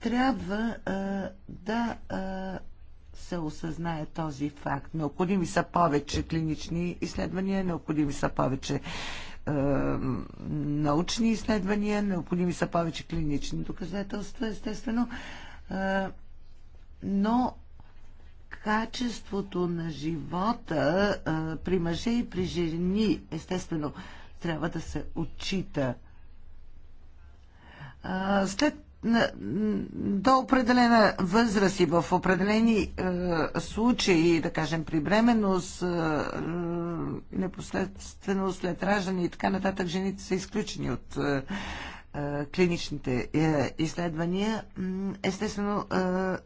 Трябва е, да е, се осъзнае този факт. Необходими са повече клинични изследвания, необходими са повече е, научни изследвания, необходими са повече клинични доказателства, естествено. Е, но качеството на живота а, при мъже и при жени, естествено, трябва да се отчита. А, след на, до определена възраст и в определени е, случаи, да кажем при бременност, е, непосредствено след раждане и така нататък, жените са изключени от е, е, клиничните е, изследвания. Естествено, е,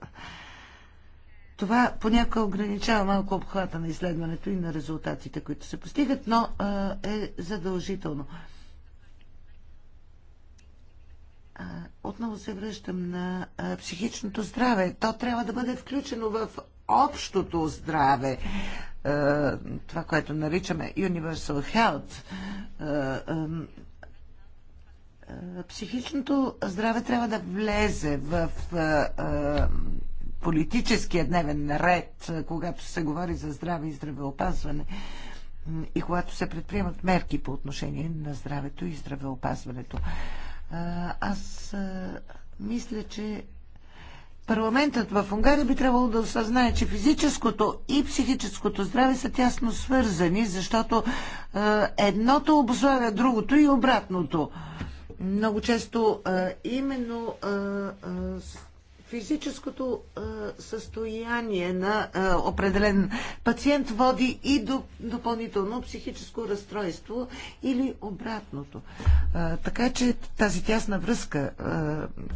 това понякога ограничава малко обхвата на изследването и на резултатите, които се постигат, но а, е задължително. А, отново се връщам на а, психичното здраве. То трябва да бъде включено в общото здраве, а, това, което наричаме Universal Health. А, а, а, психичното здраве трябва да влезе в. А, а, политическия дневен ред, е, когато се говори за здраве и здравеопазване и когато се предприемат мерки по отношение на здравето и здравеопазването. Е, аз е, мисля, че парламентът в Унгария би трябвало да осъзнае, че физическото и психическото здраве са тясно свързани, защото едното обославя другото и обратното. Много често именно физическото състояние на определен пациент води и до допълнително психическо разстройство или обратното. така че тази тясна връзка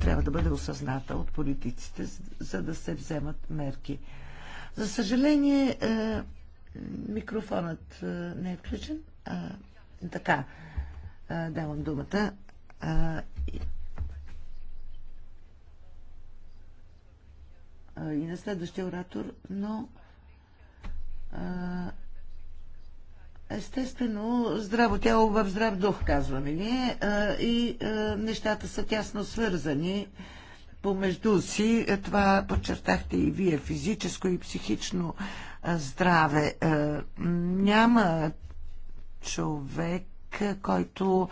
трябва да бъде осъзната от политиците, за да се вземат мерки. За съжаление, микрофонът не е включен. така, давам думата и на следващия оратор, но Естествено, здраво тяло в здрав дух, казваме ние, и нещата са тясно свързани помежду си. Това подчертахте и вие, физическо и психично здраве. Няма човек, който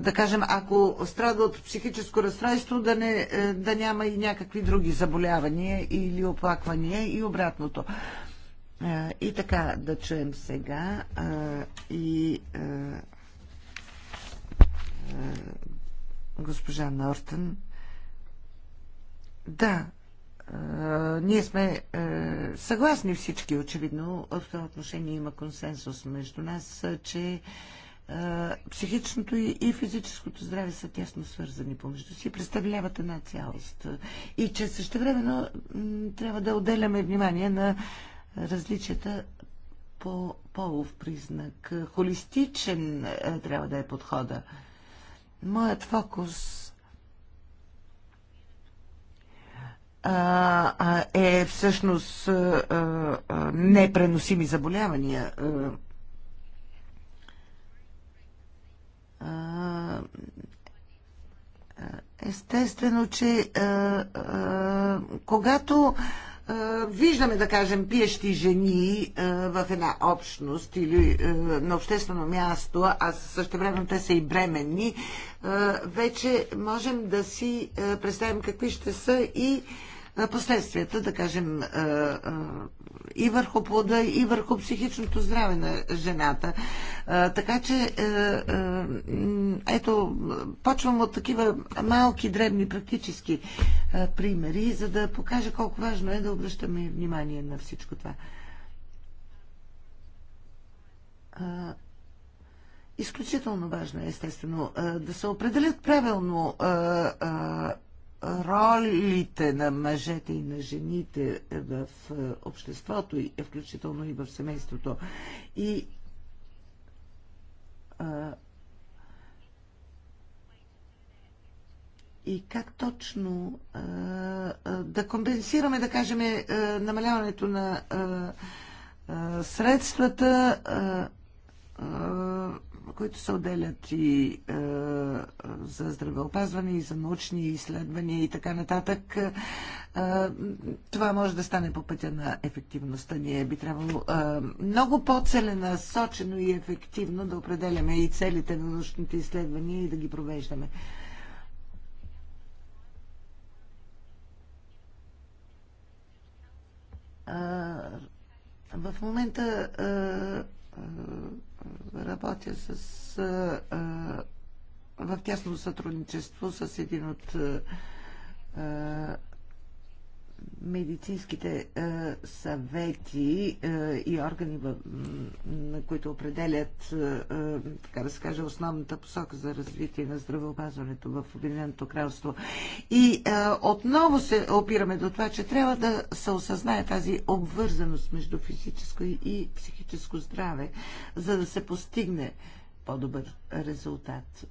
да кажем, ако страда от психическо разстройство, да, не, е, да няма и някакви други заболявания или оплаквания и обратното. И така, да чуем сега и госпожа Нортън. Да, ние сме съгласни всички, очевидно. В това отношение има консенсус между нас, че психичното и физическото здраве са тясно свързани помежду си, представляват една цялост. И че времено трябва да отделяме внимание на различията по полов признак. Холистичен е, трябва да е подхода. Моят фокус е всъщност непреносими заболявания Естествено, че когато виждаме, да кажем, пиещи жени в една общност или на обществено място, а също време те са и бременни, вече можем да си представим какви ще са и последствията, да кажем, и върху плода, и върху психичното здраве на жената. Така че, е, е, ето, почвам от такива малки, дребни, практически е, примери, за да покажа колко важно е да обръщаме внимание на всичко това. Изключително важно е, естествено, да се определят правилно ролите на мъжете и на жените в обществото, включително и в семейството. И и как точно да компенсираме, да кажем, намаляването на средствата които се отделят и е, за здравеопазване, и за научни изследвания и така нататък. Е, това може да стане по пътя на ефективността. Ние би трябвало е, много по-целенасочено и ефективно да определяме и целите на научните изследвания и да ги провеждаме. Е, в момента е, е, работя с, в тясно сътрудничество с един от медицинските е, съвети е, и органи, на които определят, е, така да се каже, основната посока за развитие на здравеопазването в Обединеното кралство. И отново се опираме до това, че трябва да се осъзнае тази обвързаност между физическо и психическо здраве, за да се постигне по-добър резултат.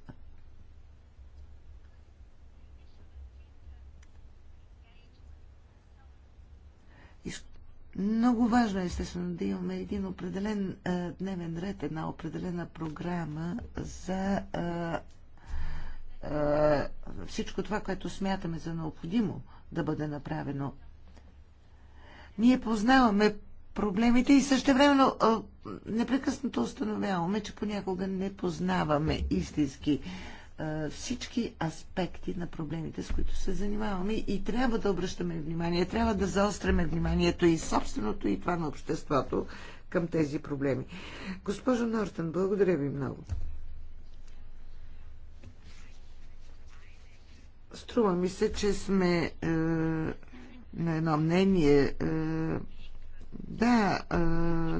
Много важно е, естествено, да имаме един определен а, е, дневен ред, една определена програма за а, е, а, е, всичко това, което смятаме за необходимо да бъде направено. Ние познаваме проблемите и същевременно времено непрекъснато установяваме, че понякога не познаваме истински всички аспекти на проблемите, с които се занимаваме и трябва да обръщаме внимание, трябва да заостряме вниманието и собственото, и това на обществото към тези проблеми. Госпожо Нортън, благодаря ви много. Струва ми се, че сме е, на едно мнение. Е, да, е,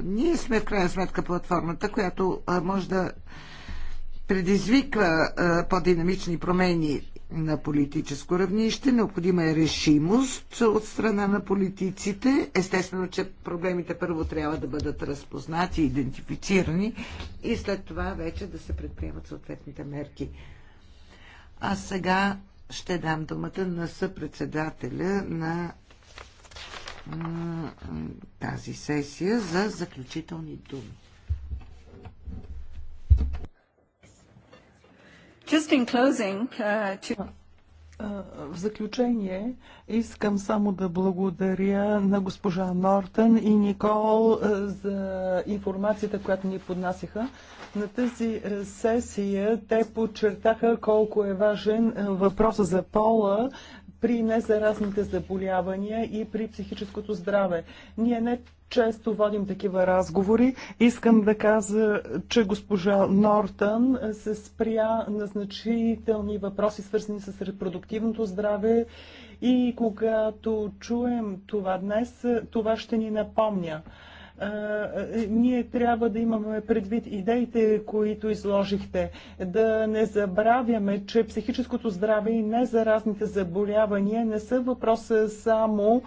ние сме в крайна сметка платформата, която е, може да предизвиква по-динамични промени на политическо равнище, необходима е решимост от страна на политиците. Естествено, че проблемите първо трябва да бъдат разпознати, идентифицирани и след това вече да се предприемат съответните мерки. А сега ще дам думата на съпредседателя на тази сесия за заключителни думи. Just in closing, uh, to... В заключение искам само да благодаря на госпожа Нортън и Никол за информацията, която ни поднасяха. На тази сесия те подчертаха колко е важен въпроса за пола при незаразните заболявания и при психическото здраве. Ние не често водим такива разговори. Искам да кажа, че госпожа Нортън се спря на значителни въпроси, свързани с репродуктивното здраве и когато чуем това днес, това ще ни напомня. Е, ние трябва да имаме предвид идеите, които изложихте, да не забравяме, че психическото здраве и незаразните заболявания не са въпрос само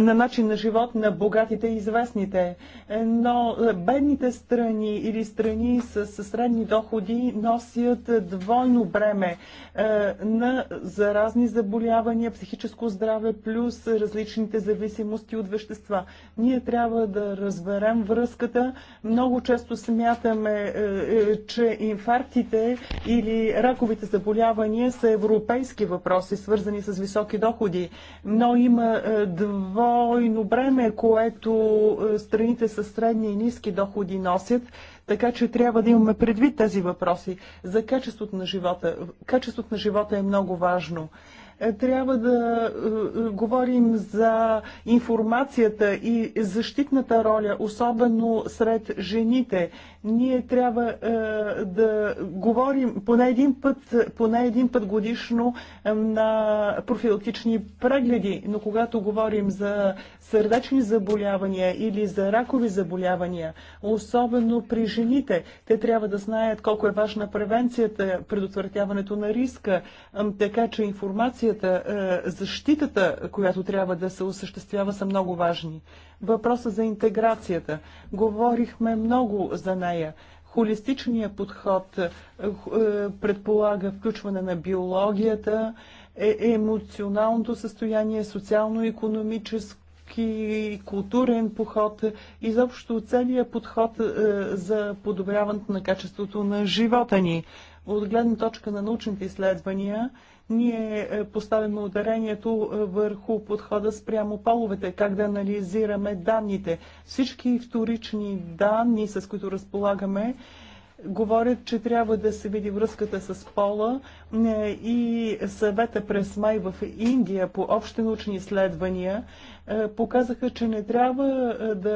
на начин на живот на богатите и известните, но е, бедните страни или страни с средни доходи носят двойно бреме е, на заразни заболявания, психическо здраве плюс различните зависимости от вещества. Ние трябва да разберем разберем връзката. Много често смятаме, е, е, че инфарктите или раковите заболявания са европейски въпроси, свързани с високи доходи. Но има е, двойно бреме, което страните с средни и ниски доходи носят. Така че трябва да имаме предвид тези въпроси за качеството на живота. Качеството на живота е много важно трябва да е, е, говорим за информацията и защитната роля, особено сред жените. Ние трябва е, да говорим поне един, път, поне един път годишно е, на профилактични прегледи, но когато говорим за сърдечни заболявания или за ракови заболявания, особено при жените, те трябва да знаят колко е важна превенцията, предотвратяването на риска, е, така че информацията, е, защитата, която трябва да се осъществява, са много важни. Въпроса за интеграцията. Говорихме много за нея. Холистичният подход е, предполага включване на биологията, е, емоционалното състояние, социално-економическо и културен подход, изобщо целият подход е, за подобряването на качеството на живота ни. От гледна точка на научните изследвания, ние е, поставяме ударението е, върху подхода спрямо половете, как да анализираме данните. Всички вторични данни, с които разполагаме, говорят, че трябва да се види връзката с пола е, и съвета през май в Индия по общи научни изследвания показаха, че не трябва да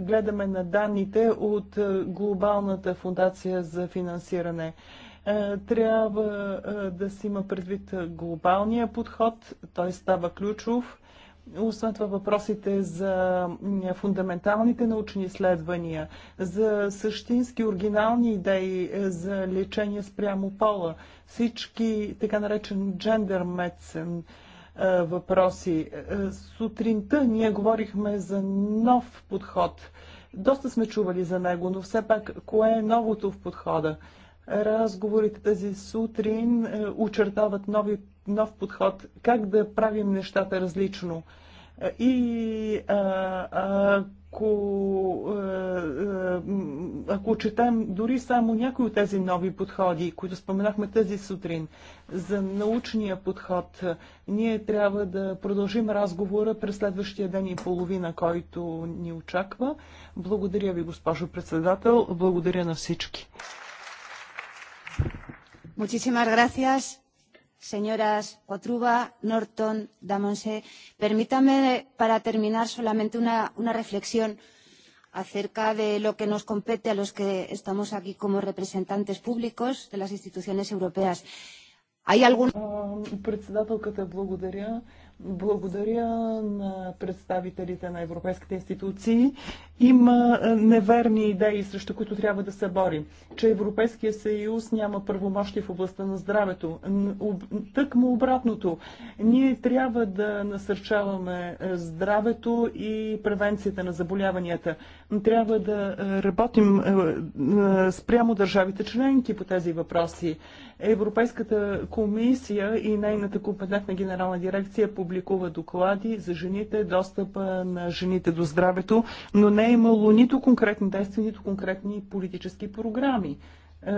гледаме на данните от Глобалната фундация за финансиране. Е, трябва е, да се има предвид глобалния подход, той става ключов. Освен това въпросите за фундаменталните научни изследвания, за същински оригинални идеи е, за лечение спрямо пола, всички така наречен джендър медицин въпроси. Сутринта ние говорихме за нов подход. Доста сме чували за него, но все пак кое е новото в подхода? Разговорите тази сутрин е, очертават нови, нов подход. Как да правим нещата различно? Е, и а, ако, е, ако четем дори само някои от тези нови подходи, които споменахме тази сутрин, за научния подход, ние трябва да продължим разговора през следващия ден и половина, който ни очаква. Благодаря ви, госпожо председател. Благодаря на всички. Muchísimas gracias, señoras Otruba, Norton, Damonse. Permítanme, para terminar, solamente una, una reflexión acerca de lo que nos compete a los que estamos aquí como representantes públicos de las instituciones europeas. Hay algún... Благодаря на представителите на европейските институции има неверни идеи, срещу които трябва да се борим. Че Европейския съюз няма първомощи в областта на здравето. Тък му обратното. Ние трябва да насърчаваме здравето и превенцията на заболяванията. Трябва да работим спрямо държавите членки по тези въпроси. Европейската комисия и нейната компетентна генерална дирекция публикува доклади за жените, достъпа на жените до здравето, но не е имало нито конкретни действия, нито конкретни политически програми. Е,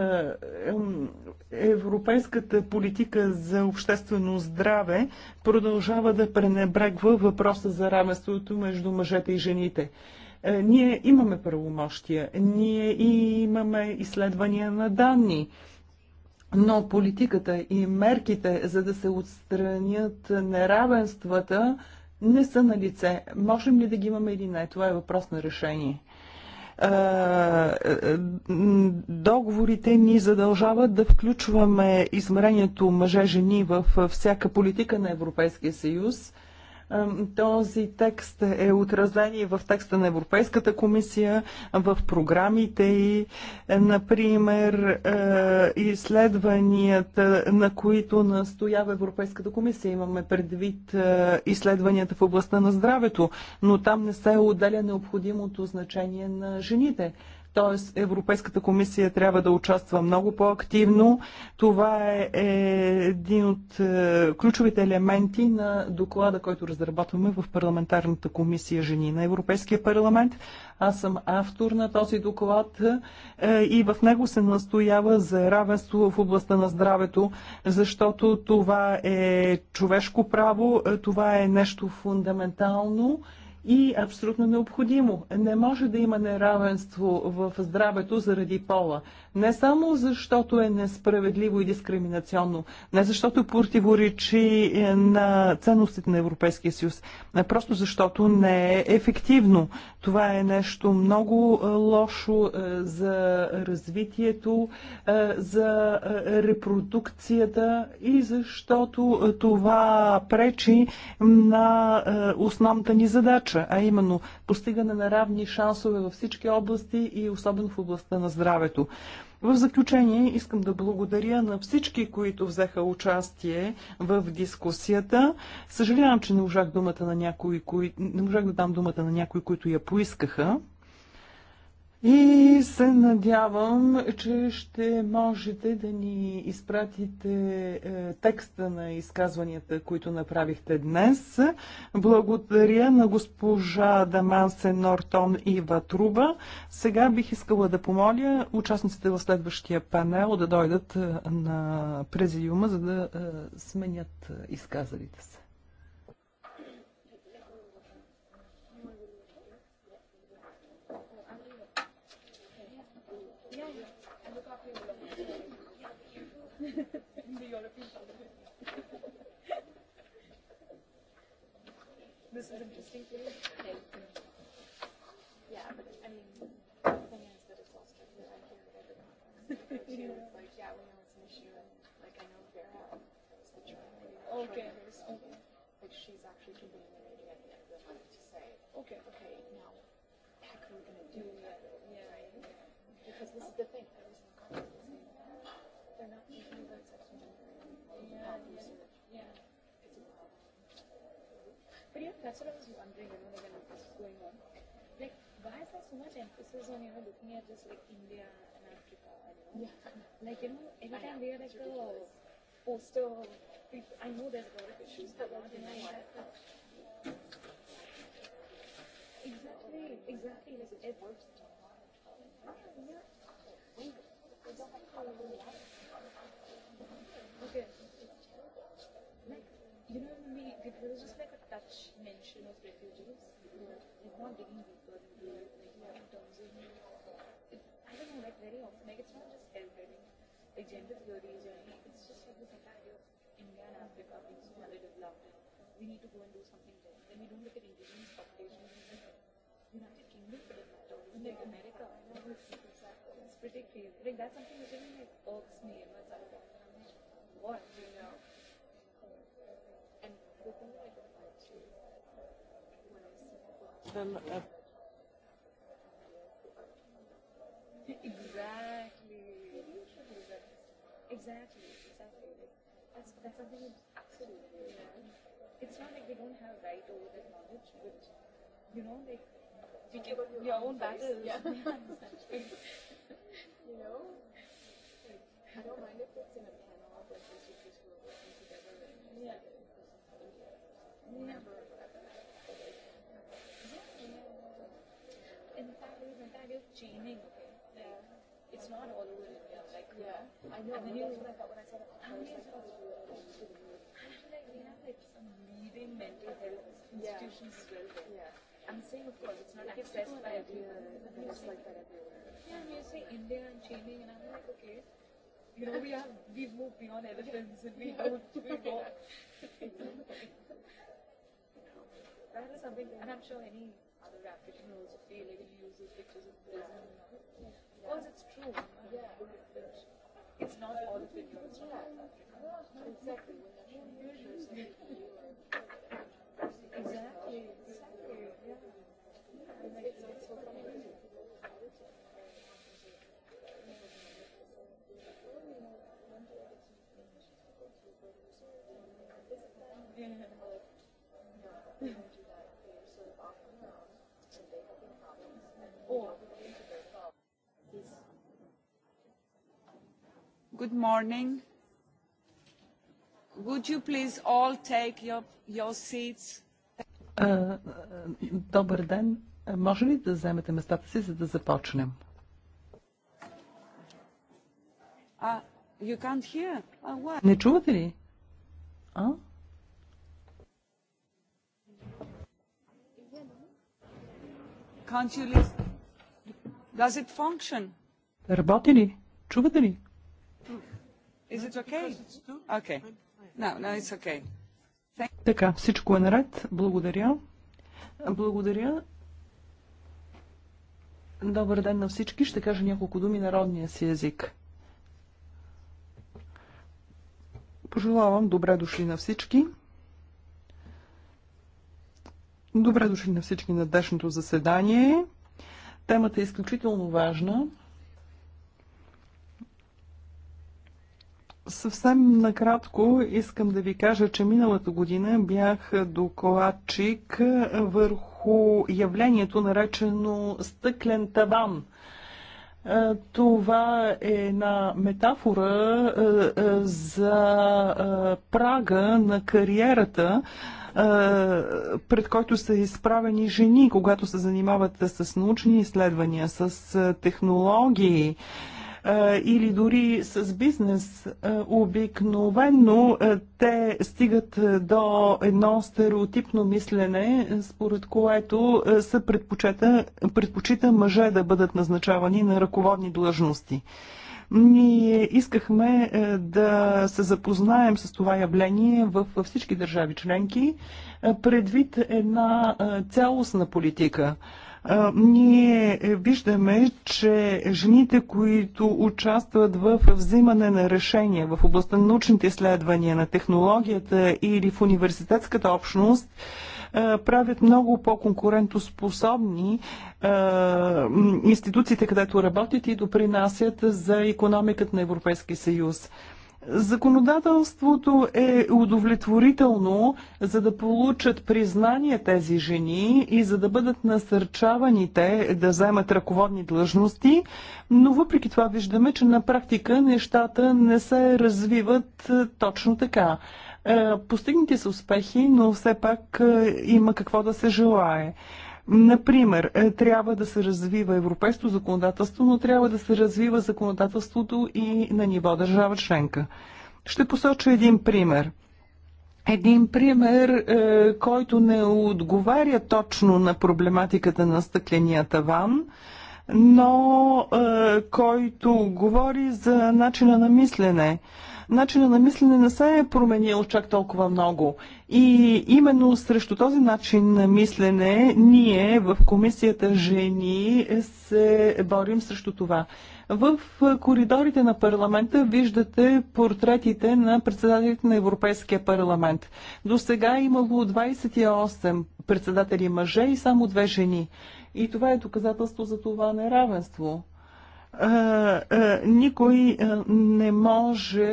европейската политика за обществено здраве продължава да пренебрегва въпроса за равенството между мъжете и жените. Е, ние имаме правомощия, ние имаме изследвания на данни. Но политиката и мерките, за да се отстранят неравенствата, не са на лице. Можем ли да ги имаме или не? Това е въпрос на решение договорите ни задължават да включваме измерението мъже-жени във всяка политика на Европейския съюз. Този текст е отразен и в текста на Европейската комисия, в програмите и, е, например, е, изследванията, на които настоява Европейската комисия. Имаме предвид е, изследванията в областта на здравето, но там не се отделя необходимото значение на жените. Т.е. Европейската комисия трябва да участва много по-активно. Това е, е един от е, ключовите елементи на доклада, който разработваме в парламентарната комисия Жени на Европейския парламент. Аз съм автор на този доклад е, и в него се настоява за равенство в областта на здравето, защото това е човешко право, това е нещо фундаментално и абсолютно необходимо. Не може да има неравенство в здравето заради пола. Не само защото е несправедливо и дискриминационно, не защото противоречи е, на ценностите на Европейския съюз, а просто защото не е ефективно. Това е нещо много е, лошо е, за развитието, за репродукцията и защото това пречи на основната ни задача насоча, а именно постигане на равни шансове във всички области и особено в областта на здравето. В заключение искам да благодаря на всички, които взеха участие в дискусията. Съжалявам, че не можах, думата на някои, кои... не можах да дам думата на някои, които я поискаха. И се надявам, че ще можете да ни изпратите е, текста на изказванията, които направихте днес. Благодаря на госпожа Дамансе Нортон и Ватруба. Сега бих искала да помоля участниците в следващия панел да дойдат е, на президиума, за да е, сменят изказалите се. this is interesting for you. Yeah, but I mean, the thing is that it's lost over I hear it every conference. She like, yeah, we know it's an issue. And, like, I know Vera was the child. Okay. okay. Like, she's actually convening the meeting at the end of the month to say, okay, okay, now, heck, are we going to do that? Yeah. Because this is the thing. Yeah. But yeah, that's what I was wondering, you know, when when this is going on. Like, why is there so much emphasis on, you know, looking at just like India and Africa, you know? Yeah. Like, you know, anytime we are like the poster people, I know there's a lot of issues, but not in that. Exactly, exactly. Like, it works. Yeah. Okay. You know, we there was just like a touch mention of refugees, like not digging deeper into it, like in terms of it, I don't know, like very often, like it's not just health, I think, like gender theories or anything. It's just like this entire idea of India and Africa being so underdeveloped, and we need to go and do something there. Then we don't look at indigenous populations, even United Kingdom for the matter, even like America. It's pretty crazy. Like that's something which even like irks me and what's what you know. them a exactly exactly exactly like that's that's something absolutely you know it's not like they don't have right over that knowledge but you know like you give your, your own battles yeah. you know like, I don't mind if it's in a panel but it's just we're working together and yeah never shaming. Yeah. it's not all over India. Like, yeah, I know. And then you, know, like, when I said the I thought, like, we have like some leading mental health institutions Yeah. I'm saying, of course, it's not like accessed by everyone. It's like that everywhere. Yeah, and you say India and shaming, and I'm like, okay. You know, we have we've moved beyond elephants, and we have we walk. that is something, and I'm sure any the rapid nose feel like it uses pictures of this and that. Of course, it's true. Yeah. But it's not all the videos from South Africa. Exactly. Exactly. Exactly. Yeah. It's, it's so funny. Good morning. Would you please all take your, your seats? Добър ден. Може ли да вземете местата си, за да започнем? Uh, you can't hear? Uh, what? Не чувате ли? А? Can't you listen? Does it function? Работи ли? Чувате ли? Is it okay? Okay. No, no, it's okay. Thank... Така, всичко е наред. Благодаря. Благодаря. Добър ден на всички. Ще кажа няколко думи народния си език. Пожелавам добре дошли на всички. Добре дошли на всички на днешното заседание. Темата е изключително важна. Съвсем накратко искам да ви кажа, че миналата година бях докладчик върху явлението наречено стъклен таван. Е, това е една метафора е, е, за прага на кариерата, пред който са изправени жени, когато се занимават с научни изследвания, с технологии, или дори с бизнес, обикновено те стигат до едно стереотипно мислене, според което се предпочита, предпочита мъже да бъдат назначавани на ръководни длъжности. Ние искахме да се запознаем с това явление в всички държави членки, предвид една цялостна политика – ние е, виждаме, че жените, които участват в взимане на решения в областта на научните изследвания, на технологията или в университетската общност, правят много по-конкурентоспособни институциите, където работят и допринасят за економиката на Европейския съюз. Законодателството е удовлетворително, за да получат признание тези жени и за да бъдат насърчавани те да вземат ръководни длъжности, но въпреки това виждаме, че на практика нещата не се развиват е, точно така. Е, постигнати са успехи, но все пак е, има какво да се желае. Например, е, трябва да се развива европейско законодателство, но трябва да се развива законодателството и на ниво държава членка. Ще посоча един пример. Един пример, е, който не отговаря точно на проблематиката на стъкления таван, но е, който говори за начина на мислене начина на мислене не се е променил чак толкова много. И именно срещу този начин на мислене ние в комисията жени се борим срещу това. В коридорите на парламента виждате портретите на председателите на Европейския парламент. До сега е имало 28 председатели мъже и само две жени. И това е доказателство за това неравенство никой не може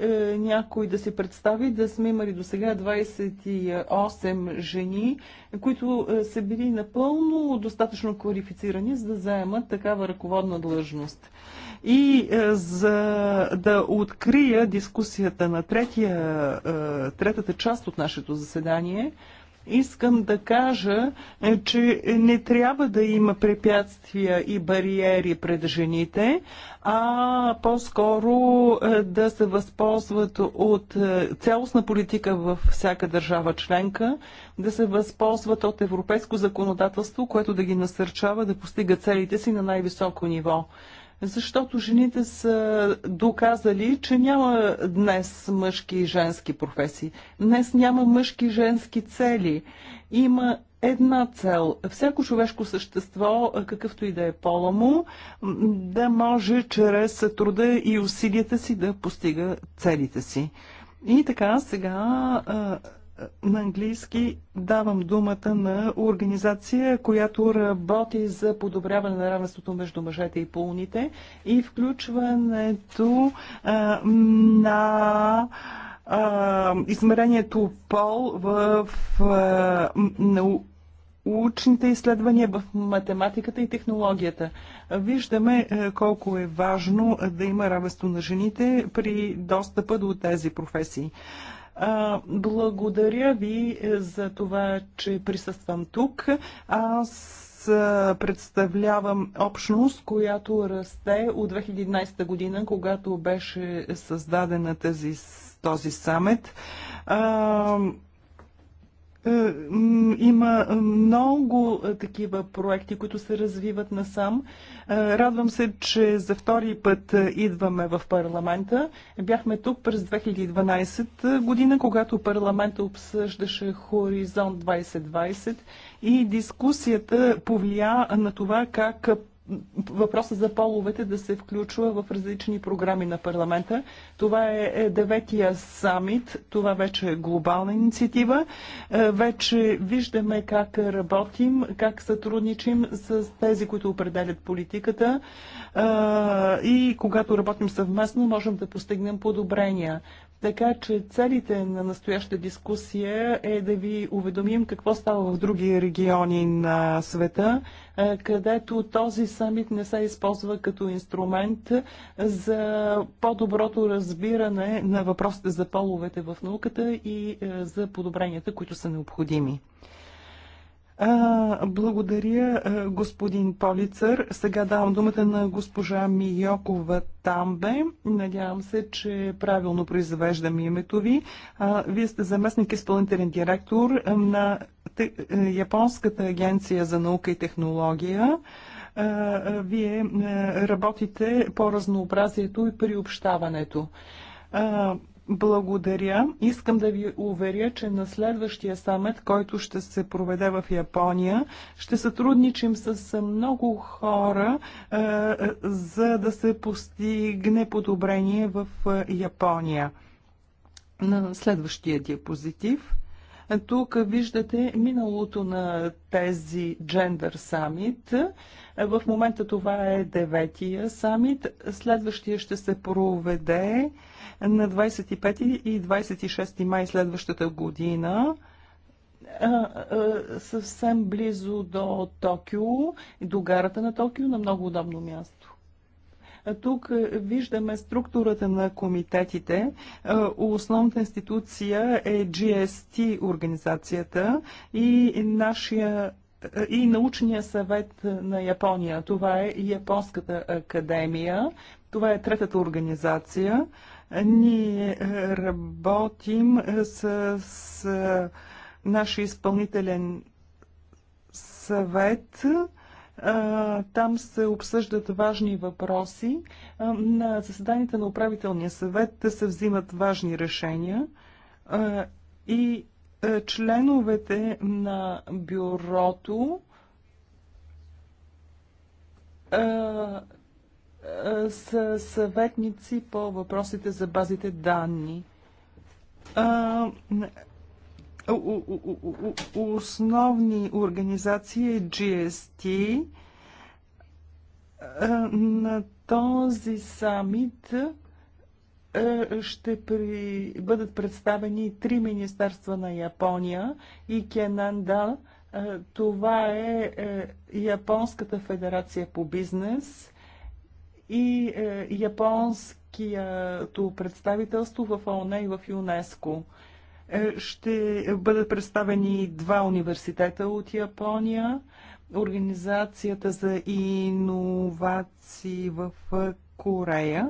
е, някой да се представи да сме имали до сега 28 жени, които е, са били напълно достатъчно квалифицирани, за да заемат такава ръководна длъжност. И е, за да открия дискусията на третия, третата част от нашето заседание, Искам да кажа, е, че не трябва да има препятствия и бариери пред жените, а по-скоро е, да се възползват от е, цялостна политика във всяка държава членка, да се възползват от европейско законодателство, което да ги насърчава да постига целите си на най-високо ниво защото жените са доказали, че няма днес мъжки и женски професии. Днес няма мъжки и женски цели. Има една цел. Всяко човешко същество, какъвто и да е пола му, да може чрез труда и усилията си да постига целите си. И така, сега на английски давам думата на организация, която работи за подобряване на равенството между мъжете и полните и включването а, на а, измерението пол в а, на учните изследвания в математиката и технологията. Виждаме колко е важно да има равенство на жените при достъпа до тези професии. Благодаря ви за това, че присъствам тук. Аз представлявам общност, която расте от 2011 година, когато беше създадена тази, този самет. Е, има много е, такива проекти, които се развиват насам. Е, радвам се, че за втори път идваме в парламента. Бяхме тук през 2012 година, когато парламента обсъждаше Хоризонт 2020 и дискусията повлия на това как въпроса за половете да се включва в различни програми на парламента. Това е, е деветия самит, това вече е глобална инициатива. Е, вече виждаме как работим, как сътрудничим с тези, които определят политиката е, и когато работим съвместно, можем да постигнем подобрения. Така че целите на настояща дискусия е да ви уведомим какво става в други региони на света, е, където този самит не се използва като инструмент за по-доброто разбиране на въпросите за половете в науката и е, за подобренията, които са необходими благодаря, господин Полицър. Сега давам думата на госпожа Миокова Тамбе. Надявам се, че правилно произвеждам името ви. вие сте заместник изпълнителен директор на е, Японската агенция за наука и технология. вие е, работите по разнообразието и приобщаването. Благодаря. Искам да ви уверя, че на следващия самет, който ще се проведе в Япония, ще сътрудничим с много хора, е, за да се постигне подобрение в е, Япония. На следващия диапозитив. Тук виждате миналото на тези Gender Summit. В момента това е деветия самит. Следващия ще се проведе на 25 и 26 май следващата година съвсем близо до Токио, до гарата на Токио, на много удобно място. Тук виждаме структурата на комитетите. Основната институция е GST организацията и нашия и научния съвет на Япония. Това е Японската академия. Това е третата организация. Ние е, работим е, с, с е, нашия изпълнителен съвет. Там се обсъждат важни въпроси. На заседанията на управителния съвет се взимат важни решения и членовете на бюрото са съветници по въпросите за базите данни. Основни организации е GST. На този самит ще при... бъдат представени три министерства на Япония и Кенанда. Това е, е Японската федерация по бизнес, и е, японското представителство в ООН и в ЮНЕСКО. Е, ще бъдат представени два университета от Япония, Организацията за иновации в е, Корея.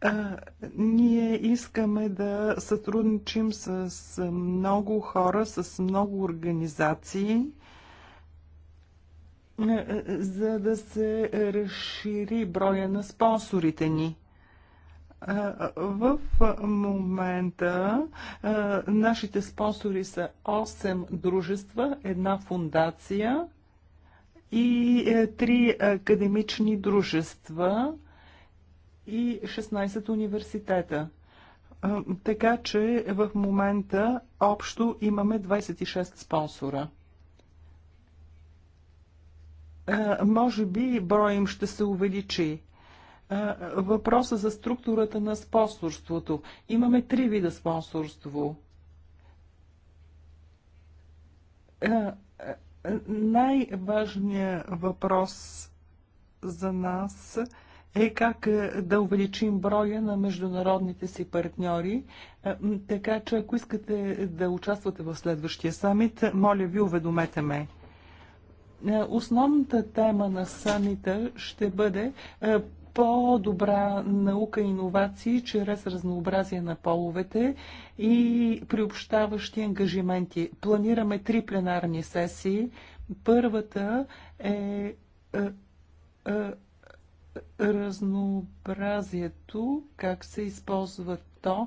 А, ние искаме да сътрудничим с много хора, с много организации. Е, е, за да се разшири броя на спонсорите ни. Е, в момента нашите спонсори са 8 дружества, една фундация и 3 академични дружества и 16 университета. Така че в момента общо имаме 26 спонсора може би броя им ще се увеличи. Въпроса за структурата на спонсорството. Имаме три вида спонсорство. Най-важният въпрос за нас е как да увеличим броя на международните си партньори. Така че, ако искате да участвате в следващия самит, моля ви, уведомете ме. Е, основната тема на самита ще бъде е, по-добра наука и иновации чрез разнообразие на половете и приобщаващи ангажименти. Планираме три пленарни сесии. Първата е, е, е разнообразието, как се използва то.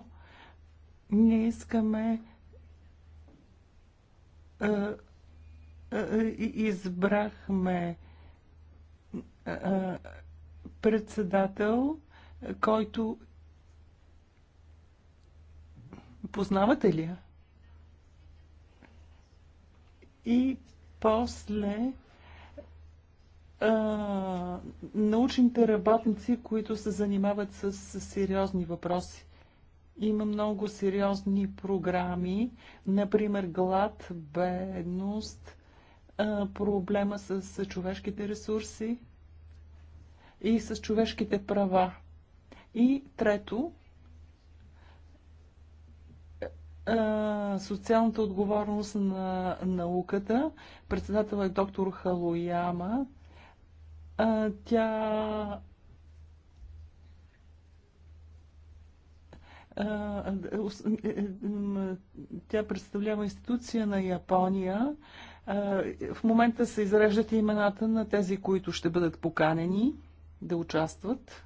Ние искаме е, избрахме председател, който познавате ли я? И после а, научните работници, които се занимават с, с сериозни въпроси. Има много сериозни програми, например глад, бедност, проблема с човешките ресурси и с човешките права. И трето, социалната отговорност на науката. Председател е доктор Халуяма, Тя е, е, тя представлява институция на Япония, в момента се изреждат имената на тези, които ще бъдат поканени да участват.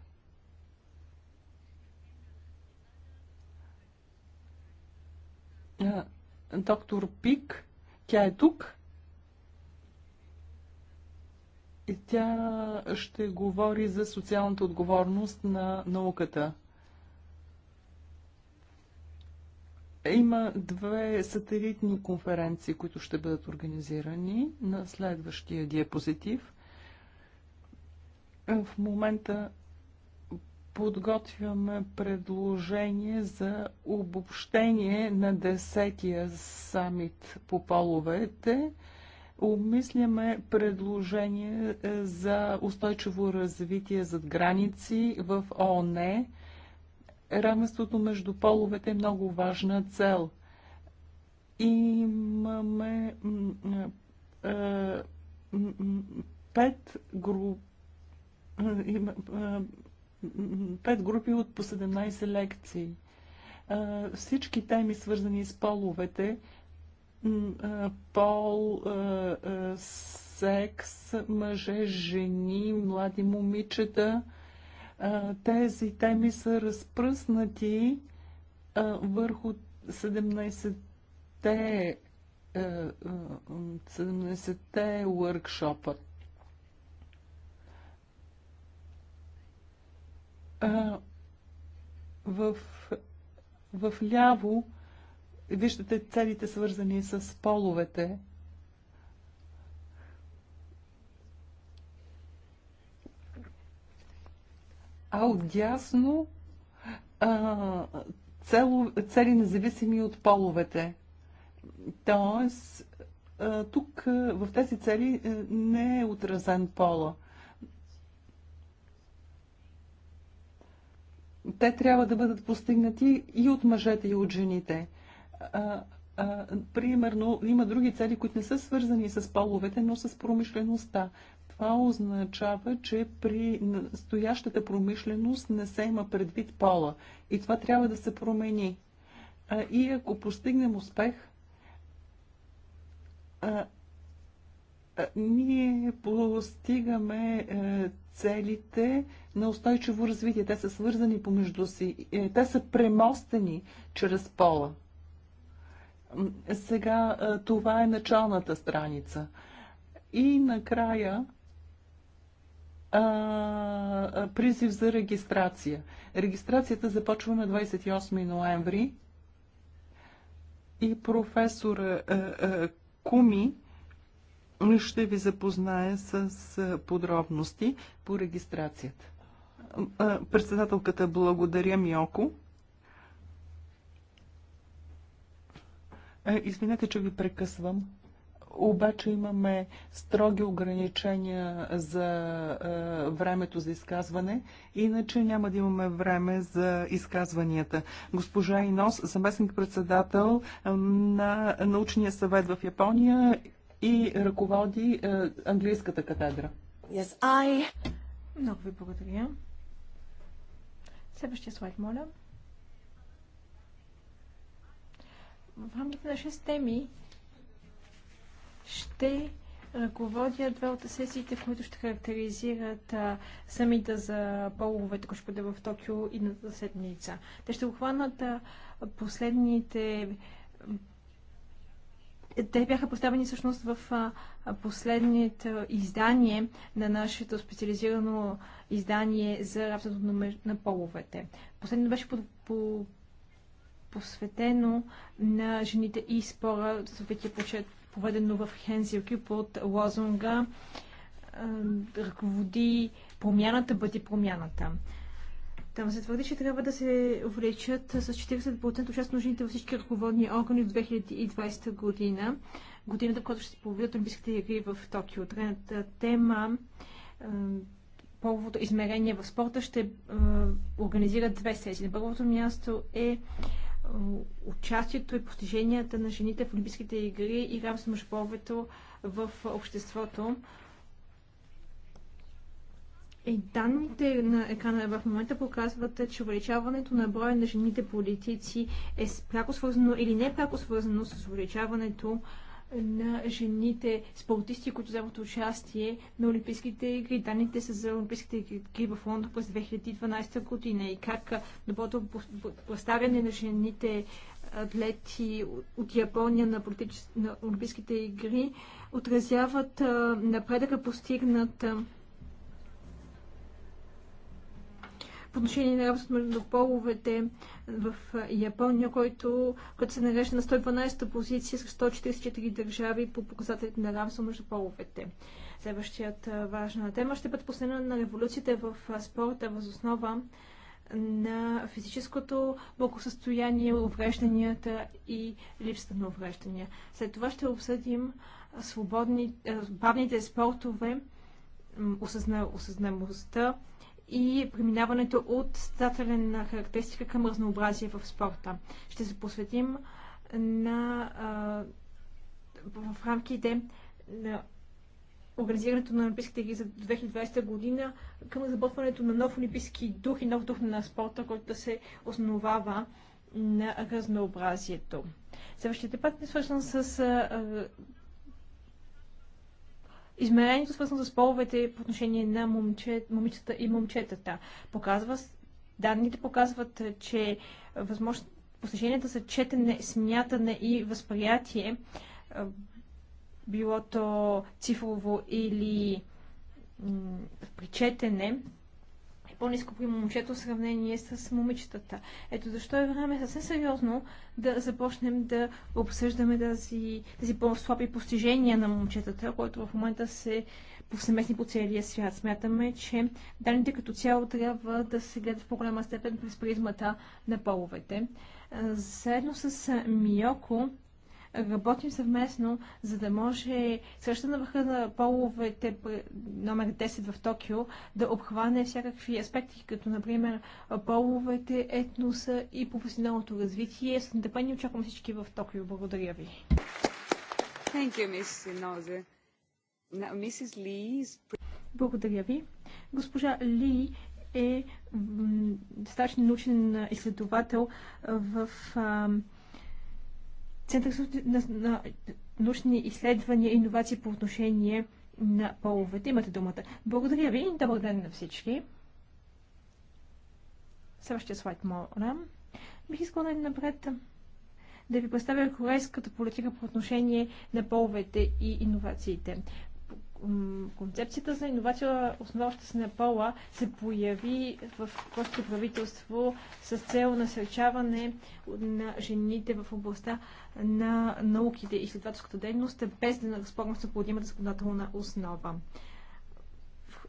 Доктор Пик, тя е тук. И тя ще говори за социалната отговорност на науката. Е, има две сателитни конференции, които ще бъдат организирани на следващия диапозитив. Е, в момента подготвяме предложение за обобщение на 10-я самит по половете. Обмисляме предложение е, за устойчиво развитие зад граници в ОНЕ равенството между половете е много важна цел. Имаме пет групи пет групи от по 17 лекции. Всички теми, свързани с половете, пол, секс, мъже, жени, млади момичета – тези теми са разпръснати върху 17-те 17-те workshop в, в ляво виждате целите свързани с половете. а отдясно а, цело, цели независими от половете. Тоест, а, тук а, в тези цели а, не е отразен пола. Те трябва да бъдат постигнати и от мъжете, и от жените. А, а, примерно, има други цели, които не са свързани с половете, но с промишлеността. Това означава, че при настоящата промишленост не се има предвид пола. И това трябва да се промени. И ако постигнем успех, ние постигаме е, целите на устойчиво развитие. Те са свързани помежду си. Е, те са премостени чрез пола. Сега е, това е началната страница. И накрая призив за регистрация. Регистрацията започва на 28 ноември и професор а, а, Куми ще ви запознае с подробности по регистрацията. Председателката благодаря Миоко. Извинете, че ви прекъсвам обаче имаме строги ограничения за е, времето за изказване, иначе няма да имаме време за изказванията. Госпожа Инос, заместник-председател на научния съвет в Япония и ръководи е, английската катедра. Yes, I... Много ви благодаря. Следващия слайд, моля. В рамките на 6 теми ще ръководя две от сесиите, които ще характеризират а, самита за половете, които ще бъде в Токио идната седмица. Те ще обхванат а, последните. Те бяха поставени всъщност в последните издание на нашето специализирано издание за работата на, на половете. Последното беше по, по, посветено на жените и спора за светия почет проведено в Хензилки под лозунга ръководи промяната, бъди промяната. Там се твърди, че трябва да се увлечат с 40% участ нужните във всички ръководни органи в 2020 година, годината, в която ще се проведат Олимпийските игри в Токио. Трената тема половото измерение в спорта ще организира две сесии. На първото място е участието и постиженията на жените в Олимпийските игри и равенство между половето в обществото. И данните на екрана в момента показват, че увеличаването на броя на жените политици е пряко свързано или не пряко свързано с увеличаването на жените спортисти, които вземат участие на Олимпийските игри. Данните са за Олимпийските игри в Лондон през 2012 година и как доброто поставяне на жените атлети от Япония на, на Олимпийските игри отразяват напредъка постигнат по отношение на равенството между половете в Япония, който, който се нарежда на 112-та позиция с 144 държави по показателите на равенство между половете. Следващият важна тема ще бъде последна на революцията в спорта въз основа на физическото благосъстояние, уврежданията и липсата на уврежданията. След това ще обсъдим свободни, бавните спортове, осъзна, осъзнамостта и преминаването от стателен характеристика към разнообразие в спорта. Ще се посветим на, а, в рамките на организирането на Олимпийските игри за 2020 година към разработването на нов олимпийски дух и нов дух на спорта, който да се основава на разнообразието. Следващият път е свързан с а, измерението, свързано с половете по отношение на момче, момичетата и момчетата. Показва, данните показват, че възможно, посещенията за четене, смятане и възприятие, било то цифрово или при причетене, по-низко при момчето в сравнение с момичетата. Ето защо е време съвсем сериозно да започнем да обсъждаме тази, тези по-слаби постижения на момчетата, които в момента се повсеместни по целия свят. Смятаме, че данните като цяло трябва да се гледат в по-голяма степен през призмата на половете. Заедно с Миоко работим съвместно, за да може среща на върха на половете номер 10 в Токио да обхване всякакви аспекти, като например половете, етноса и професионалното развитие. С нетърпение очаквам всички в Токио. Благодаря ви. Thank you, Mrs. Now, Mrs. Lee is... Благодаря ви. Госпожа Ли е достатъчно научен изследовател в Център на, на научни изследвания и иновации по отношение на половете. Имате думата. Благодаря ви. Добър ден на всички. Следващия слайд, моля. Бих искала да напред да ви представя корейската политика по отношение на половете и иновациите концепцията за иновация, основаща се на пола, се появи в просто правителство с цел насърчаване на жените в областта на науките и следвателската дейност, без да разполагам с необходимата законодателна основа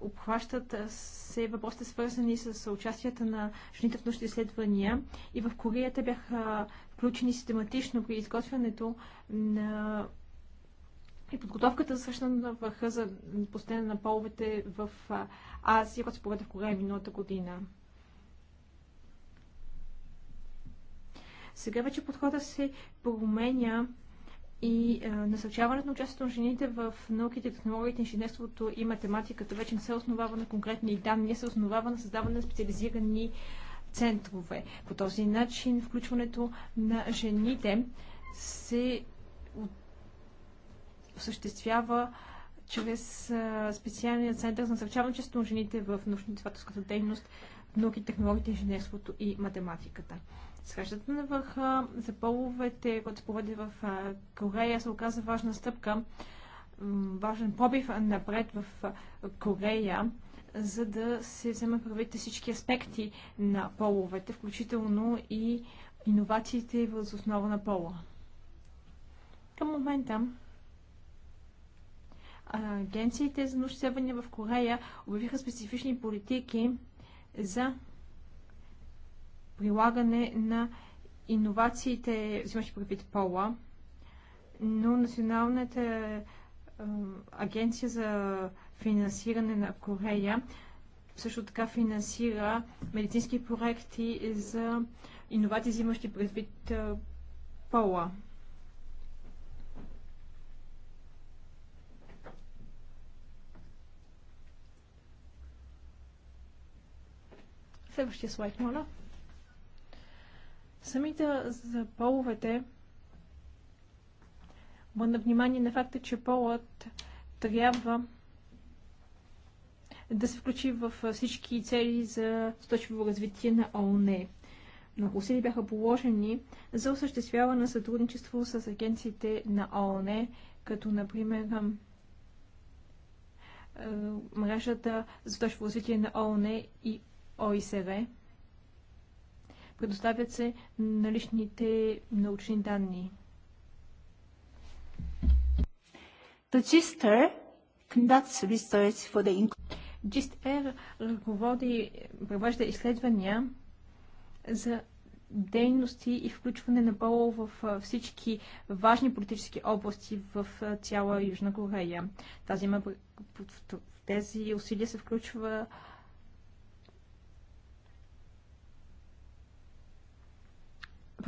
обхващат се въпросите свързани с участията на жените в научни изследвания и в Корея те бяха включени систематично при изготвянето на и подготовката за на върха за постене на половете в Азия, която се поведе в Корея миналата година. Сега вече подхода се променя и е, насърчаването на участието на жените в науките, технологиите, инженерството и математиката вече не се основава на конкретни данни, не се основава на създаване на специализирани центрове. По този начин включването на жените се осъществява чрез специалния център за насърчаване често на жените в научно-изследователската дейност, науки, технологиите, инженерството и математиката. Срещата на върха за половете, която се проведе в Корея, се оказа важна стъпка, важен пробив напред в Корея, за да се вземат правите всички аспекти на половете, включително и иновациите въз основа на пола. Към момента агенциите за научни изследвания в Корея обявиха специфични политики за прилагане на иновациите, взимащи предвид пола, но Националната агенция за финансиране на Корея също така финансира медицински проекти за иновации, взимащи предвид пола. Следващия слайд, моля. Самите за половете на внимание на факта, че полът трябва да се включи в всички цели за устойчиво развитие на ООН. Много усили бяха положени за осъществяване на сътрудничество с агенциите на ООН, като например е, мрежата за устойчиво развитие на ООН и ОИСВ. Предоставят се наличните научни данни. The GISTER conducts research for the GISTER ръководи, провежда изследвания за дейности и включване на пол в всички важни политически области в цяла Южна Корея. Тази има, в тези усилия се включва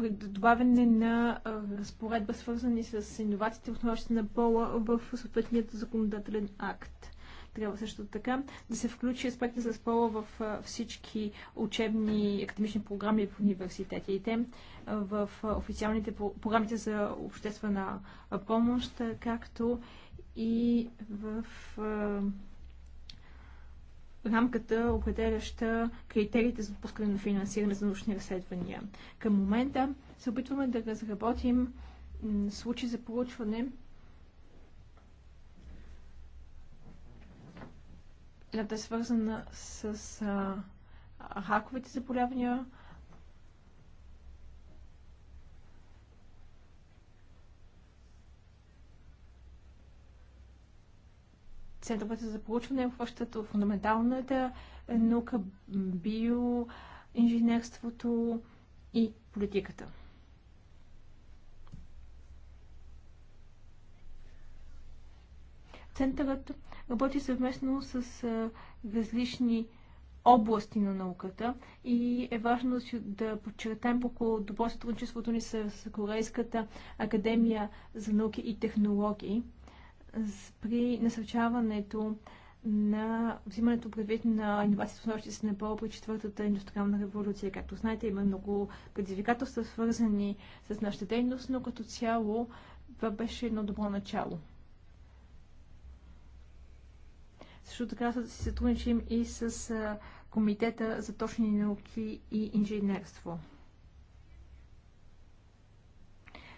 добавяне на разпоредба, свързани с инновациите в нощта на пола в съответният законодателен акт. Трябва също така да се включи аспекта с пола в всички учебни академични програми в университетите, в официалните програмите за обществена помощ, както и в рамката, определяща критериите за отпускане на финансиране за научни разследвания. Към момента се опитваме да разработим случаи за получване да е свързана с а, раковите заболявания, центровете за проучване обхващат фундаменталната наука, биоинженерството и политиката. Центърът работи съвместно с различни области на науката и е важно да подчертаем около добро сътрудничеството ни с Корейската академия за науки и технологии – при насърчаването на взимането предвид на инновацията, основащи се на пол при четвъртата индустриална революция. Както знаете, има много предизвикателства, свързани с нашата дейност, но като цяло това беше едно добро начало. Също така се сътрудничим и с Комитета за точни науки и инженерство.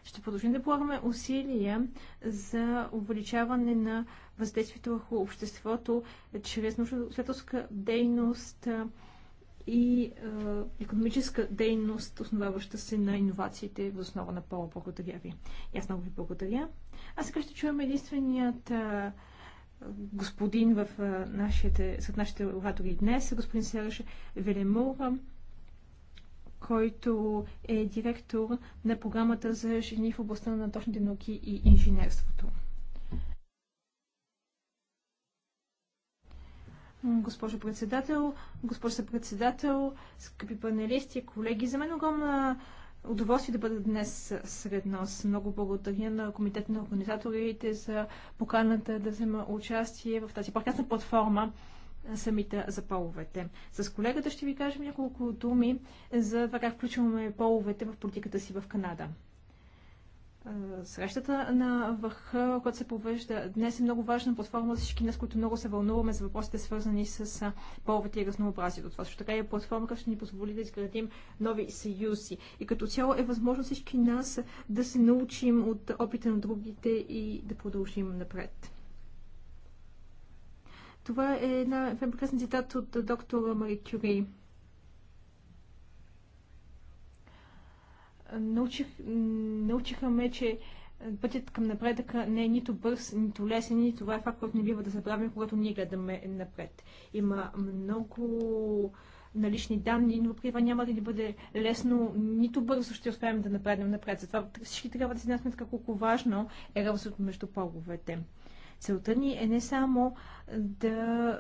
Ще продължим да полагаме усилия за увеличаване на въздействието върху обществото чрез научно-следовска дейност и е, економическа дейност, основаваща се на иновациите в основа на пола. Благодаря ви. И аз много ви благодаря. А сега ще чуем единственият е, господин в нашите, сред нашите оратори днес, господин Сереж Велемора, който е директор на програмата за жени в областта на точните науки и инженерството. Госпожо председател, госпожо председател, скъпи панелисти, колеги, за мен е огромна удоволствие да бъда днес сред нас. Много благодаря на Комитет на организаторите за поканата да взема участие в тази прекрасна платформа самите за половете. С колегата ще ви кажем няколко думи за това как включваме половете в политиката си в Канада. Срещата на върха, която се провежда днес е много важна платформа за всички нас, които много се вълнуваме за въпросите свързани с половете и разнообразието. Това също така е платформа, която ще ни позволи да изградим нови съюзи. И като цяло е възможно всички нас да се научим от опита на другите и да продължим напред. Това е една е прекрасна цитата от доктора Мари Кюри. Научих, научиха ме, че пътят към напредъка не е нито бърз, нито лесен и това е факт, който не бива да забравим, когато ние гледаме напред. Има много налични данни, но при това няма да ни бъде лесно, нито бързо ще успеем да напреднем напред. Затова всички трябва да си дадем сметка колко важно е равенството между половете. Целта ни е не само да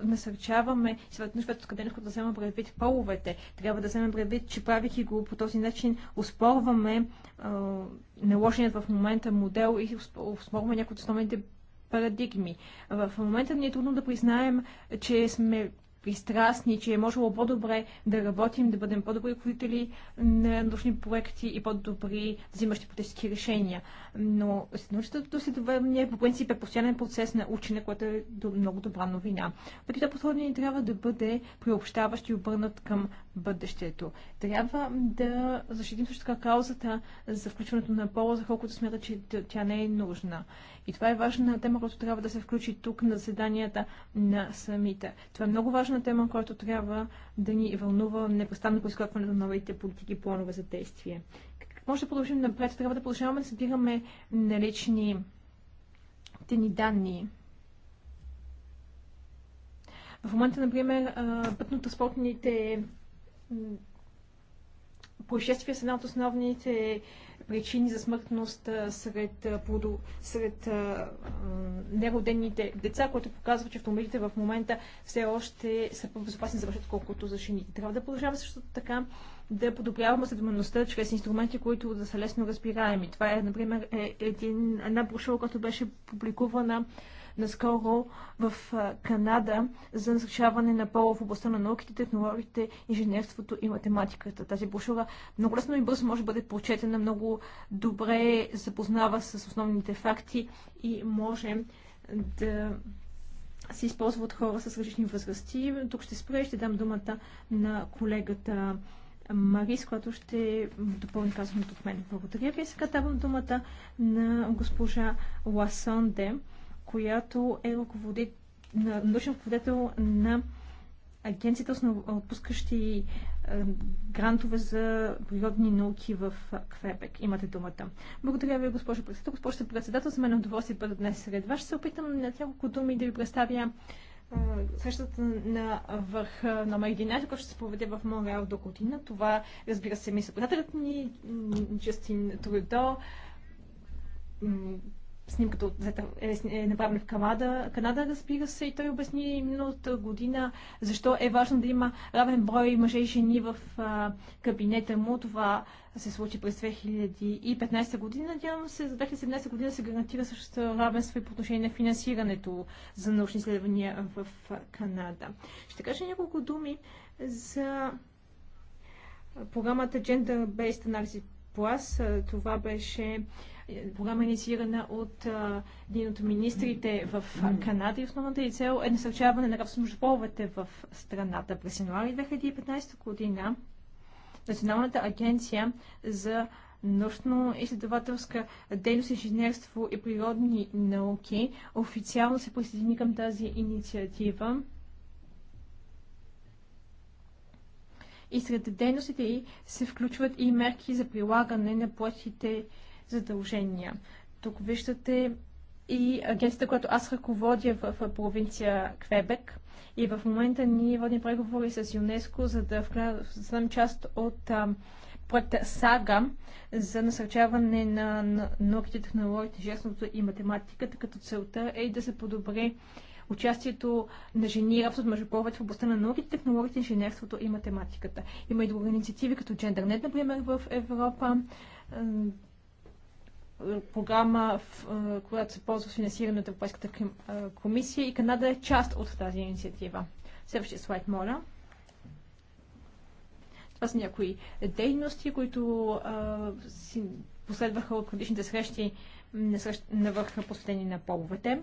насърчаваме съветно шведска дейност, да вземем предвид половете. Трябва да вземем предвид, че правихи го по този начин, успорваме е, наложеният в момента модел и успорваме някои от основните парадигми. В момента ни е трудно да признаем, че сме пристрастни, че е можело по-добре да работим, да бъдем по-добри ръководители на научни проекти и по-добри взимащи политически решения. Но научното следование по принцип е постоянен процес на учене, което е до много добра новина. Пъти това подхода ни трябва да бъде приобщаващ и обърнат към бъдещето. Трябва да защитим също така каузата за включването на пола, за колкото смята, че тя не е нужна. И това е важна тема, която трябва да се включи тук на заседанията на самите. Това е много важна тема, която трябва да ни вълнува непрестанно по изкопването на новите политики и планове за действие. Как може да продължим напред? Трябва да продължаваме да събираме налични тени данни. В момента, например, пътно-транспортните происшествия са една от основните причини за смъртност сред, плодо, сред неродените деца, което показва, че автомобилите в момента все още са по-безопасни за мъжете, колкото за жените. Трябва да продължава също така да подобряваме съдмеността чрез инструменти, които да са лесно разбираеми. Това е, например, е един, една брошура, която беше публикувана наскоро в Канада за насъщаване на пола в областта на науките, технологиите, инженерството и математиката. Тази брошура много лесно и бързо може да бъде прочетена, много добре запознава с основните факти и може да се използва от хора с различни възрасти. Тук ще спре и ще дам думата на колегата Марис, която ще допълни казаното от мен. Благодаря ви. Сега давам думата на госпожа Ласонде, която е научен ръководител на агенцията, отпускащи е, грантове за природни науки в Квебек. Имате думата. Благодаря ви, госпожо председател. Госпожо председател, за мен е удоволствие да бъда днес сред вас. Ще се опитам на няколко думи да ви представя е, срещата на върх номер 11, който ще се проведе в Монреал до година. Това, разбира се, ми съпредателят ни, Джастин Трудо, снимката е, е направена в Канада. Канада, разбира се, и той обясни миналата година защо е важно да има равен брой мъже и жени в кабинета му. Това се случи през 2015 година. Надявам се, за 2017 година се гарантира също равенство и по отношение на финансирането за научни изследвания в Канада. Ще кажа няколко думи за програмата Gender Based Analysis Plus. Това беше програма инициирана от един от министрите в Канада и основната и цел е насърчаване на рабство между половете в страната. През януари 2015 година Националната агенция за нощно изследователска дейност, инженерство и природни науки официално се присъедини към тази инициатива. И сред дейностите й се включват и мерки за прилагане на площите задължения. Тук виждате и агенцията, която аз ръководя в, провинция Квебек. И в момента ние водим преговори с ЮНЕСКО, за да съм част от а, проекта САГА за насърчаване на, на науките, технологиите, жестното и математиката, като целта е да се подобри участието на жени и равенството между половете в областта на науките, технологиите, инженерството и математиката. Има и други инициативи, като GenderNet, например, в Европа, програма, която се ползва с финансиране от Европейската комисия и Канада е част от тази инициатива. Следващия слайд, моля. Това са някои дейности, които а, си последваха от предишните срещи на, срещ, на върха последни на половете.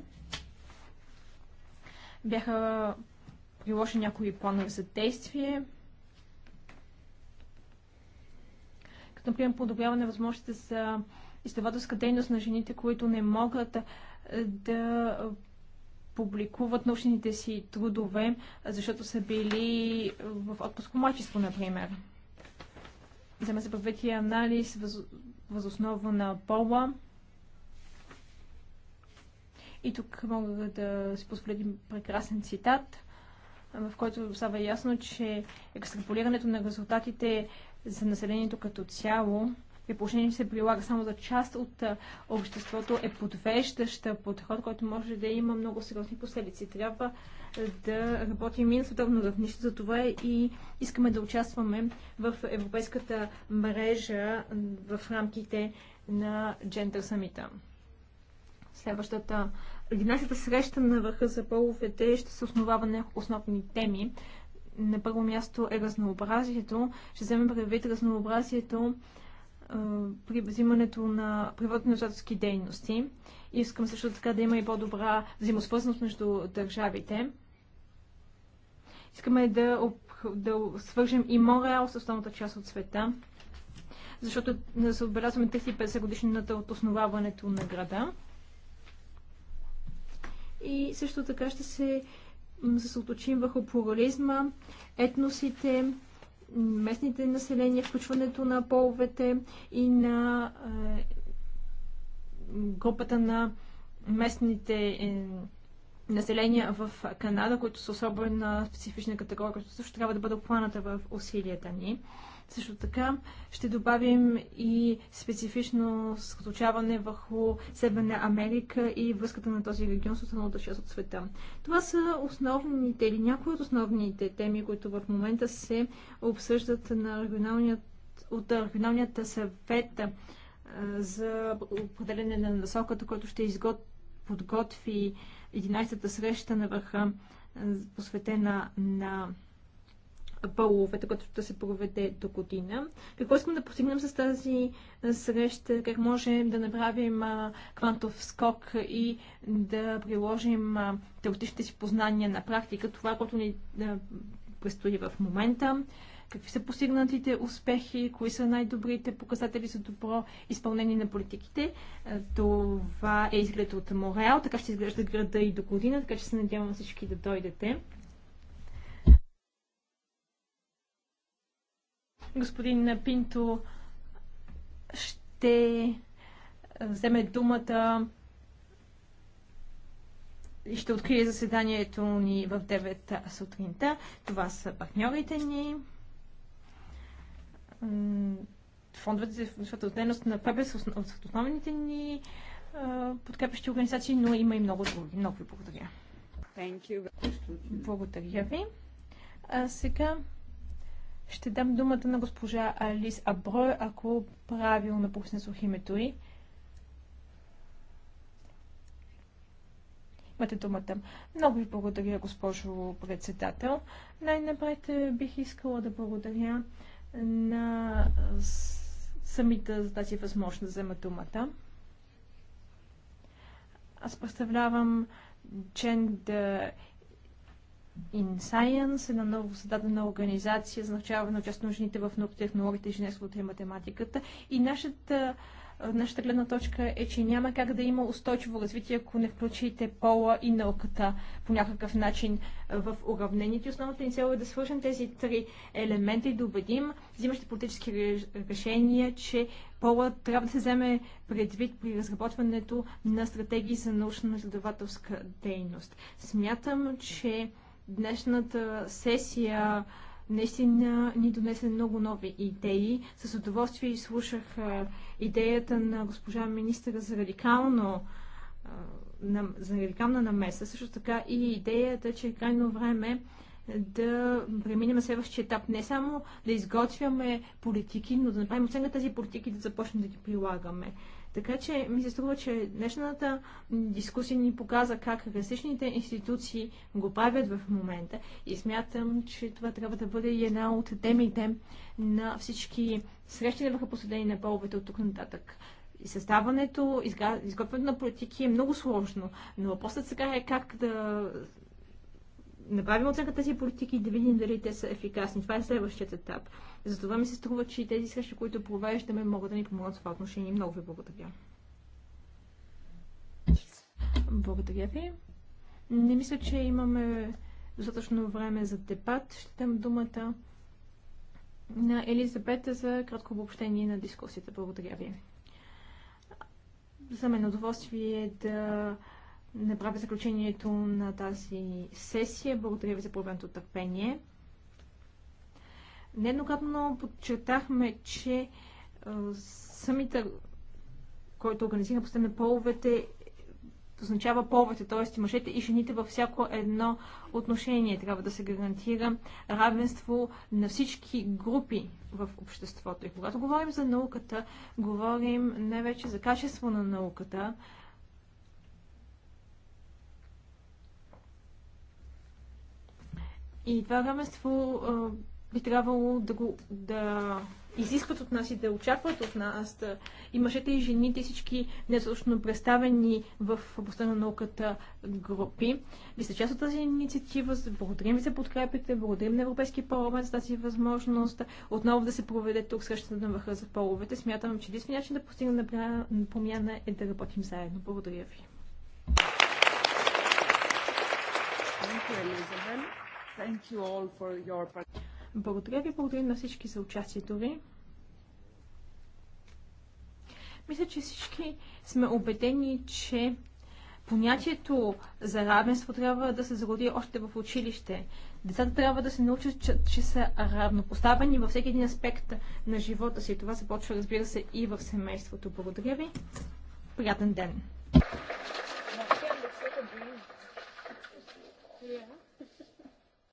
Бяха приложени някои планове за действие, като например подобряване възможностите за изследователска дейност на жените, които не могат е, да публикуват научните си трудове, защото са били в отпуск по мачество, например. Взема се предвид и анализ въз, възоснова на пола. И тук мога да си позволя един прекрасен цитат, в който става ясно, че екстраполирането на резултатите за населението като цяло при положение, че се прилага само за част от обществото, е подвеждаща подход, който може да има много сериозни последици. Трябва да работим и на световно равнище, за това и искаме да участваме в европейската мрежа в рамките на Gender Summit. Следващата 11-та среща на върха за половете ще се основава на основни теми. На първо място е разнообразието. Ще вземем предвид разнообразието при взимането на природно нажателски дейности. Искам също така да има и по-добра взаимосвързаност между държавите. Искаме да, да свържем и Мореал с основната част от света, защото да се отбелязваме 350 годишната от основаването на града. И също така ще се съсоточим върху плурализма, етносите, местните населения, включването на половете и на е, групата на местните е, населения в Канада, които са особена специфична категория, които също трябва да бъде обхваната в усилията ни. Също така ще добавим и специфично скоточаване върху Северна Америка и връзката на този регион с останалата част от света. Това са основните или някои от основните теми, които в момента се обсъждат на регионалният, от регионалният съвет за определене на насоката, който ще изгод, подготви 11-та среща на върха, посветена на половете, което да се проведе до година. Какво искам да постигнем с тази среща? Как можем да направим квантов скок и да приложим теоретичните си познания на практика? Това, което ни предстои в момента какви са постигнатите успехи, кои са най-добрите показатели за добро изпълнение на политиките. Това е изглед от Мореал, така ще изглежда града и до година, така че се надявам всички да дойдете. господин Пинто ще вземе думата и ще открие заседанието ни в 9 сутринта. Това са партньорите ни. Фондовете за финансовата дейност на ПБ са основните ни подкрепящи организации, но има и много други. Много ви благодаря. Благодаря ви. А сега ще дам думата на госпожа Алис Абро, ако правилно произнесох името й. Имате думата. Много ви благодаря, госпожо председател. Най-напред е, бих искала да благодаря на самите за тази възможност да взема думата. Аз представлявам Gender in Science, една ново създадена организация за начаване на част на жените в науката, технологията, инженерството и математиката. И нашата, нашата гледна точка е, че няма как да има устойчиво развитие, ако не включите пола и науката по някакъв начин в уравнението. Основната ни цел е да свършим тези три елемента и да убедим взимащите политически решения, че пола трябва да се вземе предвид при разработването на стратегии за научно-изследователска дейност. Смятам, че Днешната сесия наистина ни донесе много нови идеи. С удоволствие изслушах е, идеята на госпожа министра за радикално е, за радикална намеса, също така и идеята, че е крайно време да преминем следващия етап. Не само да изготвяме политики, но да направим оценка тези политики и да започнем да ги прилагаме. Така че ми се струва, че днешната дискусия ни показа как различните институции го правят в момента и смятам, че това трябва да бъде и една от темите на всички срещи на върха посредени на половете от тук нататък. И съставането, изготвянето на политики е много сложно, но въпросът сега е как да направим оценка тези политики и да видим дали те са ефикасни. Това е следващият етап. Затова ми се струва, че и тези срещи, които провеждаме, могат да ни помогнат в това отношение. Много ви благодаря. Благодаря ви. Не мисля, че имаме достатъчно време за дебат. Ще дам думата на Елизабета за кратко обобщение на дискусията. Благодаря ви. За мен удоволствие е да направя заключението на тази сесия. Благодаря ви за проведеното търпение. Неднократно подчертахме, че е, самите, който организира постъпне половете, означава повече, т.е. мъжете и жените във всяко едно отношение. Трябва да се гарантира равенство на всички групи в обществото. И когато говорим за науката, говорим най-вече за качество на науката, И това равенство е, би трябвало да, го, да изискват от нас и да очакват от нас. Да, и мъжете и жените, всички недостатъчно представени в областта на науката групи. Ви сте част от тази инициатива. Благодарим ви за подкрепите. Благодарим на Европейския парламент за тази възможност. Отново да се проведе тук срещата на върха за половете. Смятам, че единственият начин да постигнем промяна е да работим заедно. Благодаря ви. Thank you, Elizabeth. Thank you all for your participation. Благодаря ви, благодаря на всички за участието ви. Мисля, че всички сме убедени, че понятието за равенство трябва да се зароди още в училище. Децата трябва да се научат, че, че са равнопоставени във всеки един аспект на живота си. Това започва, разбира се, и в семейството. Благодаря ви. Приятен ден!